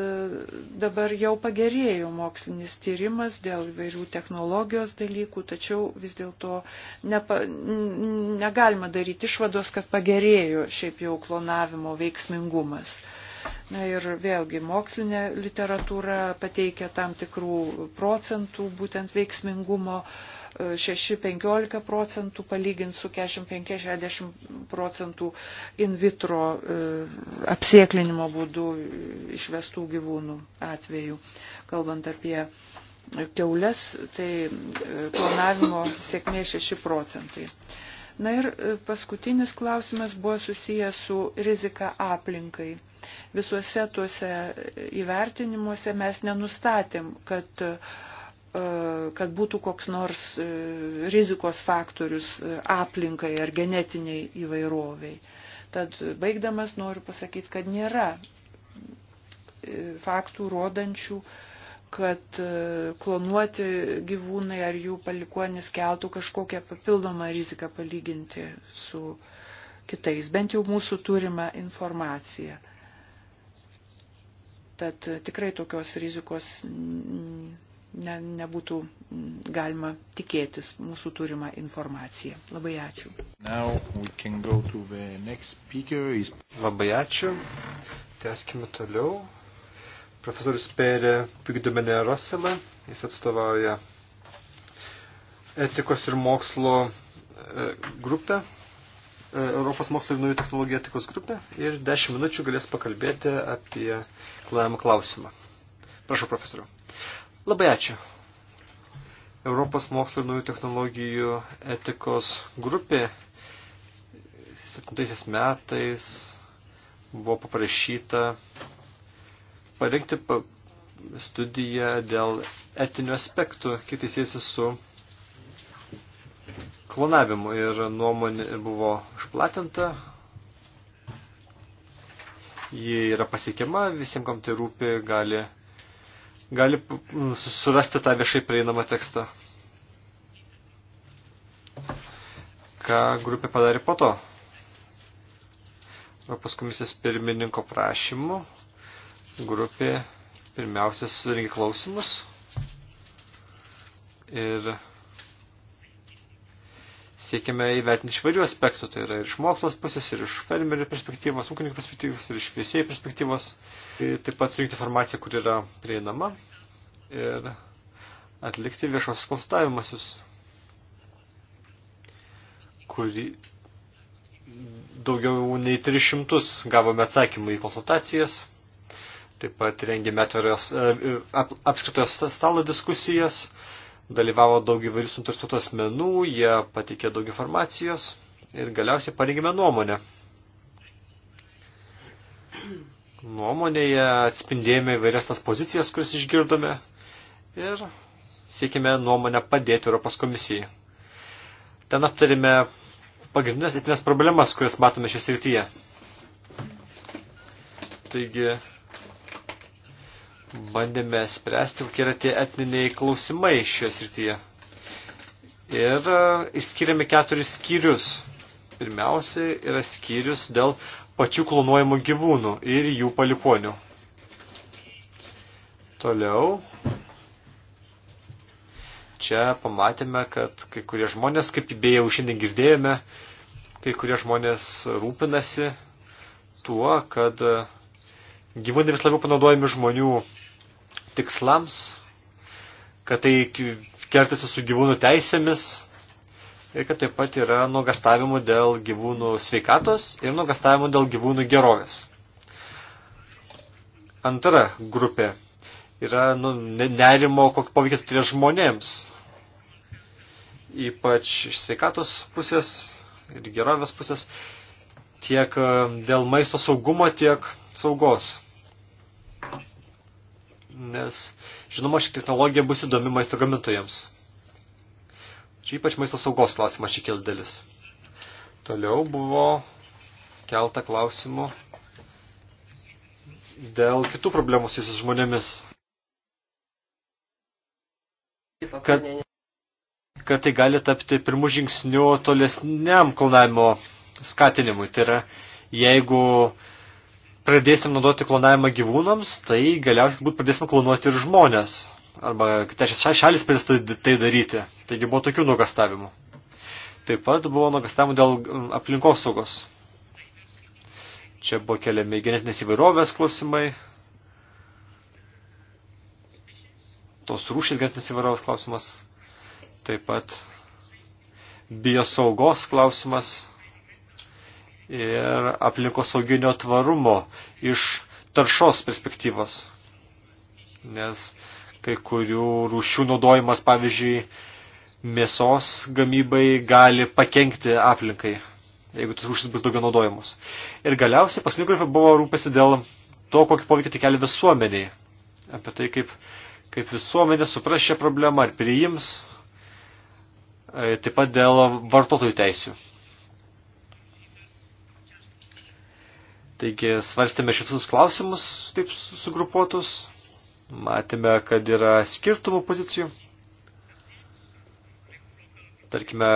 dabar jau pagerėjo mokslinis tyrimas dėl įvairių technologijos dalykų, tačiau vis dėlto nepa, negalima daryti išvados, kad pagerėjo šiaip jau klonavimo veiksmingumas. Na ir vėlgi mokslinė literatūra pateikia tam tikrų procentų būtent veiksmingumo uh, 6-15 procentų palyginti su 45-60 procentų in vitro e, apsieklinimo būdu išvestų gyvūnų atveju. Kalbant apie keulės, tai e, klonavimo sėkmė 6 procentai. Na ir e, paskutinis klausimas buvo susijęs su rizika aplinkai. Visuose tuose įvertinimuose mes nenustatėm, kad uh, E, kad būtų koks nors e, rizikos faktorius e, aplinkai ar genetiniai įvairoviai. Tad baigdamas noriu pasakyti, kad nėra faktų rodančių, kad klonuoti gyvūnai ar jų palikuonis keltų kažkokią papildomą riziką palyginti su kitais, bent jau mūsų turima informacija. Tad tikrai tokios rizikos ne, nebūtų mm, galima tikėtis mūsų turimą informaciją. Labai ačiū. Is... Labai ačiū. Teskime toliau. Profesorius Pėrė Pigdomenė Roselą. Jis atstovauja etikos ir mokslo e, grupę. E, Europos mokslo ir naujų technologijų etikos grupė ir 10 minučių galės pakalbėti apie klajamą klausimą. Prašau, profesoriu. Labai ačiū. Europos mokslo ir naujų technologijų etikos grupė 7 metais buvo paprašyta parengti studiją dėl etinių aspektų, kitai siejasi su klonavimu ir nuomonė buvo išplatinta. Ji yra pasiekiama, visiems, kam tai rūpi, gali gali surasti tą viešai prieinamą tekstą. Ką grupė padarė po to? Europos komisijos pirmininko prašymu grupė pirmiausia surinkė klausimus ir siekime įvertinti iš varių aspektų, tai yra ir iš mokslos pusės, ir iš fermerių perspektyvos, ūkininkų perspektyvos, ir iš viesiai perspektyvos. Ir taip pat surinkti informaciją, kur yra prieinama ir atlikti viešos konsultavimasis, kuri daugiau nei 300 gavome atsakymų į konsultacijas. Taip pat rengėme atviros e, e, apskritojo stalo diskusijas dalyvavo daug įvairių suinteresuotų asmenų, jie patikė daug informacijos ir galiausiai parengėme nuomonę. Nuomonėje atspindėjome įvairias tas pozicijas, kuris išgirdome ir siekime nuomonę padėti Europos komisijai. Ten aptarėme pagrindinės etinės problemas, kurias matome šią srityje. Taigi, bandėme spręsti, kokie yra tie etniniai klausimai šioje srityje. Ir e, išskiriame keturis skyrius. Pirmiausia yra skyrius dėl pačių klonuojamų gyvūnų ir jų palikonių. Toliau. Čia pamatėme, kad kai kurie žmonės, kaip beje jau šiandien girdėjome, kai kurie žmonės rūpinasi tuo, kad e, gyvūnai vis labiau panaudojami žmonių tikslams, kad tai kertasi su gyvūnų teisėmis ir kad taip pat yra nuogastavimų dėl gyvūnų sveikatos ir nuogastavimų dėl gyvūnų gerovės. Antra grupė yra nu, nerimo, kokį poveikį tai turės žmonėms, ypač iš sveikatos pusės ir gerovės pusės, tiek e, dėl maisto saugumo, tiek saugos. Nes, žinoma, ši technologija bus įdomi maisto gamintojams. Čia ypač maisto saugos klausimas šį keldėlis. Toliau buvo kelta klausimų dėl kitų problemų su žmonėmis. Kad, kad tai gali tapti pirmų žingsnių tolesniam klonavimo skatinimui. Tai yra, jeigu uh, pradėsim naudoti klonavimą gyvūnams, tai galiausiai būt pradėsim klonuoti ir žmonės. Arba trečias tai šalis pradės tai, tai daryti. Taigi buvo tokių nugastavimų. Taip pat buvo nugastavimų dėl aplinkos saugos. Čia buvo keliami genetinės įvairovės klausimai. Tos rūšys genetinės įvairovės klausimas. Taip pat biosaugos klausimas ir aplinkosauginio tvarumo iš taršos perspektyvos. Nes kai kurių rūšių naudojimas, pavyzdžiui, mėsos gamybai gali pakenkti aplinkai, jeigu tos rūšis bus daugiau naudojamos. Ir galiausiai paskutinė grupė buvo rūpasi dėl to, kokį poveikį tai kelia visuomeniai. Apie tai, kaip, kaip visuomenė supras šią problemą ar priims. E, taip pat dėl vartotojų teisių. Taigi svarstėme šitus klausimus taip sugrupuotus, matėme, kad yra skirtumų pozicijų. Tarkime,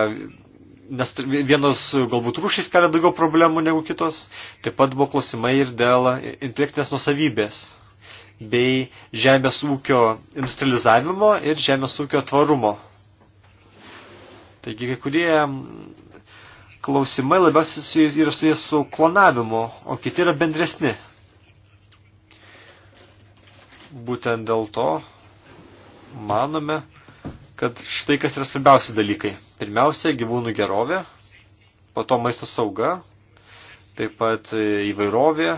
nes vienos galbūt rūšys kelia daugiau problemų negu kitos. Taip pat buvo klausimai ir dėl intelektinės nusavybės bei žemės ūkio industrializavimo ir žemės ūkio tvarumo. Taigi, kai kurie klausimai labiausiai yra susijęs su klonavimu, o kiti yra bendresni. Būtent dėl to manome, kad štai kas yra svarbiausi dalykai. Pirmiausia, gyvūnų gerovė, po to maisto sauga, taip pat e, įvairovė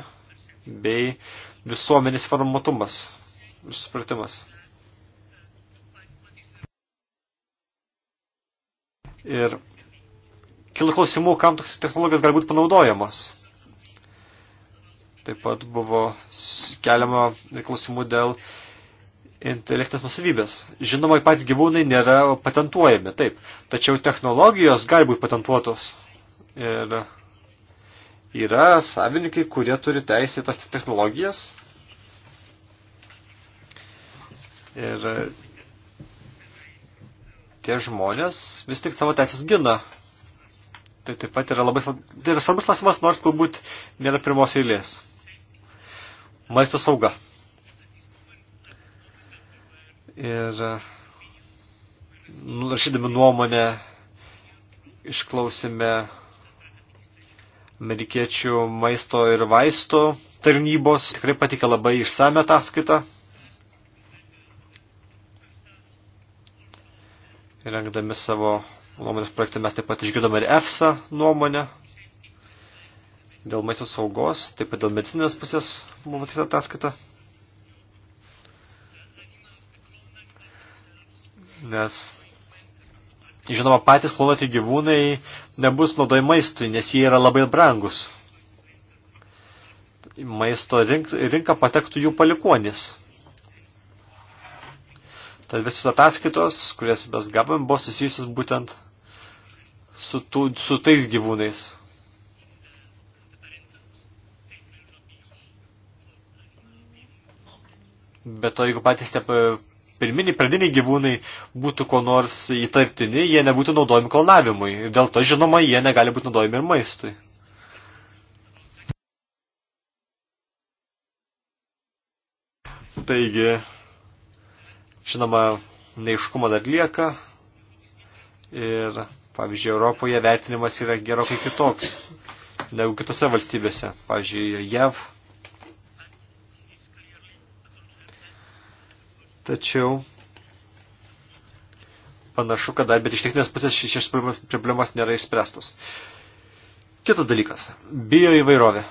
bei visuomenės formatumas ir supratimas. Ir kilo klausimų, kam toks technologijos gali būti panaudojamos. Taip pat buvo keliama klausimų dėl intelektinės nusavybės. Žinoma, patys gyvūnai nėra patentuojami, taip. Tačiau technologijos gali būti patentuotos. Ir yra savininkai, kurie turi teisę tas technologijas. Ir tie žmonės vis tik savo teisės gina tai taip pat yra labai tai yra svarbus klausimas, nors galbūt nėra pirmos eilės. Maisto sauga. Ir nu, rašydami nuomonę išklausėme amerikiečių maisto ir vaisto tarnybos. Tikrai patikė labai išsame ataskaitą. Rengdami savo nuomonės projekte mes taip pat išgirdome ir EFSA nuomonę dėl maisto saugos, taip pat dėl medicinės pusės buvo matyta ataskaita. Nes, žinoma, patys klonuoti gyvūnai nebus naudojami maistui, nes jie yra labai brangus. Maisto rink, rinka patektų jų palikonis. Tad visos ataskaitos, kurias mes gavome, buvo susijusios būtent su, tų, su tais gyvūnais. Bet to, jeigu patys tie e, pirminiai, pradiniai gyvūnai būtų ko nors įtartini, jie nebūtų naudojami klonavimui. Ir dėl to, žinoma, jie negali būti naudojami ir maistui. Taigi, žinoma, neiškumo dar lieka. Ir Pavyzdžiui, Europoje vertinimas yra gerokai kitoks negu kitose valstybėse. Pavyzdžiui, JAV. Tačiau panašu, kad dar, bet iš techninės pusės šešias problemas nėra išspręstos. Kitas dalykas. Bio įvairovė.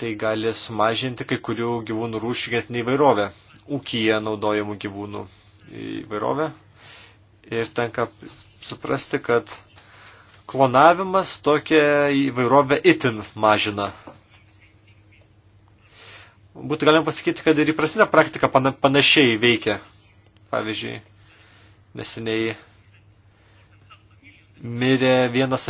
Tai gali sumažinti kai kurių gyvūnų rūšių genetinį įvairovę ūkyje naudojamų gyvūnų įvairovę. Ir tenka suprasti, kad klonavimas tokią įvairovę itin mažina. Būtų galima pasakyti, kad ir įprasinė praktika panašiai veikia. Pavyzdžiui, neseniai mirė vienas,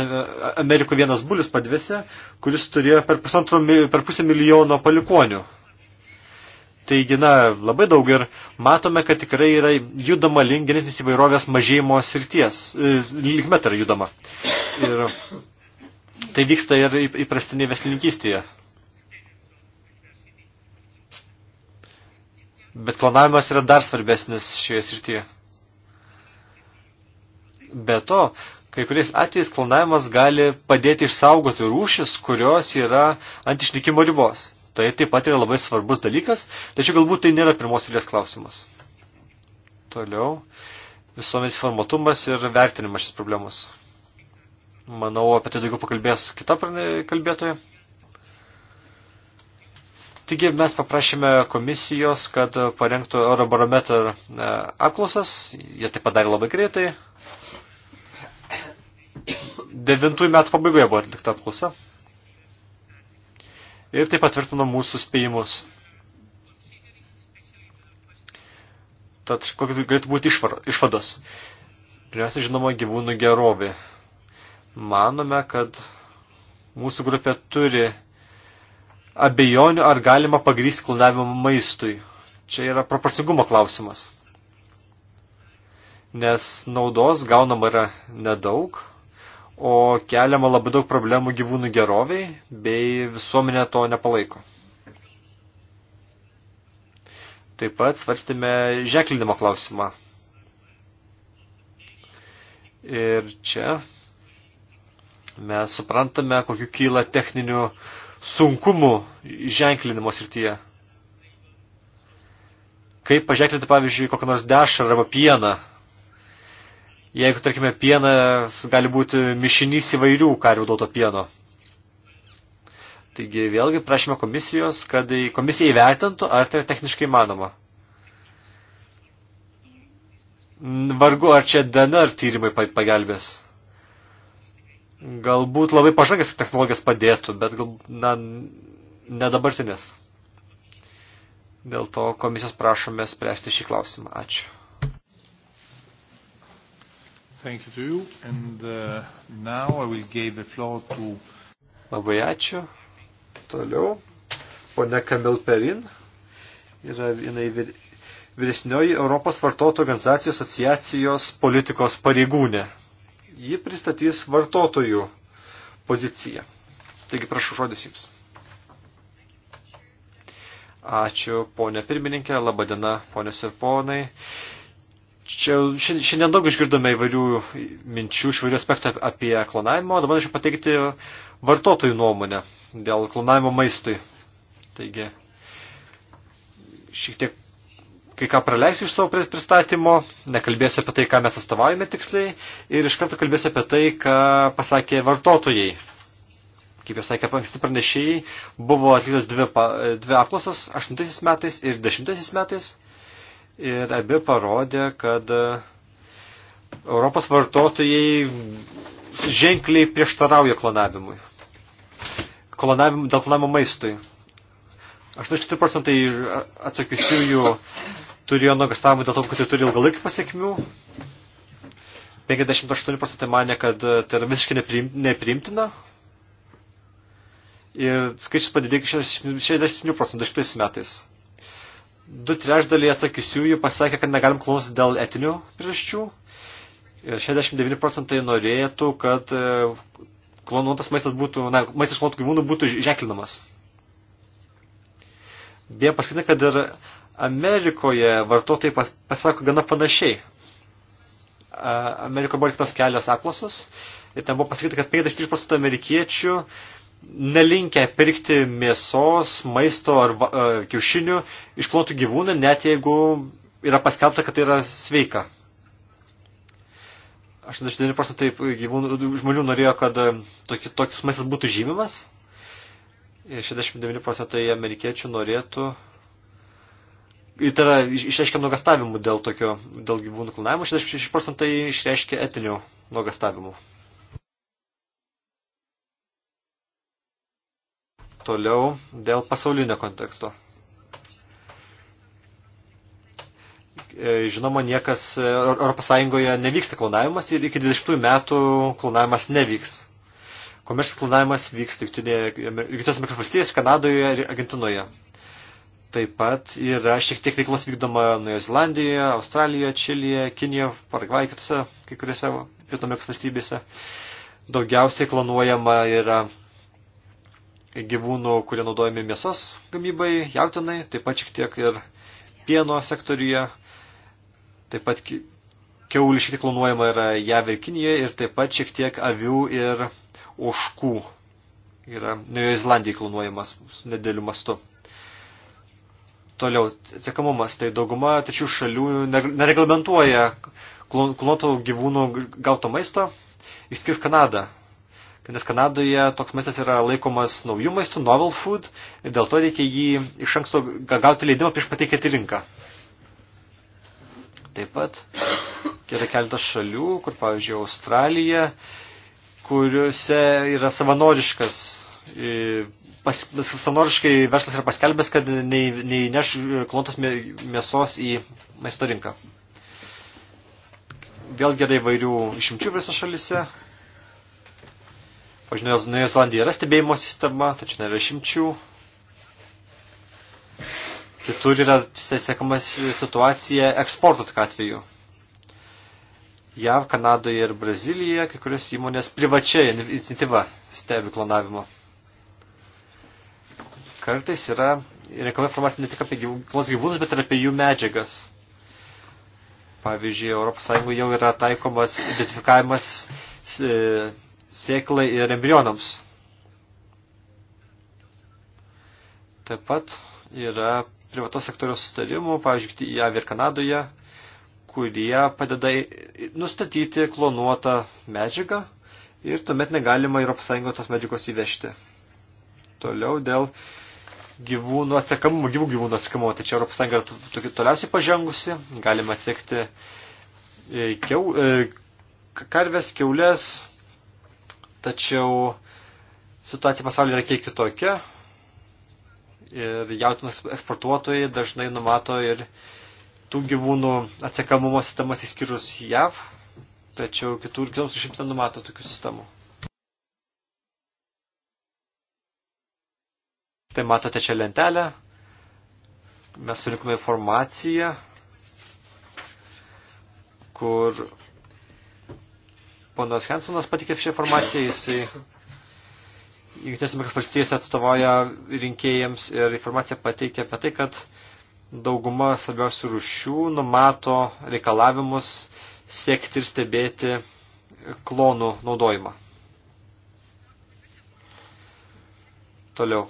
Amerikoje vienas bulius padvėse, kuris turėjo per, pusantro, per pusę milijono palikonių. Taigi, na, labai daug ir matome, kad tikrai yra judama link genetinės įvairovės mažėjimo srities, e, linkme tai yra judama. Ir tai vyksta ir įprastinėje veslininkystėje. Bet klonavimas yra dar svarbesnis šioje srityje. Be to, kai kuriais atvejais klonavimas gali padėti išsaugoti rūšis, kurios yra ant išnykimo ribos. Tai taip pat yra labai svarbus dalykas, tačiau galbūt tai nėra pirmos eilės klausimas. Toliau, visuomet formatumas ir vertinimas šis problemos. Manau, apie tai daugiau pakalbės kita kalbėtoja. Taigi mes paprašėme komisijos, kad parengtų Eurobarometer e, apklausas, jie tai padarė labai greitai. Devintųjų metų pabaigoje buvo atlikta apklausa ir tai patvirtino mūsų spėjimus. Tad kokios galėtų būti išvados? Pirmiausia, žinoma, gyvūnų gerovė. Manome, kad mūsų grupė turi abejonių, ar galima pagrysti klonavimą maistui. Čia yra proporcingumo klausimas. Nes naudos gaunama yra nedaug, o keliama labai daug problemų gyvūnų geroviai, bei visuomenė to nepalaiko. Taip pat svarstėme žeklinimo klausimą. Ir čia mes suprantame, kokiu kyla techninių sunkumų ženklinimo srityje. Kaip paženklinti, pavyzdžiui, kokią nors dešrą arba pieną jeigu, tarkime, pienas gali būti mišinys įvairių karvių duoto pieno. Taigi vėlgi prašome komisijos, kad komisija įvertintų, ar tai techniškai manoma. Vargu, ar čia DNR tyrimai pagelbės. Galbūt labai pažangęs technologijas padėtų, bet gal, na, ne dabartinės. Dėl to komisijos prašome spręsti šį klausimą. Ačiū. Thank you to you. And uh, now I will give the floor to... Labai ačiū. Toliau. Pone Kamil Perin. Yra jinai vir... vyresnioji Europos vartotojų organizacijų asociacijos politikos pareigūnė. Ji pristatys vartotojų poziciją. Taigi prašau žodis jums. Ačiū, ponė pirmininkė, labadiena, ponės ir ponai. Čia šiandien daug išgirdome įvairių minčių, įvairių aspektų apie klonavimą, dabar norėčiau pateikti vartotojų nuomonę dėl klonavimo maistui. Taigi, šiek tiek kai ką praleisiu iš savo pristatymo, nekalbėsiu apie tai, ką mes atstovaujame tiksliai ir iš karto kalbėsiu apie tai, ką pasakė vartotojai. Kaip jau sakė, anksti pranešėjai buvo atliktos dvi, dvi apklausos, 8 metais ir 10 metais ir abi parodė, kad e, Europos vartotojai ženkliai prieštarauja klonavimui. Klonavim, dėl klonavimo maistui. 84 procentai atsakysiųjų turėjo nuogastavimų dėl to, kad tai turi ilgalaikį pasiekmių. 58 procentai mane, kad e, tai yra visiškai nepriim, nepriimtina. Ir skaičius padidėjo iki 67 procentų 10 metais du trešdaliai atsakysiųjų pasakė, kad negalim klausti dėl etinių priežasčių. Ir 69 procentai norėtų, kad e, klonuotas maistas būtų, na, maistas klonuotų gyvūnų būtų žeklinamas. Beje, pasakyti, kad ir Amerikoje vartotojai pas, pasako gana panašiai. Amerikoje buvo kitos kelios apklausos ir ten buvo pasakyti, kad 53 procentų amerikiečių uh, nelinkę pirkti mėsos, maisto ar e, kiaušinių iš klonotų gyvūnų, net jeigu yra paskelbta, kad tai yra sveika. 89 procentai gyvūnų, žmonių norėjo, kad tokis, e, tokis maistas būtų žymimas. Ir 69 procentai amerikiečių norėtų. Ir tai yra išreiškia nuogastavimų dėl, tokio, dėl gyvūnų klonavimo, 66 procentai išreiškia etinių nuogastavimų. Toliau dėl pasaulinio konteksto. E, žinoma, niekas e, Europos Sąjungoje nevyksta klonavimas ir iki 20 metų klonavimas nevyks. Komercinis klonavimas vyks tik Junktinės mikrovalstijos, Kanadoje ir Argentinoje. Taip pat yra šiek tiek veiklos vykdoma Nuojo Zelandijoje, Australijoje, Čilėje, Kinijoje, Paragvajoje, kitose kai kuriuose pietų Amerikos valstybėse. Daugiausiai klonuojama yra gyvūnų, kurie naudojami mėsos gamybai, jautinai, taip pat šiek tiek ir pieno sektoriuje, taip pat keulių šiek tiek klonuojama yra JAV ir Kinijoje ir taip pat šiek tiek avių ir oškų yra Naujoje Zelandijai klonuojamas nedėliu mastu. Toliau, atsiekamumas, tai dauguma tačių šalių nereglamentuoja klonuotų gyvūnų gauto maisto, išskir Kanadą, nes Kanadoje toks maistas yra laikomas naujų maistų, novel food, ir dėl to reikia jį iš anksto gauti leidimą prieš pateikiant į rinką. Taip pat yra keletas šalių, kur, pavyzdžiui, Australija, kuriuose yra savanoriškas, pas, savanoriškai verslas yra paskelbęs, kad nei, nei neš klontos mėsos į maisto rinką. Vėl gerai vairių išimčių visose šalise, Pavyzdžiui, Naujoje Zelandijoje yra stebėjimo sistema, tačiau nėra šimčių. Kitur yra sekama situacija eksporto tik atveju. JAV, Kanadoje ir Brazilijoje kai kurios įmonės privačiai iniciatyva stebi klonavimą. Kartais yra renkama informacija ne tik apie klonos gyvūnus, bet ir apie jų medžiagas. Pavyzdžiui, ES jau yra taikomas identifikavimas sėklai ir embrionams. Taip pat yra privatos sektoriaus sutarimų, pavyzdžiui, JAV ir Kanadoje, kurie padeda nustatyti klonuotą medžiagą ir tuomet negalima Europos Sąjungoje tos medžiagos įvežti. Toliau dėl gyvūnų atsekamumo, gyvų gyvūnų atsekamumo. Tai čia Europos Sąjunga yra toliausiai pažengusi, galima atsekti e, kiau, e, karves, keulės, Tačiau situacija pasaulyje yra kiek kitokia ir jautinos eksportuotojai dažnai numato ir tų gyvūnų atsekamumo sistemas įskyrus JAV, tačiau kitur kitoms rušims nenumato tokių sistemų. Tai matote čia lentelę, mes surinkome informaciją, kur ponas Hansonas patikė šią informaciją, jisai Jungtinės Amerikos valstijose atstovauja rinkėjams ir informaciją pateikia apie tai, kad dauguma svarbiausių rušių numato reikalavimus siekti ir stebėti klonų naudojimą. Toliau.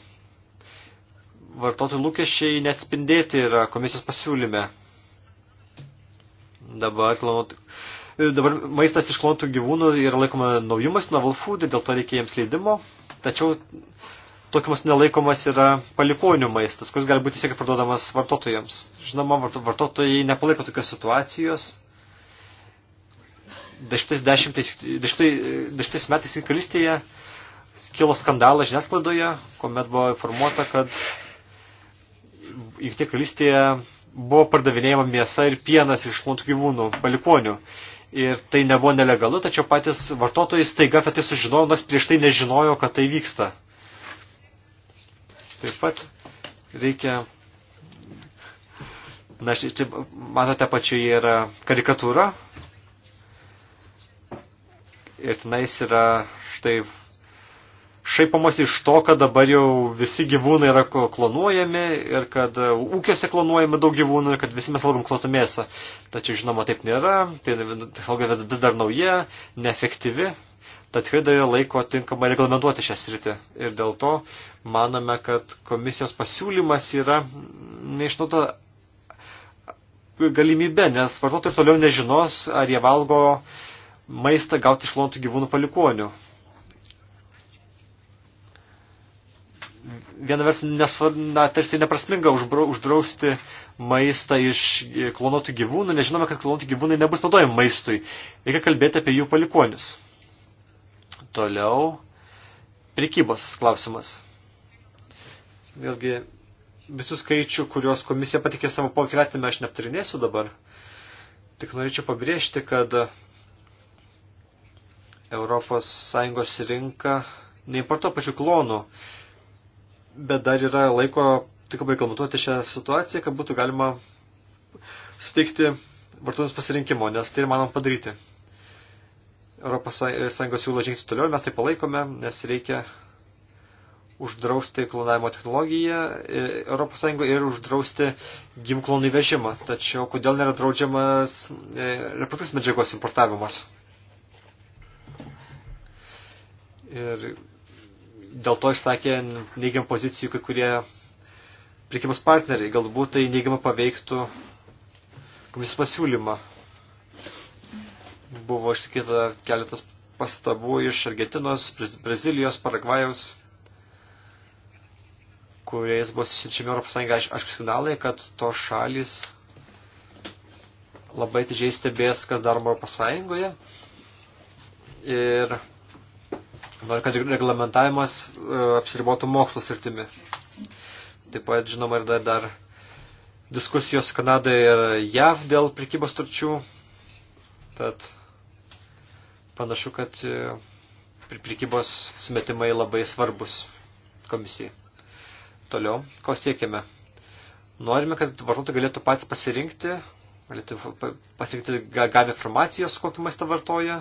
Vartotojų lūkesčiai neatspindėti yra komisijos pasiūlyme. Dabar klonuot E, dabar maistas iš klontų gyvūnų yra laikoma naujumas, novel food, dėl to reikia jiems leidimo, tačiau tokiamas nelaikomas yra palikonių maistas, kuris gali būti tiesiog parduodamas vartotojams. Žinoma, vartotojai nepalaiko tokios situacijos. Dešimtais, dešimtais, dešimtais metais Junkalistėje kilo skandalas žiniasklaidoje, kuomet buvo informuota, kad Jungtinė karalystėje buvo pardavinėjama mėsa ir pienas iš klontų gyvūnų, palikonių ir tai nebuvo nelegalu, tačiau patys vartotojai staiga apie tai sužinojo, nors prieš tai nežinojo, kad tai vyksta. Taip pat reikia. Na, čia matote pačioje yra karikatūra. Ir tenais yra štai šaipomasi iš to, kad dabar jau visi gyvūnai yra klonuojami ir kad e, ūkiuose klonuojami daug gyvūnų ir kad visi mes valgom klotą mėsą. Tačiau, žinoma, taip nėra, tai technologija vis dar nauja, neefektyvi, tad tikrai dar yra laiko tinkamai reglamentuoti šią sritį. Ir dėl to manome, kad komisijos pasiūlymas yra neišnaudota galimybė, nes vartotojai toliau nežinos, ar jie valgo maistą gauti iš klonuotų gyvūnų palikonių. viena vers nesvar, na, tarsi neprasminga užbra, uždrausti maistą iš klonotų gyvūnų, nežinome, kad klonotų gyvūnai nebus naudojami maistui. Reikia kalbėti apie jų palikuonius. Toliau, prikybos klausimas. Vėlgi, visų skaičių, kuriuos komisija patikė savo pokretinime, aš neaptarinėsiu dabar. Tik norėčiau pabrėžti, kad ES rinka neimportuoja pačių klonų bet dar yra laiko tikrai galvotuoti šią situaciją, kad būtų galima suteikti vartotojams pasirinkimo, nes tai ir manom padaryti. Europos e, Sąjungos siūlo žingsnių toliau, mes tai palaikome, nes reikia uždrausti klonavimo technologiją e, Europos Sąjungoje ir uždrausti gimklonų įvežimą. Tačiau kodėl nėra draudžiamas e, reprodukcinės medžiagos importavimas? Ir dėl to išsakė neigiamą pozicijų kai kurie prekybos partneriai. Galbūt tai neigiamą paveiktų komisijos pasiūlymą. Buvo išsakyta keletas pastabų iš Argentinos, Brazilijos, Paragvajaus, kuriais buvo susinčiami Europos Sąjunga aišku signalai, kad tos šalis labai atidžiai stebės, kas daroma Europos Sąjungoje. Ir Noriu, kad reglamentavimas e, apsiribotų mokslo sritimi. Taip pat, žinoma, ir dar, dar diskusijos Kanadai ir JAV dėl prikybos turčių. Tad panašu, kad e, prikybos smetimai labai svarbus komisijai. Toliau, ko siekime? Norime, kad vartotojai galėtų patys pasirinkti, galėtų pasakyti, gavę informacijos, kokį maistą vartoja.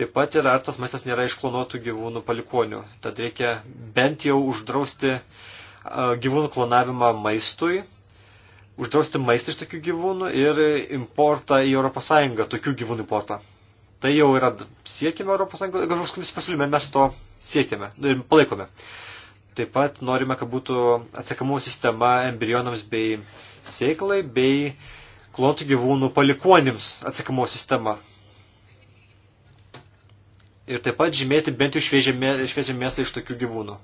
Taip pat ir ar tas maistas nėra iš klonuotų gyvūnų palikonių. Tad reikia bent jau uždrausti gyvūnų klonavimą maistui, uždrausti maistą iš tokių gyvūnų ir importą į ES, tokių gyvūnų importą. Tai jau yra siekime ES, kažkoks komisijos pasiūlyme mes to siekime nu, ir palaikome. Taip pat norime, kad būtų atsakamų sistema embrionams bei sėklai, bei uh, klonuotų gyvūnų palikuonims atsakymo sistema. Ir taip pat žymėti bent jau šviežią mėsą iš tokių gyvūnų.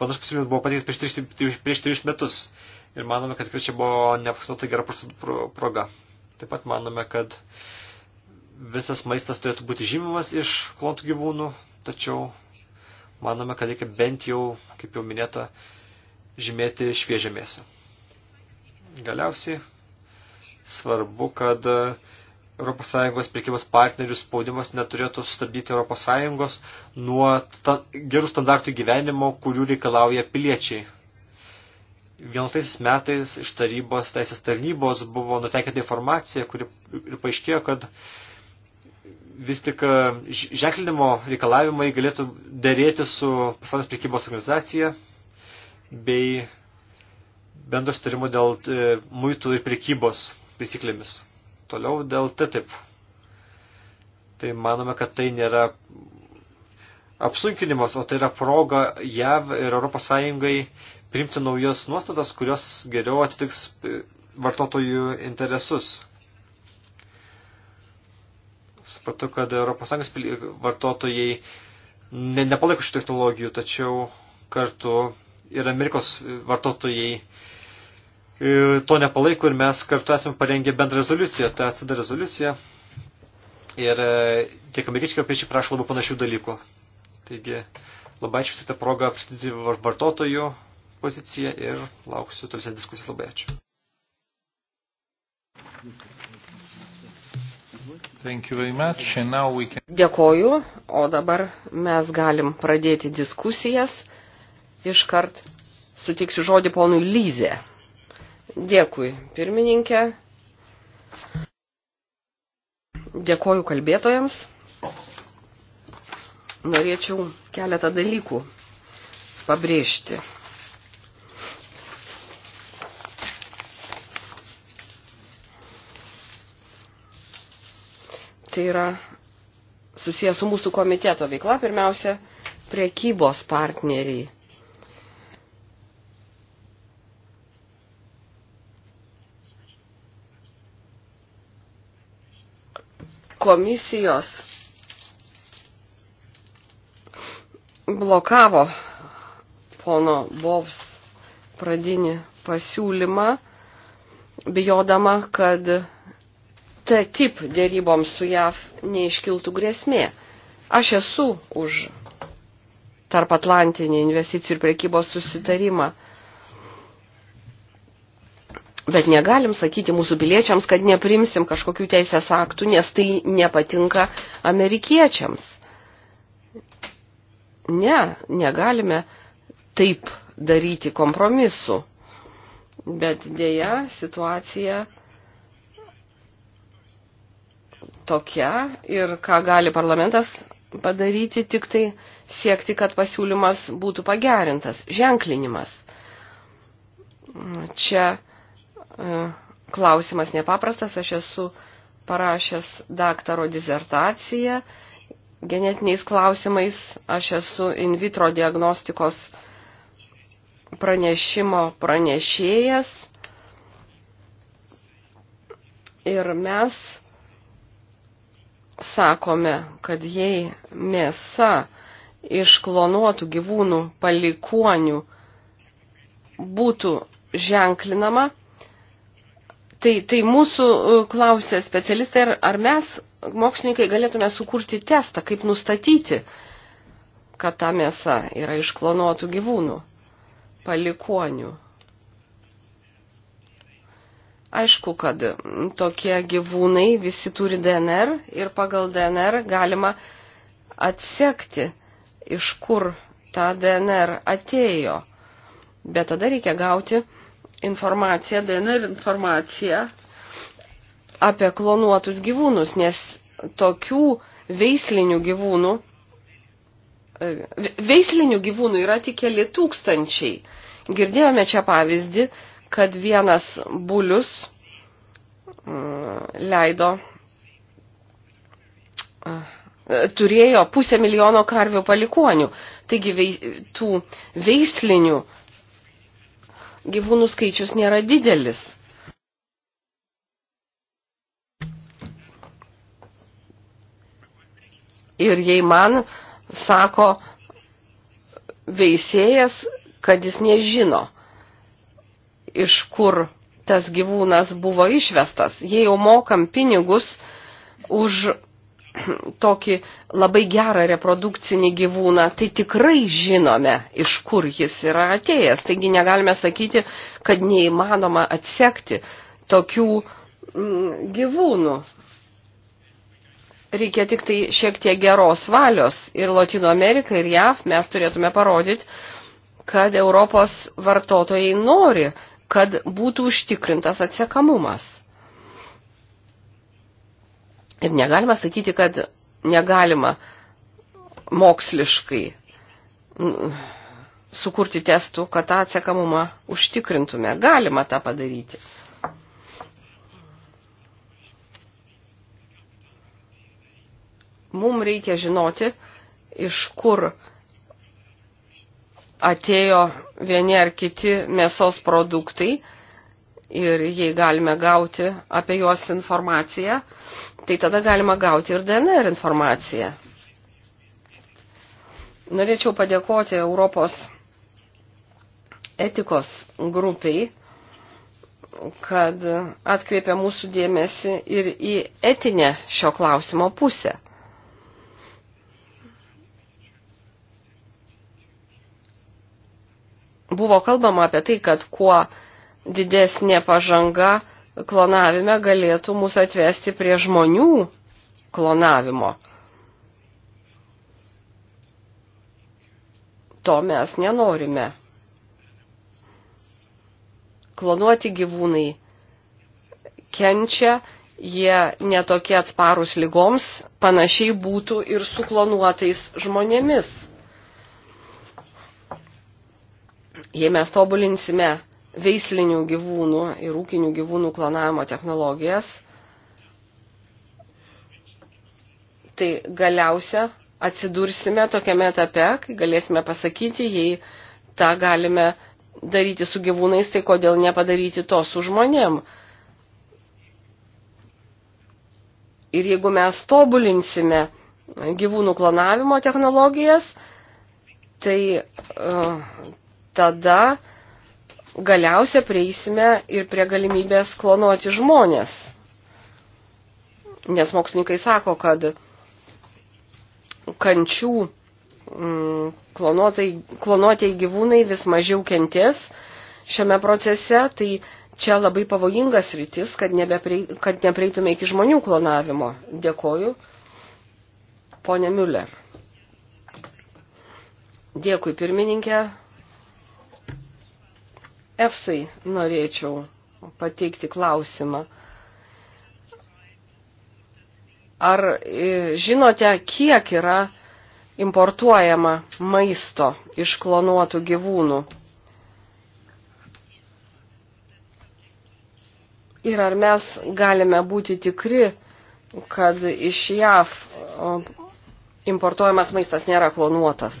Panašus pasiūlymas buvo pateiktas prieš, tris, prieš, prieš tris metus. Ir manome, kad čia buvo neapsnota gera proga. Taip pat manome, kad visas maistas turėtų būti žymimas iš klontų gyvūnų, tačiau manome, kad reikia bent jau, kaip jau minėta, žymėti šviežią mėsą. Galiausiai svarbu, kad ES priekybos partnerių spaudimas neturėtų sustabdyti ES nuo sta gerų standartų gyvenimo, kurių reikalauja piliečiai. 11 metais iš tarybos teisės tarnybos buvo nutekėta informacija, kuri ir paaiškėjo, kad vis tik e, ženklinimo reikalavimai galėtų dėrėti su pasaulio prekybos organizacija bei bendros tarimo dėl e, muitų ir prekybos taisyklėmis. Toliau dėl TTIP. Tai manome, kad tai nėra apsunkinimas, o tai yra proga JAV ir ES priimti naujas nuostatas, kurios geriau atitiks vartotojų interesus. Supratau, kad ES vartotojai ne, nepalaiko šių technologijų, tačiau kartu ir Amerikos vartotojai to nepalaiko ir mes kartu esame parengę bendrą rezoliuciją, tą atsida rezoliuciją. Ir e, tiek amerikiečiai, kaip prašo labai panašių dalykų. Taigi, labai ačiū tą progą pristatyti vartotojų poziciją ir lauksiu tolesnės diskusijos. Labai ačiū. Can... Dėkoju, o dabar mes galim pradėti diskusijas. Iškart sutiksiu žodį ponui Lyzė. Dėkui, pirmininkė. Dėkoju kalbėtojams. Norėčiau keletą dalykų pabrėžti. Tai yra susijęs su mūsų komiteto veikla, pirmiausia, priekybos partneriai komisijos blokavo pono Bovs pradinį pasiūlymą, bijodama, kad ta tip dėryboms su JAV neiškiltų grėsmė. Aš esu už tarp Atlantinį investicijų ir prekybos susitarimą. Bet negalim sakyti mūsų piliečiams, kad neprimsim kažkokių teisės aktų, nes tai nepatinka amerikiečiams. Ne, negalime taip daryti kompromisu. Bet dėja situacija tokia ir ką gali parlamentas padaryti, tik tai siekti, kad pasiūlymas būtų pagerintas, ženklinimas. Čia E, klausimas nepaprastas. Aš esu parašęs daktaro dizertaciją. Genetiniais klausimais aš esu in vitro diagnostikos pranešimo pranešėjas. Ir mes sakome, kad jei mėsa iš klonuotų gyvūnų palikuonių būtų ženklinama, Tai, tai mūsų e, klausė specialistai, ar mes, mokslininkai, galėtume sukurti testą, kaip nustatyti, kad ta mėsa yra iš klonuotų gyvūnų, palikonių. Aišku, kad tokie gyvūnai visi turi DNR ir pagal DNR galima atsekti, iš kur ta DNR atėjo. Bet tada reikia gauti informaciją, DNR informaciją apie klonuotus gyvūnus, nes tokių veislinių gyvūnų, e, veislinių gyvūnų yra tik keli tūkstančiai. Girdėjome čia pavyzdį, kad vienas bulius e, leido, e, turėjo pusę milijono karvių palikonių. Taigi tų veislinių gyvūnų skaičius nėra didelis. Ir jei man sako veisėjas, kad jis nežino, iš kur tas gyvūnas buvo išvestas, jei jau mokam pinigus už tokį labai gerą reprodukcinį gyvūną, tai tikrai žinome, iš kur jis yra atėjęs. Taigi negalime sakyti, kad neįmanoma atsekti tokių mm, gyvūnų. Reikia tik tai šiek tiek geros valios ir Latino Amerika ir JAV mes turėtume parodyti, kad Europos vartotojai nori, kad būtų užtikrintas atsekamumas. Ir negalima sakyti, kad negalima moksliškai sukurti testų, kad tą atsekamumą užtikrintume. Galima tą padaryti. Mums reikia žinoti, iš kur atėjo vieni ar kiti mėsos produktai ir jei galime gauti apie juos informaciją, tai tada galima gauti ir DNR informaciją. Norėčiau padėkoti Europos etikos grupiai, kad atkreipia mūsų dėmesį ir į etinę šio klausimo pusę. Buvo kalbama apie tai, kad kuo didesnė pažanga klonavime galėtų mūsų atvesti prie žmonių klonavimo. To mes nenorime. Klonuoti gyvūnai kenčia, jie netokie atsparus lygoms, panašiai būtų ir su klonuotais žmonėmis. Jei mes tobulinsime veislinių gyvūnų ir ūkinių gyvūnų klonavimo technologijas, tai galiausia atsidursime tokiame etape, kai galėsime pasakyti, jei tą galime daryti su gyvūnais, tai kodėl nepadaryti to su žmonėm. Ir jeigu mes tobulinsime gyvūnų klonavimo technologijas, tai uh, tada uh, galiausia prieisime ir prie galimybės klonuoti žmonės. Nes mokslininkai sako, kad kančių mm, klonuotieji gyvūnai vis mažiau kentės šiame procese, tai čia labai pavojingas rytis, kad, nebeprei, kad neprieitume iki žmonių klonavimo. Dėkoju. Pone Müller. Dėkui pirmininkė, EFSAI norėčiau pateikti klausimą. Ar e, žinote, kiek yra importuojama maisto iš klonuotų gyvūnų? Ir ar mes galime būti tikri, kad iš JAV importuojamas maistas nėra klonuotas?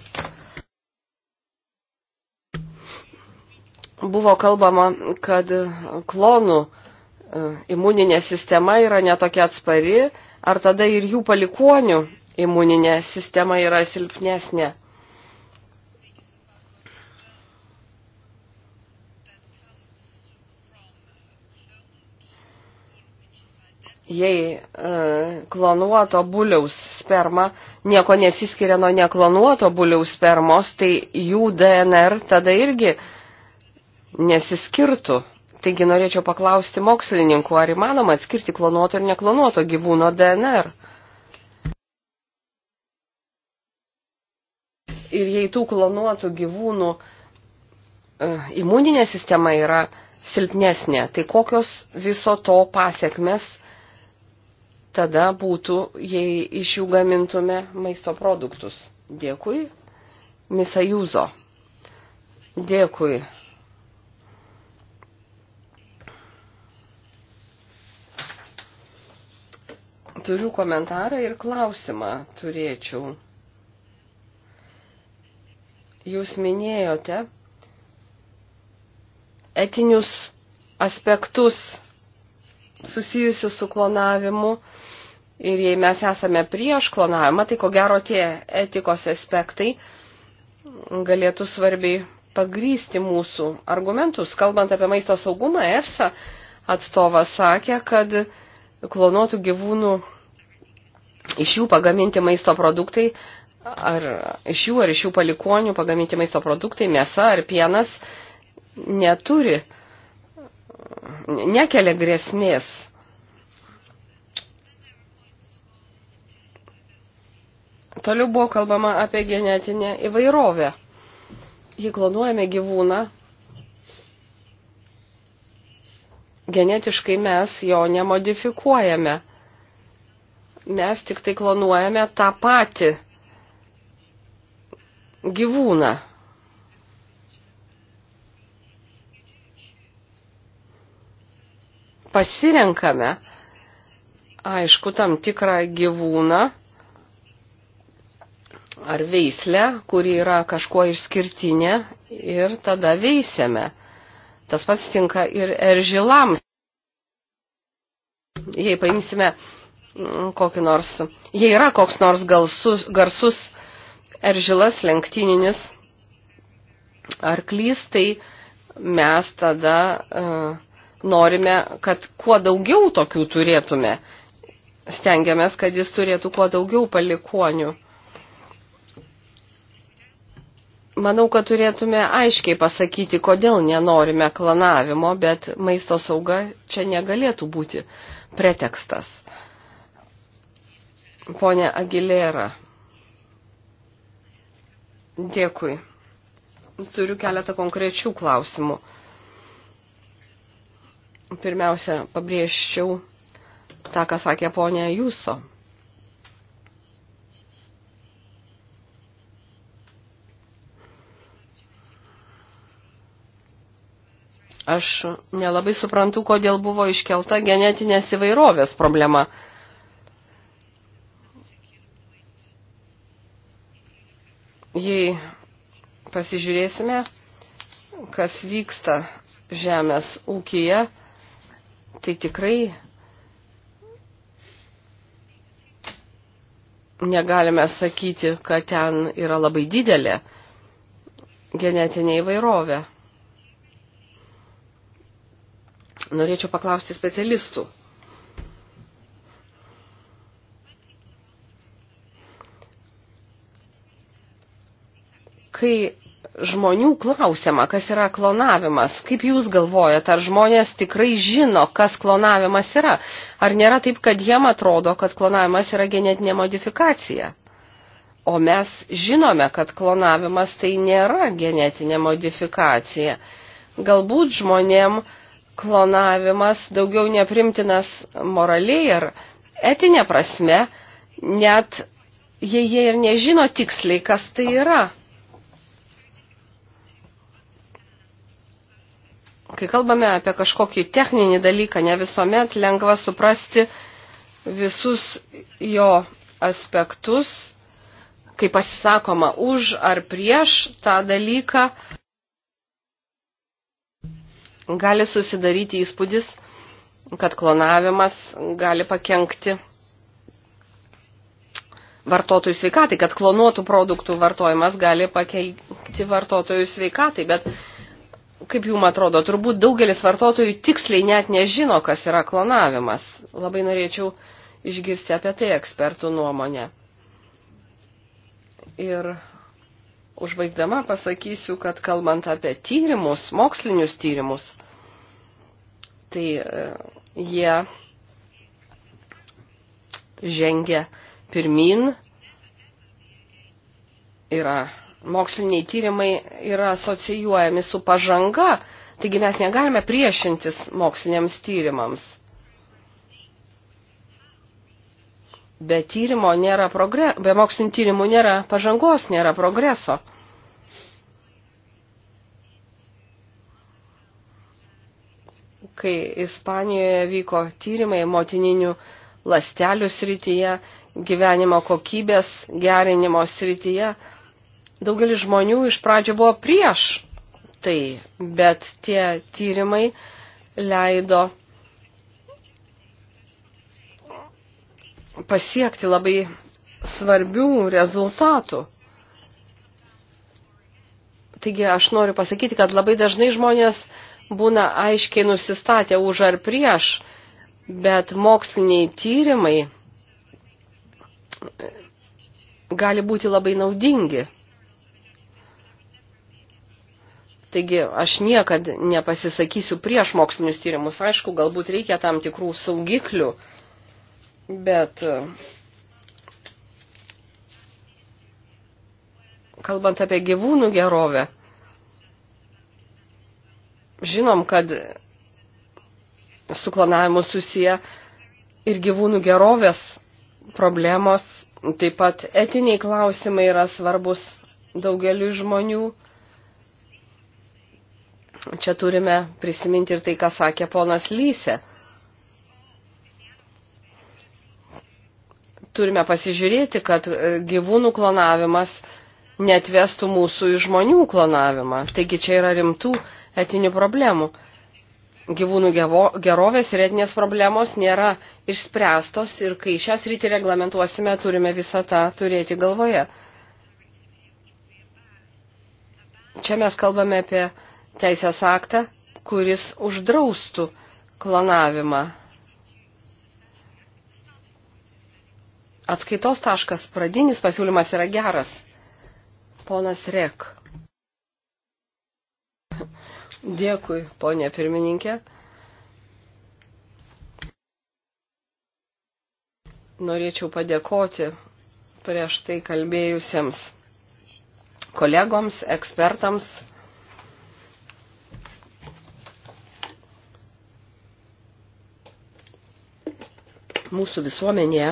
buvo kalbama, kad klonų e, imuninė sistema yra netokia atspari, ar tada ir jų palikonių imuninė sistema yra silpnesnė. Jei e, klonuoto buliaus sperma nieko nesiskiria nuo neklonuoto buliaus spermos, tai jų DNR tada irgi uh, nesiskirtų. Taigi norėčiau paklausti mokslininkų, ar įmanoma atskirti klonuoto ir neklonuoto gyvūno DNR. Ir jei tų klonuotų gyvūnų uh, imuninė sistema yra silpnesnė, tai kokios viso to pasiekmes tada būtų, jei iš jų gamintume maisto produktus. Dėkui, Misa Jūzo. Dėkui. Turiu komentarą ir klausimą turėčiau. Jūs minėjote etinius aspektus susijusius su klonavimu. Ir jei mes esame prieš klonavimą, tai ko gero tie etikos aspektai galėtų svarbiai pagrysti mūsų argumentus. Kalbant apie maisto saugumą, EFSA atstovas sakė, kad klonuotų gyvūnų iš jų pagaminti maisto produktai, ar iš jų ar iš jų palikonių pagaminti maisto produktai, mėsa ar pienas, neturi, nekelia grėsmės. Toliau buvo kalbama apie genetinę įvairovę. Jei klonuojame gyvūną, genetiškai mes jo nemodifikuojame mes tik tai klonuojame tą patį gyvūną. Pasirenkame, aišku, tam tikrą gyvūną ar veislę, kuri yra kažkuo išskirtinė ir tada veisiame. Tas pats tinka ir eržilams. Jei paimsime kokį nors, jei yra koks nors galsus, garsus eržilas lenktyninis arklys, tai mes tada uh, norime, kad kuo daugiau tokių turėtume. Stengiamės, kad jis turėtų kuo daugiau palikonių. Manau, kad turėtume aiškiai pasakyti, kodėl nenorime klanavimo, bet maisto sauga čia negalėtų būti pretekstas. Pone Agilera. Dėkui. Turiu keletą konkrečių klausimų. Pirmiausia, pabrėžčiau tą, ką sakė ponė Jūso. Aš nelabai suprantu, kodėl buvo iškelta genetinės įvairovės problema Jei pasižiūrėsime, kas vyksta žemės ūkija, tai tikrai negalime sakyti, kad ten yra labai didelė genetinė įvairovė. Norėčiau paklausti specialistų, kai žmonių klausiama, kas yra klonavimas, kaip jūs galvojate, ar žmonės tikrai žino, kas klonavimas yra? Ar nėra taip, kad jiem atrodo, kad klonavimas yra genetinė modifikacija? O mes žinome, kad klonavimas tai nėra genetinė modifikacija. Galbūt žmonėm klonavimas daugiau neprimtinas moraliai ir etinė prasme, net jei jie ir nežino tiksliai, kas tai yra. Kai kalbame apie kažkokį techninį dalyką, ne visuomet lengva suprasti visus jo aspektus, kai pasisakoma už ar prieš tą dalyką, gali susidaryti įspūdis, kad klonavimas gali pakenkti vartotojų sveikatai, kad klonuotų produktų vartojimas gali pakeikti vartotojų sveikatai, bet kaip jums atrodo, turbūt daugelis vartotojų tiksliai net nežino, kas yra klonavimas. Labai norėčiau išgirsti apie tai ekspertų nuomonę. Ir užbaigdama pasakysiu, kad kalbant apie tyrimus, mokslinius tyrimus, tai e, jie žengia pirmin, yra moksliniai tyrimai yra asocijuojami su pažanga, taigi mes negalime priešintis moksliniams tyrimams. Be, tyrimo nėra progre... Be mokslinio tyrimų nėra pažangos, nėra progreso. Kai Ispanijoje vyko tyrimai motininių lastelių srityje, gyvenimo kokybės gerinimo srityje, daugelis žmonių iš pradžio buvo prieš tai, bet tie tyrimai leido pasiekti labai svarbių rezultatų. Taigi aš noriu pasakyti, kad labai dažnai žmonės būna aiškiai nusistatę už ar prieš, bet moksliniai tyrimai gali būti labai naudingi. Taigi aš niekad nepasisakysiu prieš mokslinius tyrimus. Aišku, galbūt reikia tam tikrų saugiklių, bet kalbant apie gyvūnų gerovę, žinom, kad su klonavimu susiję ir gyvūnų gerovės problemos, taip pat etiniai klausimai yra svarbus daugeliu žmonių. Čia turime prisiminti ir tai, ką sakė ponas Lysė. Turime pasižiūrėti, kad e, gyvūnų klonavimas netvestų mūsų į žmonių klonavimą. Taigi čia yra rimtų etinių problemų. Gyvūnų gerovės ir etinės problemos nėra išspręstos ir kai šias rytį reglamentuosime, turime visą tą turėti galvoje. Čia mes kalbame apie teisės aktą, kuris uždraustų klonavimą. Atskaitos taškas pradinis pasiūlymas yra geras. Ponas Rek. Dėkui, ponė pirmininkė. Norėčiau padėkoti prieš tai kalbėjusiems kolegoms, ekspertams, mūsų visuomenėje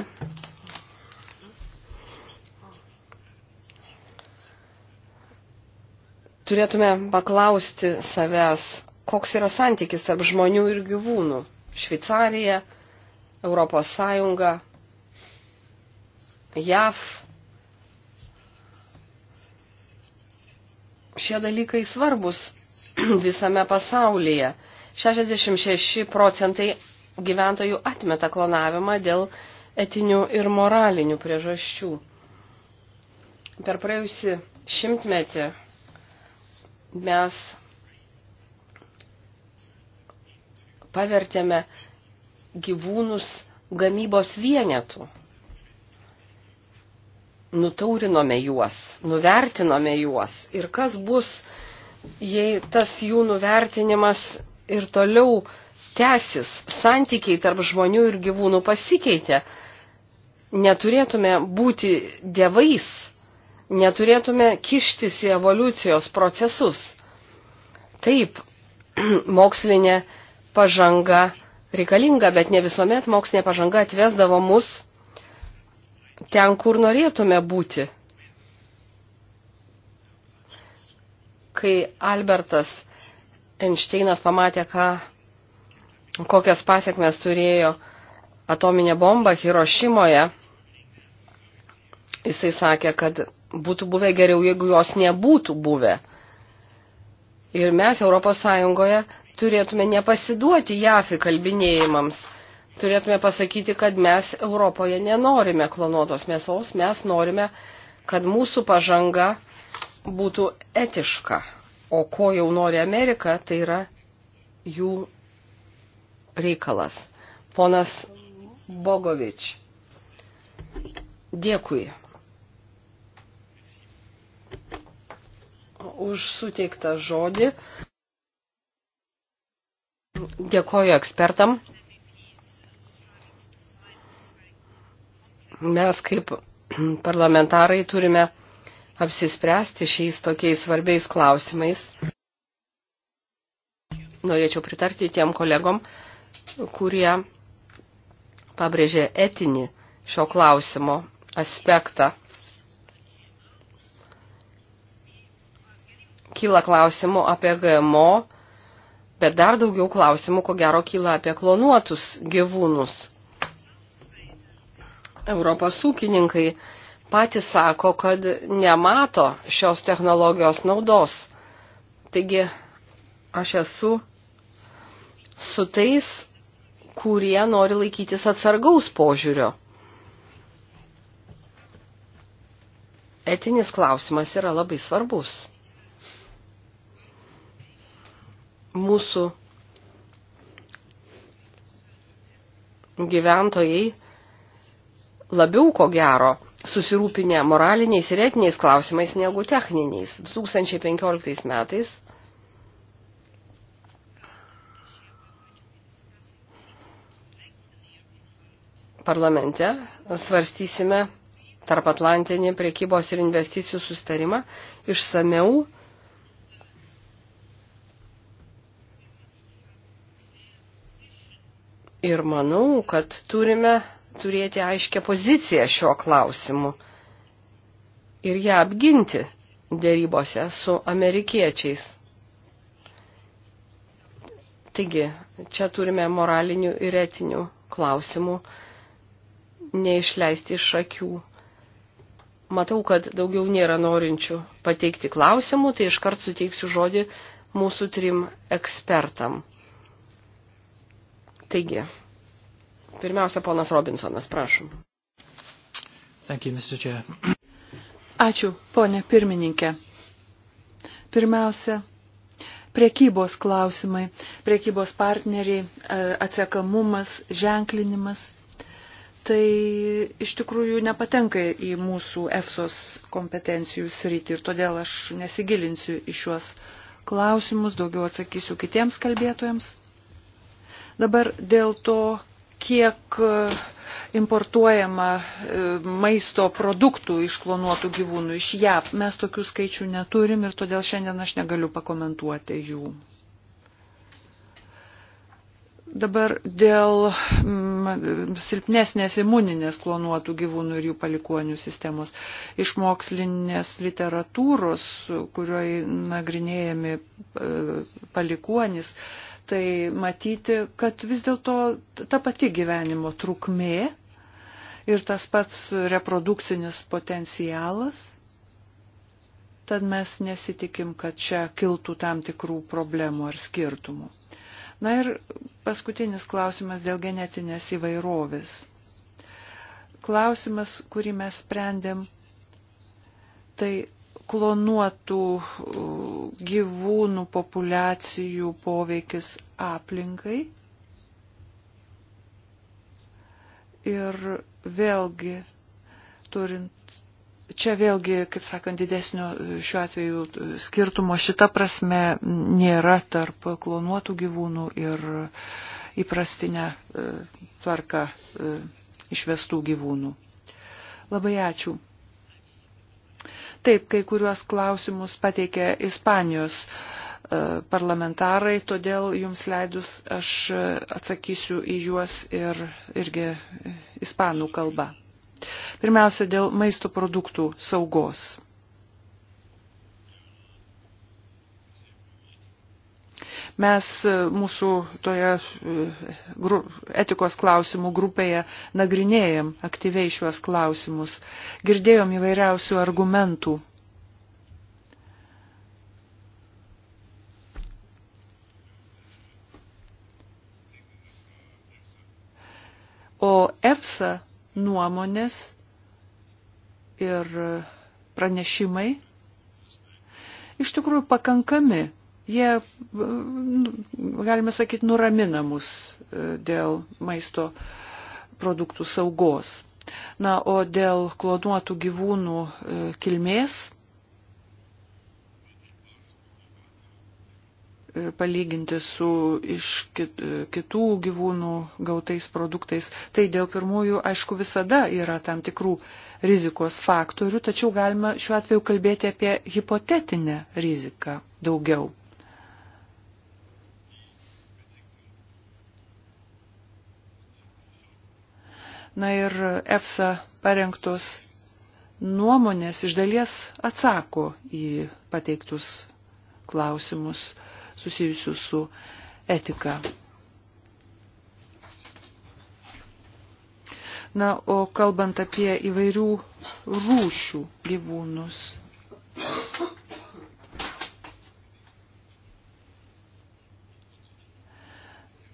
turėtume paklausti savęs, koks yra santykis tarp žmonių ir gyvūnų. Šveicarija, Europos Sąjunga, JAV. Šie dalykai svarbus visame pasaulyje. 66 procentai gyventojų atmeta klonavimą dėl etinių ir moralinių priežasčių. Per praėjusi šimtmetį mes pavertėme gyvūnus gamybos vienetų. Nutaurinome juos, nuvertinome juos. Ir kas bus, jei tas jų nuvertinimas ir toliau tęsis, santykiai tarp žmonių ir gyvūnų pasikeitė. Neturėtume būti dievais, neturėtume kištis į evoliucijos procesus. Taip, mokslinė pažanga reikalinga, bet ne visuomet mokslinė pažanga atvesdavo mus ten, kur norėtume būti. Kai Albertas Einšteinas pamatė, ką kokias pasiekmes turėjo atominė bomba Hirošimoje, jisai sakė, kad būtų buvę geriau, jeigu jos nebūtų buvę. Ir mes Europos Sąjungoje turėtume nepasiduoti JAF įkalbinėjimams. Turėtume pasakyti, kad mes Europoje nenorime klonuotos mėsos, mes norime, kad mūsų pažanga būtų etiška. O ko jau nori Amerika, tai yra jų reikalas. Ponas Bogovič. Dėkui. Už suteiktą žodį. Dėkoju ekspertam. Mes kaip parlamentarai turime apsispręsti šiais tokiais svarbiais klausimais. Norėčiau pritarti tiem kolegom, kurie pabrėžė etinį šio klausimo aspektą. Kyla klausimų apie GMO, bet dar daugiau klausimų, ko gero, kyla apie klonuotus gyvūnus. Europos ūkininkai patys sako, kad nemato šios technologijos naudos. Taigi aš esu su tais kurie nori laikytis atsargaus požiūrio. Etinis klausimas yra labai svarbus. Mūsų gyventojai labiau ko gero susirūpinę moraliniais ir etiniais klausimais negu techniniais. 2015 metais parlamente svarstysime tarp Atlantinį priekybos ir investicijų sustarimą išsameu. Ir manau, kad turime turėti aiškę poziciją šiuo klausimu ir ją apginti dėrybose su amerikiečiais. Taigi, čia turime moralinių ir etinių klausimų neišleisti iš akių. Matau, kad daugiau nėra norinčių pateikti klausimų, tai iškart suteiksiu žodį mūsų trim ekspertam. Taigi, pirmiausia, ponas Robinsonas, prašom. Thank you, Mr. Chair. Ačiū, ponė pirmininkė. Pirmiausia, priekybos klausimai, priekybos partneriai, e, atsekamumas, ženklinimas tai iš tikrųjų nepatenka į mūsų EFSOS kompetencijų sritį ir todėl aš nesigilinsiu į šiuos klausimus, daugiau atsakysiu kitiems kalbėtojams. Dabar dėl to, kiek e, importuojama e, maisto produktų iš klonuotų gyvūnų iš JAV, mes tokių skaičių neturim ir todėl šiandien aš negaliu pakomentuoti jų. Dabar dėl mm, silpnesnės imuninės klonuotų gyvūnų ir jų palikonių sistemos. Iš mokslinės literatūros, kurioje nagrinėjami e, palikonis, tai matyti, kad vis dėlto ta pati gyvenimo trukmė ir tas pats reprodukcinis potencialas tad mes nesitikim, kad čia kiltų tam tikrų problemų ar skirtumų. Na ir paskutinis klausimas dėl genetinės įvairovės. Klausimas, kurį mes sprendėm, tai klonuotų gyvūnų populiacijų poveikis aplinkai. Ir vėlgi, turint čia vėlgi, kaip sakant, didesnio e, šiuo atveju e, skirtumo šita prasme nėra tarp klonuotų gyvūnų ir įprastinę e, tvarką išvestų gyvūnų. Labai ačiū. Taip, kai kuriuos klausimus pateikė Ispanijos parlamentarai, todėl jums leidus aš atsakysiu į juos ir irgi ispanų kalbą. Pirmiausia, dėl maisto produktų saugos. mes e, mūsų toje e, etikos klausimų grupėje nagrinėjom aktyviai šiuos klausimus, girdėjom įvairiausių argumentų. O EFSA nuomonės ir pranešimai iš tikrųjų pakankami. Jie, nu, galime sakyti, nuramina mus e, dėl maisto produktų saugos. Na, o dėl klonuotų gyvūnų e, kilmės palyginti su iš kitų gyvūnų gautais produktais. Tai dėl pirmųjų, aišku, visada yra tam tikrų rizikos faktorių, tačiau galima šiuo atveju kalbėti apie hipotetinę riziką daugiau. Na ir EFSA parengtos nuomonės iš dalies atsako į pateiktus klausimus susijusių su etika. Na, o kalbant apie įvairių rūšių gyvūnus.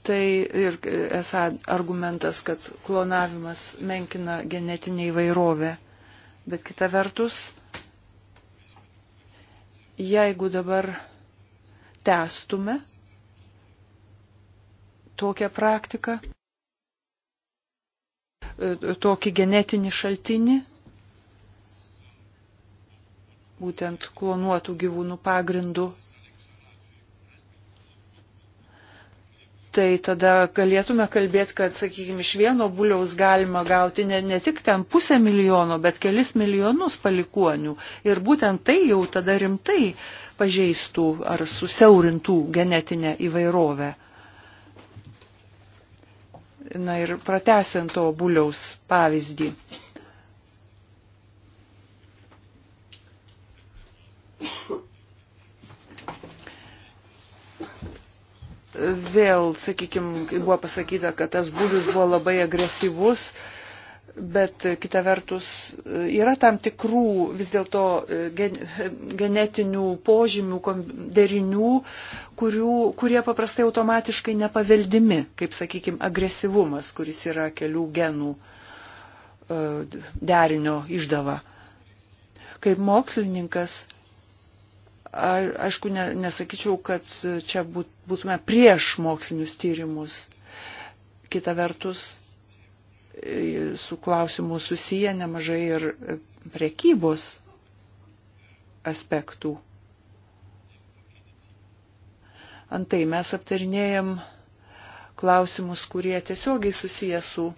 Tai ir esą argumentas, kad klonavimas menkina genetinę įvairovę. Bet kita vertus, jeigu dabar testume tokią praktiką, e, tokį genetinį šaltinį, būtent klonuotų gyvūnų pagrindų tai tada galėtume kalbėti, kad, sakykime, iš vieno buliaus galima gauti ne, ne tik ten pusę milijono, bet kelis milijonus palikuonių. Ir būtent tai jau tada rimtai pažeistų ar susiaurintų genetinę įvairovę. Na ir pratesiant to buliaus pavyzdį. vėl, sakykime, buvo pasakyta, kad tas būdus buvo labai agresyvus, bet kita vertus e, yra tam tikrų vis dėlto e, gen, genetinių požymių, derinių, kurių, kurie paprastai automatiškai nepaveldimi, kaip, sakykime, agresyvumas, kuris yra kelių genų e, derinio išdava. Kaip mokslininkas aišku, ne, nesakyčiau, kad čia būt, būtume prieš mokslinius tyrimus. Kita vertus, e, su klausimu susiję nemažai ir prekybos aspektų. Antai mes aptarinėjom klausimus, kurie tiesiogiai susiję su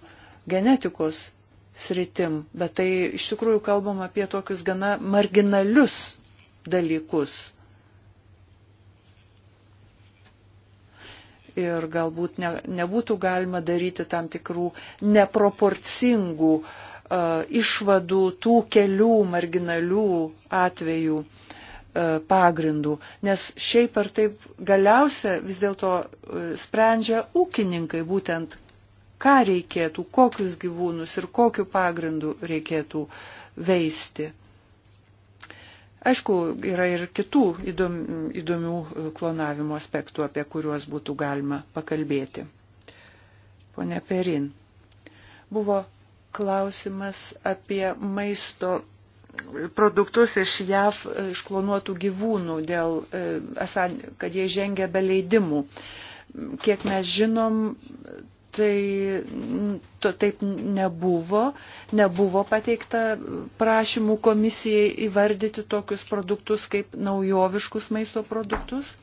genetikos sritim, bet tai iš tikrųjų kalbam apie tokius gana marginalius dalykus. Ir galbūt ne, nebūtų galima daryti tam tikrų neproporcingų uh, išvadų tų kelių marginalių atvejų uh, pagrindų, nes šiaip ar taip galiausia vis dėlto uh, sprendžia ūkininkai būtent, ką reikėtų, kokius gyvūnus ir kokiu pagrindu reikėtų veisti. Aišku, yra ir kitų įdomių e, klonavimo aspektų, apie kuriuos būtų galima pakalbėti. Pone Perin, buvo klausimas apie maisto produktus iš JAV e, išklonuotų gyvūnų, dėl, e, kad jie žengia be leidimų. Kiek mes žinom, tai to taip nebuvo, nebuvo pateikta prašymų komisijai įvardyti tokius produktus kaip naujoviškus maisto produktus.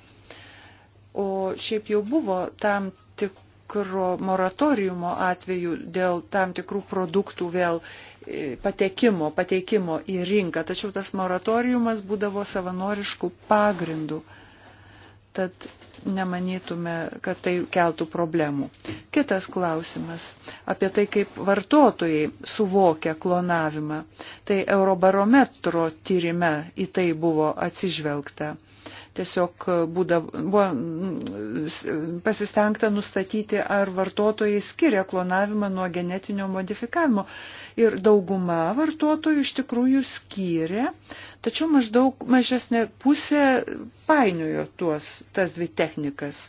O šiaip jau buvo tam tikro moratoriumo atveju dėl tam tikrų produktų vėl e, patekimo, pateikimo į rinką, tačiau tas moratoriumas būdavo savanoriškų pagrindų. Tad nemanytume, kad tai keltų problemų. Kitas klausimas apie tai, kaip vartotojai suvokia klonavimą. Tai Eurobarometro tyrime į tai buvo atsižvelgta tiesiog būda, buvo mm, pasistengta nustatyti, ar vartotojai skiria klonavimą nuo genetinio modifikavimo. Ir dauguma vartotojų iš tikrųjų skiria, tačiau maždaug mažesnė pusė painiojo tuos, tas dvi technikas.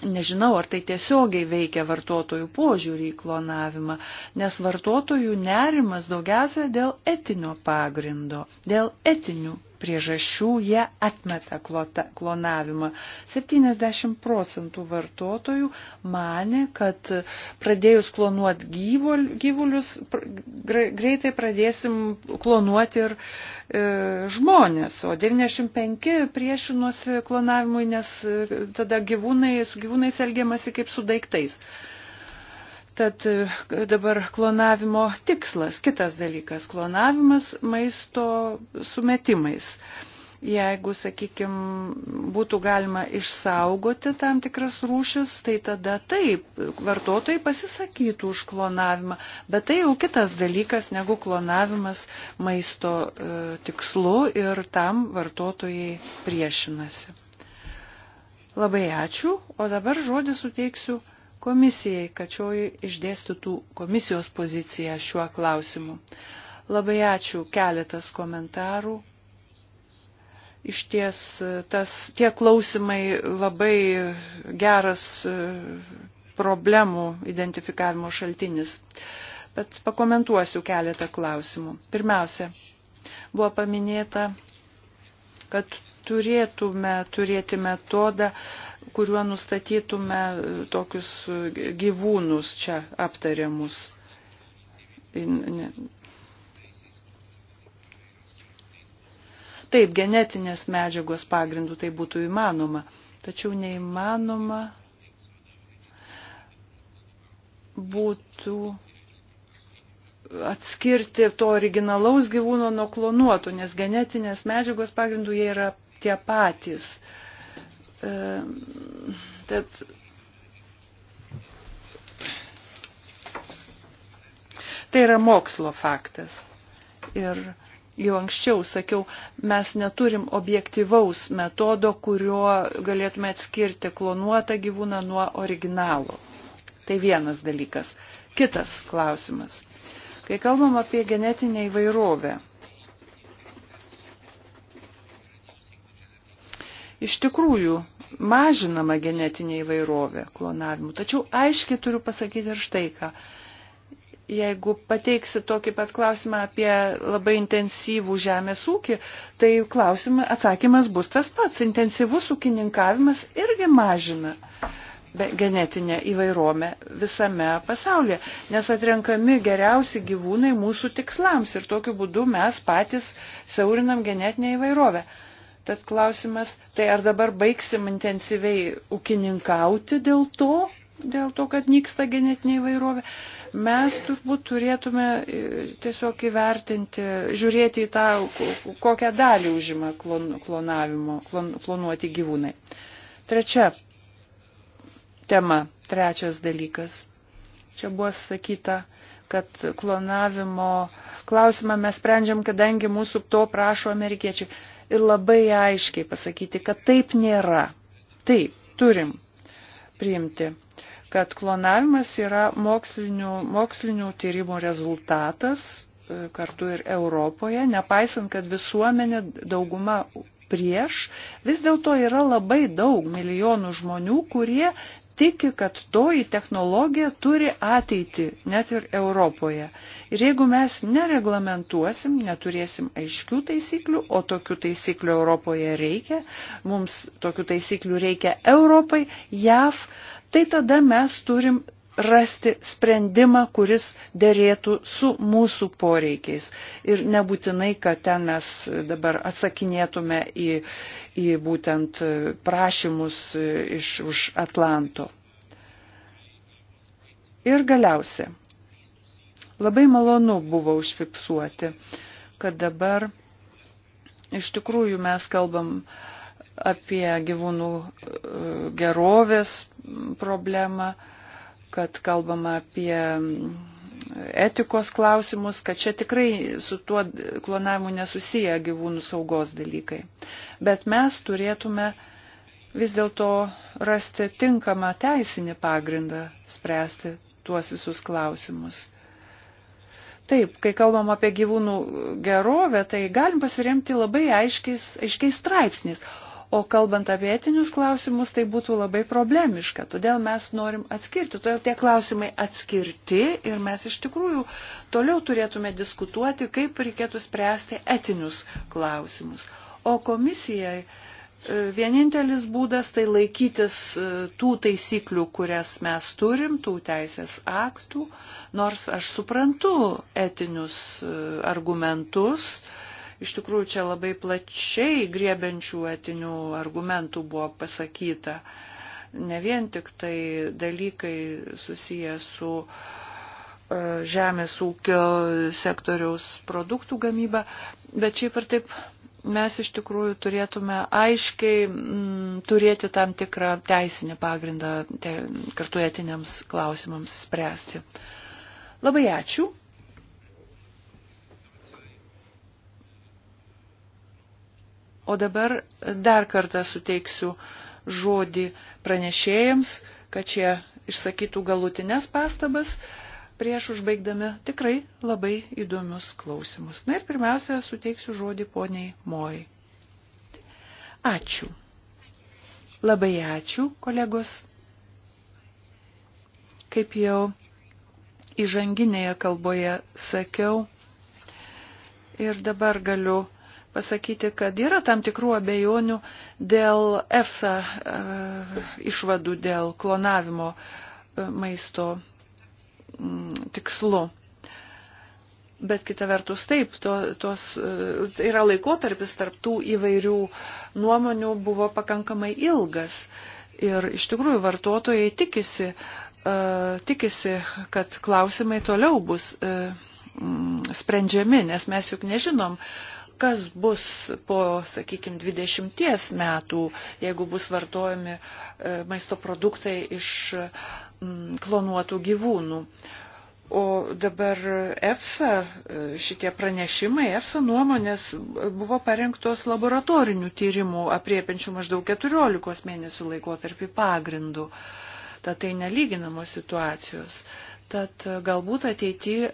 Nežinau, ar tai tiesiogiai veikia vartotojų požiūrį į klonavimą, nes vartotojų nerimas daugiausia dėl etinio pagrindo, dėl etinių priežasčių jie atmeta klonavimą. 70 procentų vartotojų mane, kad pradėjus klonuoti gyvulius, greitai pradėsim klonuoti ir e, žmonės, o 95 priešinosi klonavimui, nes e, tada gyvūnai, su gyvūnais elgiamasi kaip su daiktais. Tad e, dabar klonavimo tikslas, kitas dalykas - klonavimas maisto sumetimais. Jeigu, sakykime, būtų galima išsaugoti tam tikras rūšis, tai tada taip, vartotojai pasisakytų už klonavimą, bet tai jau kitas dalykas negu klonavimas maisto e, tikslu ir tam vartotojai priešinasi. Labai ačiū, o dabar žodį suteiksiu komisijai, kad šioji išdėstytų komisijos poziciją šiuo klausimu. Labai ačiū keletas komentarų. Iš ties tas, tie klausimai labai geras e, problemų identifikavimo šaltinis. Bet pakomentuosiu keletą klausimų. Pirmiausia, buvo paminėta, kad turėtume turėti metodą uh, kuriuo nustatytume e, tokius e, gyvūnus čia aptariamus. Taip, genetinės medžiagos pagrindų tai būtų įmanoma, tačiau neįmanoma būtų atskirti to originalaus gyvūno nuo klonuotų, nes genetinės medžiagos pagrindų jie yra tie patys. Uh, Ehm, tad tai yra mokslo faktas. Ir jau anksčiau sakiau, mes neturim objektivaus metodo, kuriuo galėtume atskirti klonuotą gyvūną nuo originalo. Tai vienas dalykas. Kitas klausimas. Kai kalbam apie genetinę įvairovę, iš tikrųjų mažinama genetinė įvairovė klonavimu. Tačiau aiškiai turiu pasakyti ir štai ką. Jeigu pateiksi tokį pat klausimą apie labai intensyvų žemės ūkį, tai klausimą, atsakymas bus tas pats. Intensyvus ūkininkavimas irgi mažina genetinę įvairovę visame pasaulyje, nes atrenkami geriausi gyvūnai mūsų tikslams ir tokiu būdu mes patys siaurinam genetinę įvairovę tas klausimas, tai ar dabar baigsim intensyviai ūkininkauti dėl to, dėl to, kad nyksta genetinė įvairovė, mes turbūt turėtume e, tiesiog įvertinti, žiūrėti į tą, kokią dalį užima klon, klonavimo, klon, klonuoti gyvūnai. Trečia tema, trečias dalykas. Čia buvo sakyta, kad klonavimo klausimą mes sprendžiam, kadangi mūsų to prašo amerikiečiai ir labai aiškiai pasakyti, kad taip nėra. Taip, turim priimti, kad klonavimas yra mokslinių, mokslinių tyrimų rezultatas e, kartu ir Europoje, nepaisant, kad visuomenė dauguma prieš, vis dėlto yra labai daug milijonų žmonių, kurie tiki, kad toji technologija turi ateitį, net ir Europoje. Ir jeigu mes nereglamentuosim, neturėsim aiškių taisyklių, o tokių taisyklių Europoje reikia, mums tokių taisyklių reikia Europai, JAV, tai tada mes turim rasti sprendimą, kuris dėrėtų su mūsų poreikiais. Ir nebūtinai, kad ten mes dabar atsakinėtume į, į būtent prašymus iš už Atlanto. Ir galiausia, labai malonu buvo užfiksuoti, kad dabar iš tikrųjų mes kalbam apie gyvūnų e, gerovės problemą, kad kalbam apie etikos klausimus, kad čia tikrai su tuo klonavimu nesusiję gyvūnų saugos dalykai. Bet mes turėtume vis dėlto rasti tinkamą teisinį pagrindą spręsti tuos visus klausimus. Taip, kai kalbam apie gyvūnų gerovę, tai galim pasiremti labai aiškiais, aiškiais straipsniais. O kalbant apie etinius klausimus, tai būtų labai problemiška. Todėl mes norim atskirti. Todėl tie klausimai atskirti ir mes iš tikrųjų toliau turėtume diskutuoti, kaip reikėtų spręsti etinius klausimus. O komisijai e, vienintelis būdas tai laikytis e, tų taisyklių, kurias mes turim, tų teisės aktų, nors aš suprantu etinius e, argumentus, iš tikrųjų čia labai plačiai griebenčių etinių argumentų buvo pasakyta. Ne vien tik tai dalykai susiję su e, žemės ūkio sektoriaus produktų gamyba, bet šiaip ir taip mes iš tikrųjų turėtume aiškiai m, mm, turėti tam tikrą teisinį pagrindą te, kartu etiniams klausimams spręsti. Labai ačiū. O dabar dar kartą suteiksiu žodį pranešėjams, kad šie išsakytų galutinės pastabas prieš užbaigdami tikrai labai įdomius klausimus. Na ir pirmiausia, suteiksiu žodį poniai Moj. Ačiū. Labai ačiū, kolegos. Kaip jau įžanginėje kalboje sakiau, ir dabar galiu pasakyti, kad yra tam tikrų abejonių dėl EFSA e, išvadų, dėl klonavimo e, maisto m, tikslu. Bet kita vertus taip, to, tos, tai yra laikotarpis tarptų įvairių nuomonių buvo pakankamai ilgas. Ir iš tikrųjų vartotojai tikisi, uh, tikisi kad klausimai toliau bus uh, sprendžiami, nes mes juk nežinom, uh, kas bus po, sakykime, 20 metų, jeigu bus vartojami e, maisto produktai iš klonuotų gyvūnų. O dabar EFSA, e, šitie pranešimai, EFSA nuomonės buvo parengtos laboratorinių tyrimų apriepiančių maždaug 14 mėnesių laikotarpį pagrindų. Tad tai nelyginamos situacijos. Tad e, galbūt ateityje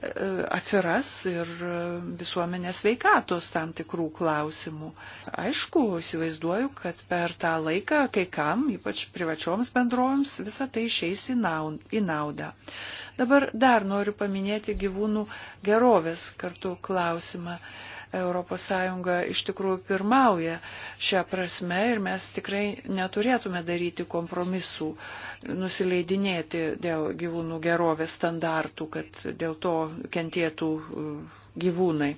atsiras ir e, visuomenės veikatos tam tikrų klausimų. Aišku, įsivaizduoju, kad per tą laiką kai kam, ypač privačioms bendrovėms, visa tai išeis į naudą. Dabar dar noriu paminėti gyvūnų gerovės kartu klausimą. ES iš tikrųjų pirmauja šią prasme ir mes tikrai neturėtume daryti kompromisų, nusileidinėti dėl gyvūnų gerovės standartų, kad dėl to kentėtų uh, gyvūnai.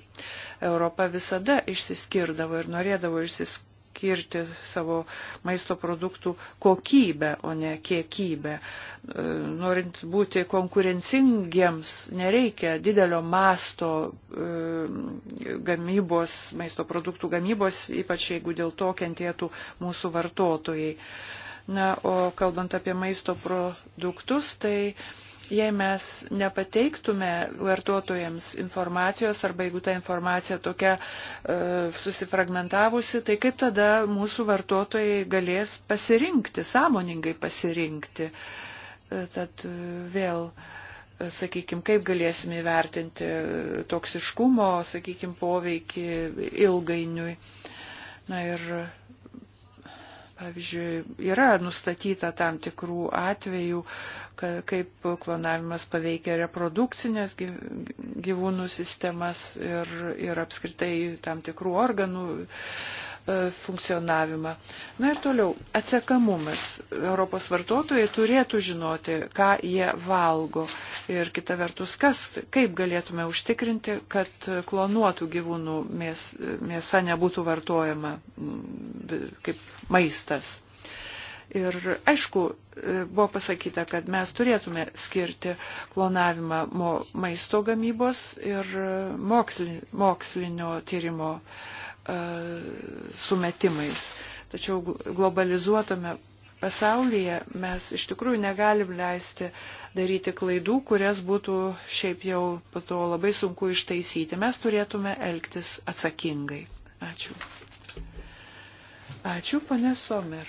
Europa visada išsiskirdavo ir norėdavo išsiskirti skirti savo maisto produktų kokybę, o ne kiekybę. E, norint būti konkurencingiems, nereikia didelio masto e, gamybos, maisto produktų gamybos, ypač jeigu dėl to kentėtų mūsų vartotojai. Na, o kalbant apie maisto produktus, tai Jei mes nepateiktume vartotojams informacijos arba jeigu ta informacija tokia e, susifragmentavusi, tai kaip tada mūsų vartotojai galės pasirinkti, sąmoningai pasirinkti. E, tad e, vėl e, sakykime, kaip galėsime įvertinti toksiškumo, sakykime, poveikį ilgainiui. Na ir Pavyzdžiui, yra nustatyta tam tikrų atvejų, kaip klonavimas paveikia reprodukcinės gyvūnų sistemas ir, ir apskritai tam tikrų organų E, funkcionavimą. Na ir toliau, atsekamumas. Europos vartotojai turėtų žinoti, ką jie valgo. Ir kita vertus, kas, kaip galėtume užtikrinti, kad klonuotų gyvūnų mės, mėsa nebūtų vartojama mm, kaip maistas. Ir aišku, e, buvo pasakyta, kad mes turėtume skirti klonavimą maisto gamybos ir e, mokslinio tyrimo uh, E, sumetimais. Tačiau globalizuotame pasaulyje mes iš tikrųjų negalim leisti daryti klaidų, kurias būtų šiaip jau po to labai sunku ištaisyti. Mes turėtume elgtis atsakingai. Ačiū. Ačiū, pane Somer,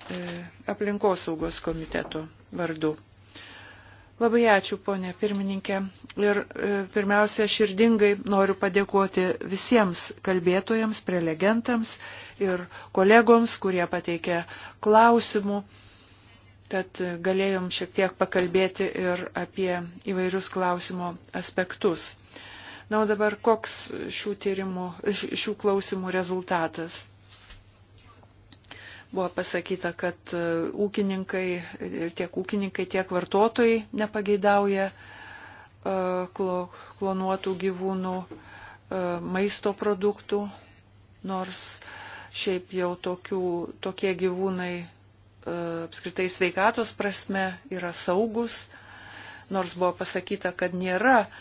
e, aplinkosaugos komiteto vardu. Labai ačiū, ponė pirmininkė. Ir e, pirmiausia, širdingai noriu padėkoti visiems kalbėtojams, prelegentams ir kolegoms, kurie pateikė klausimų. Tad galėjom šiek tiek pakalbėti ir apie įvairius klausimo aspektus. Na, o dabar koks šių, tyrimų, šių klausimų rezultatas? Buvo pasakyta, kad e, ūkininkai ir tiek ūkininkai, tiek vartotojai nepageidauja e, klonuotų gyvūnų e, maisto produktų, nors šiaip jau tokių, tokie gyvūnai apskritai sveikatos prasme yra saugus, nors buvo pasakyta, kad nėra uh,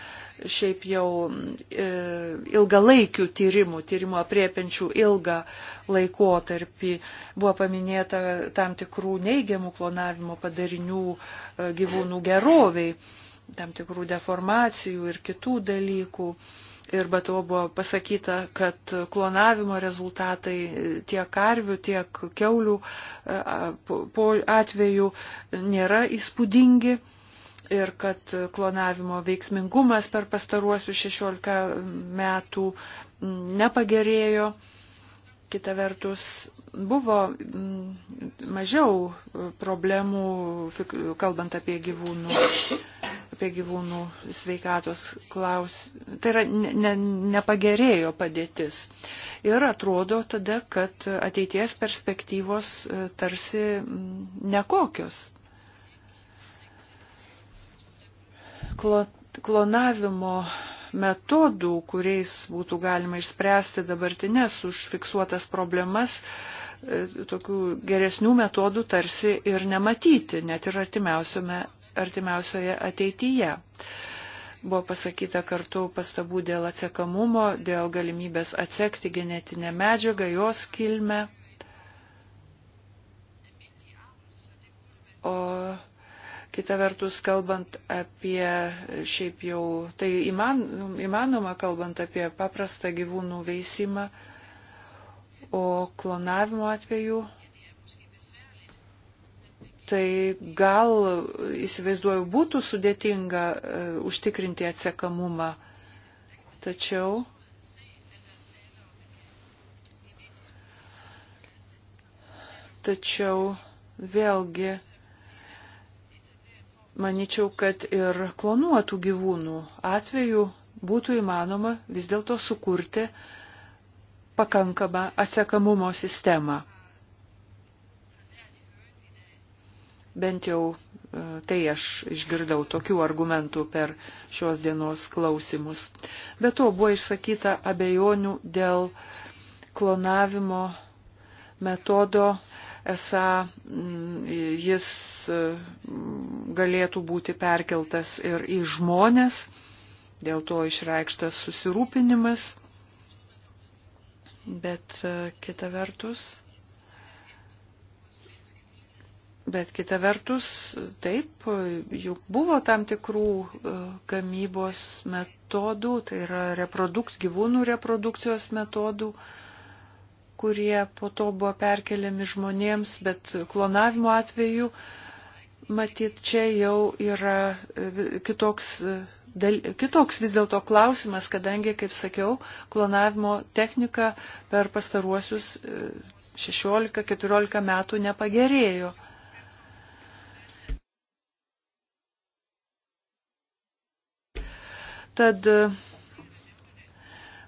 šiaip jau e, ilgalaikių tyrimų, tyrimų apriepiančių ilgą laikotarpį. Buvo paminėta tam tikrų neigiamų klonavimo padarinių e, gyvūnų geroviai, tam tikrų deformacijų ir kitų dalykų. Ir be to buvo pasakyta, kad klonavimo rezultatai tiek karvių, tiek keulių e, atveju nėra įspūdingi ir kad klonavimo veiksmingumas per pastaruosius 16 metų nepagerėjo. Kita vertus, buvo mm, mažiau problemų, kalbant apie gyvūnų, apie gyvūnų sveikatos klaus. Tai yra, ne, nepagerėjo padėtis. Ir atrodo tada, kad ateities perspektyvos e, tarsi mm, nekokios klonavimo metodų, kuriais būtų galima išspręsti dabartinės užfiksuotas problemas, e, tokių geresnių metodų tarsi ir nematyti, net ir artimiausioje ateityje. Buvo pasakyta kartu pastabų dėl atsekamumo, dėl galimybės atsekti genetinę medžiagą, jos kilmę. O Kita vertus, kalbant apie šiaip jau, tai įman, įmanoma kalbant apie paprastą gyvūnų veisimą, o klonavimo atveju tai gal, įsivaizduoju, būtų sudėtinga uh, užtikrinti atsekamumą. Tačiau tačiau vėlgi manyčiau, kad ir klonuotų gyvūnų atveju būtų įmanoma vis dėlto sukurti pakankamą atsekamumo sistemą. Bent jau e, tai aš išgirdau tokių argumentų per šios dienos klausimus. Be to buvo išsakyta abejonių dėl klonavimo metodo esą mm, jis e, galėtų būti perkeltas ir į žmonės, dėl to išreikštas susirūpinimas. Bet e, kita vertus, Bet kita vertus, taip, juk buvo tam tikrų e, gamybos metodų, tai yra reproduk, gyvūnų reprodukcijos metodų, kurie po to buvo perkeliami žmonėms, bet klonavimo atveju uh, matyt, čia jau yra e, kitoks, e, dal, kitoks vis dėlto klausimas, kadangi, kaip sakiau, klonavimo technika per pastaruosius 16-14 e, metų nepagerėjo. Tad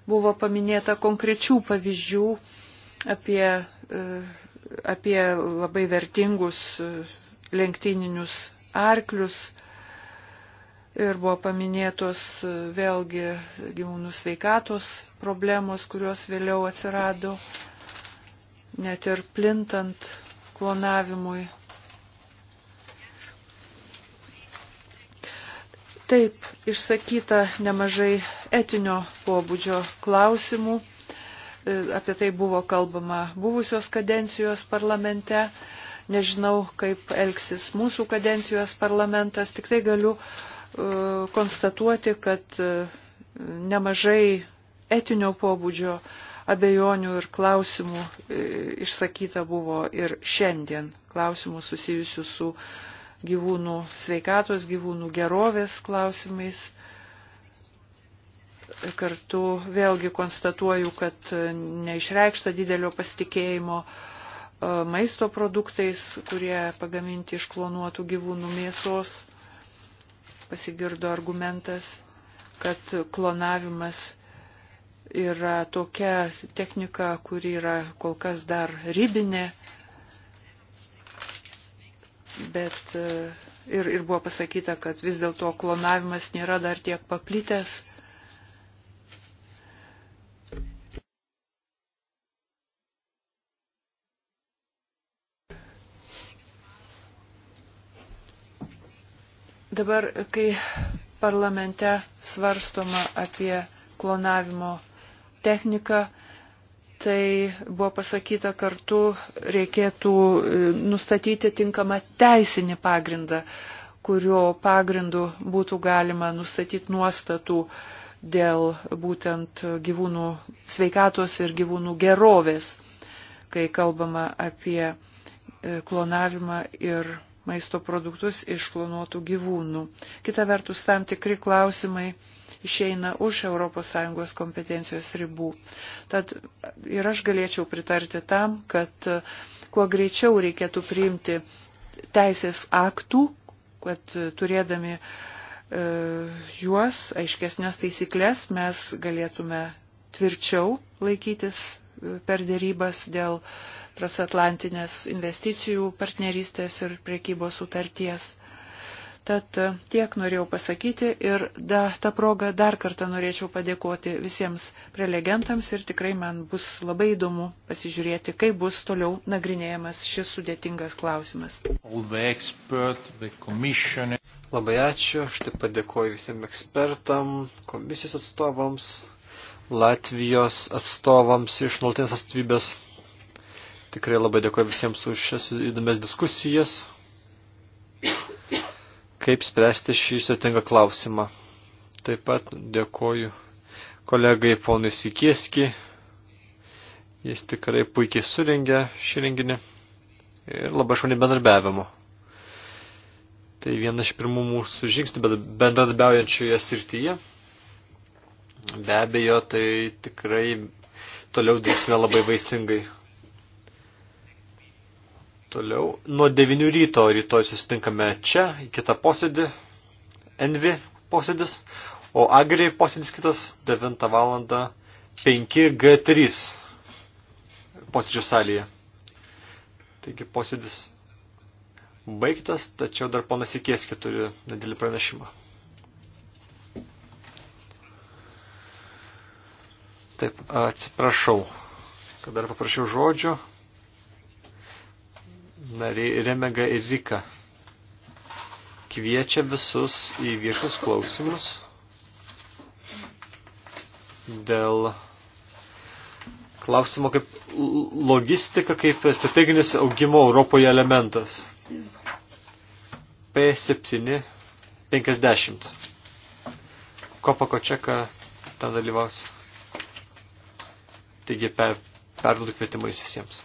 buvo paminėta konkrečių pavyzdžių apie, apie labai vertingus lenktyninius arklius ir buvo paminėtos e, vėlgi gyvūnų sveikatos problemos, kurios vėliau atsirado, net ir plintant klonavimui. Taip, išsakyta nemažai etinio pobūdžio klausimų. E, Apie tai buvo kalbama buvusios kadencijos parlamente. Nežinau, kaip elgsis mūsų kadencijos parlamentas, tik tai galiu e, konstatuoti, kad e, nemažai etinio pobūdžio abejonių ir klausimų e, išsakyta buvo ir šiandien. Klausimų susijusių su gyvūnų sveikatos, gyvūnų gerovės klausimais. Kartu vėlgi konstatuoju, kad neišreikšta didelio pasitikėjimo uh, E, maisto produktais, kurie pagaminti iš klonuotų gyvūnų mėsos. Pasigirdo argumentas, kad klonavimas yra tokia technika, kuri yra kol kas dar ribinė, bet e, ir, ir buvo pasakyta, kad vis dėlto klonavimas nėra dar tiek paplitęs, Dabar, kai parlamente svarstoma apie klonavimo techniką, tai buvo pasakyta kartu reikėtų e, nustatyti tinkamą teisinį pagrindą, kurio pagrindu būtų galima nustatyti nuostatų dėl būtent gyvūnų sveikatos ir gyvūnų gerovės, kai kalbama apie e, klonavimą ir maisto produktus iš klonuotų gyvūnų. Kita vertus, tam tikri klausimai išeina už ES kompetencijos ribų. Tad ir aš galėčiau pritarti tam, kad kuo greičiau reikėtų priimti teisės aktų, kad turėdami e, juos aiškesnės taisyklės mes galėtume tvirčiau laikytis per dėrybas dėl transatlantinės investicijų partnerystės ir priekybos sutarties. Tad e, tiek norėjau pasakyti ir da, tą progą dar kartą norėčiau padėkoti visiems prelegentams ir tikrai man bus labai įdomu pasižiūrėti, kaip bus toliau nagrinėjamas šis sudėtingas klausimas. The expert, the Labai ačiū, aš taip padėkoju visiems ekspertam, komisijos atstovams. Latvijos atstovams iš nuolatinės atstovybės. Tikrai labai dėkuoju visiems už šias įdomias diskusijas, kaip spręsti šį sėtingą klausimą. Taip pat dėkuoju kolegai ponui Sikieski. Jis tikrai puikiai surengė šį renginį ir labai šauniai bendarbiavimo. Tai vienas iš pirmų mūsų žingsnių bendradarbiaujančioje srityje. Be abejo, tai tikrai toliau dirbsime labai vaisingai. Toliau, nuo 9 ryto rytoj susitinkame čia, į kitą posėdį, Envi posėdis, o Agri posėdis kitas 9 val. 5G3 posėdžio salėje. Taigi posėdis baigtas, tačiau dar ponas Ikieski turi nedėlį pranešimą. Taip, atsiprašau, kad dar paprašiau žodžio. Nariai Remega ir Rika kviečia visus į viešus klausimus dėl klausimo kaip logistika, kaip strateginis augimo Europoje elementas. P750. Kopa Kočeka ten dalyvaus. Taigi per, perduodu kvietimą jums visiems.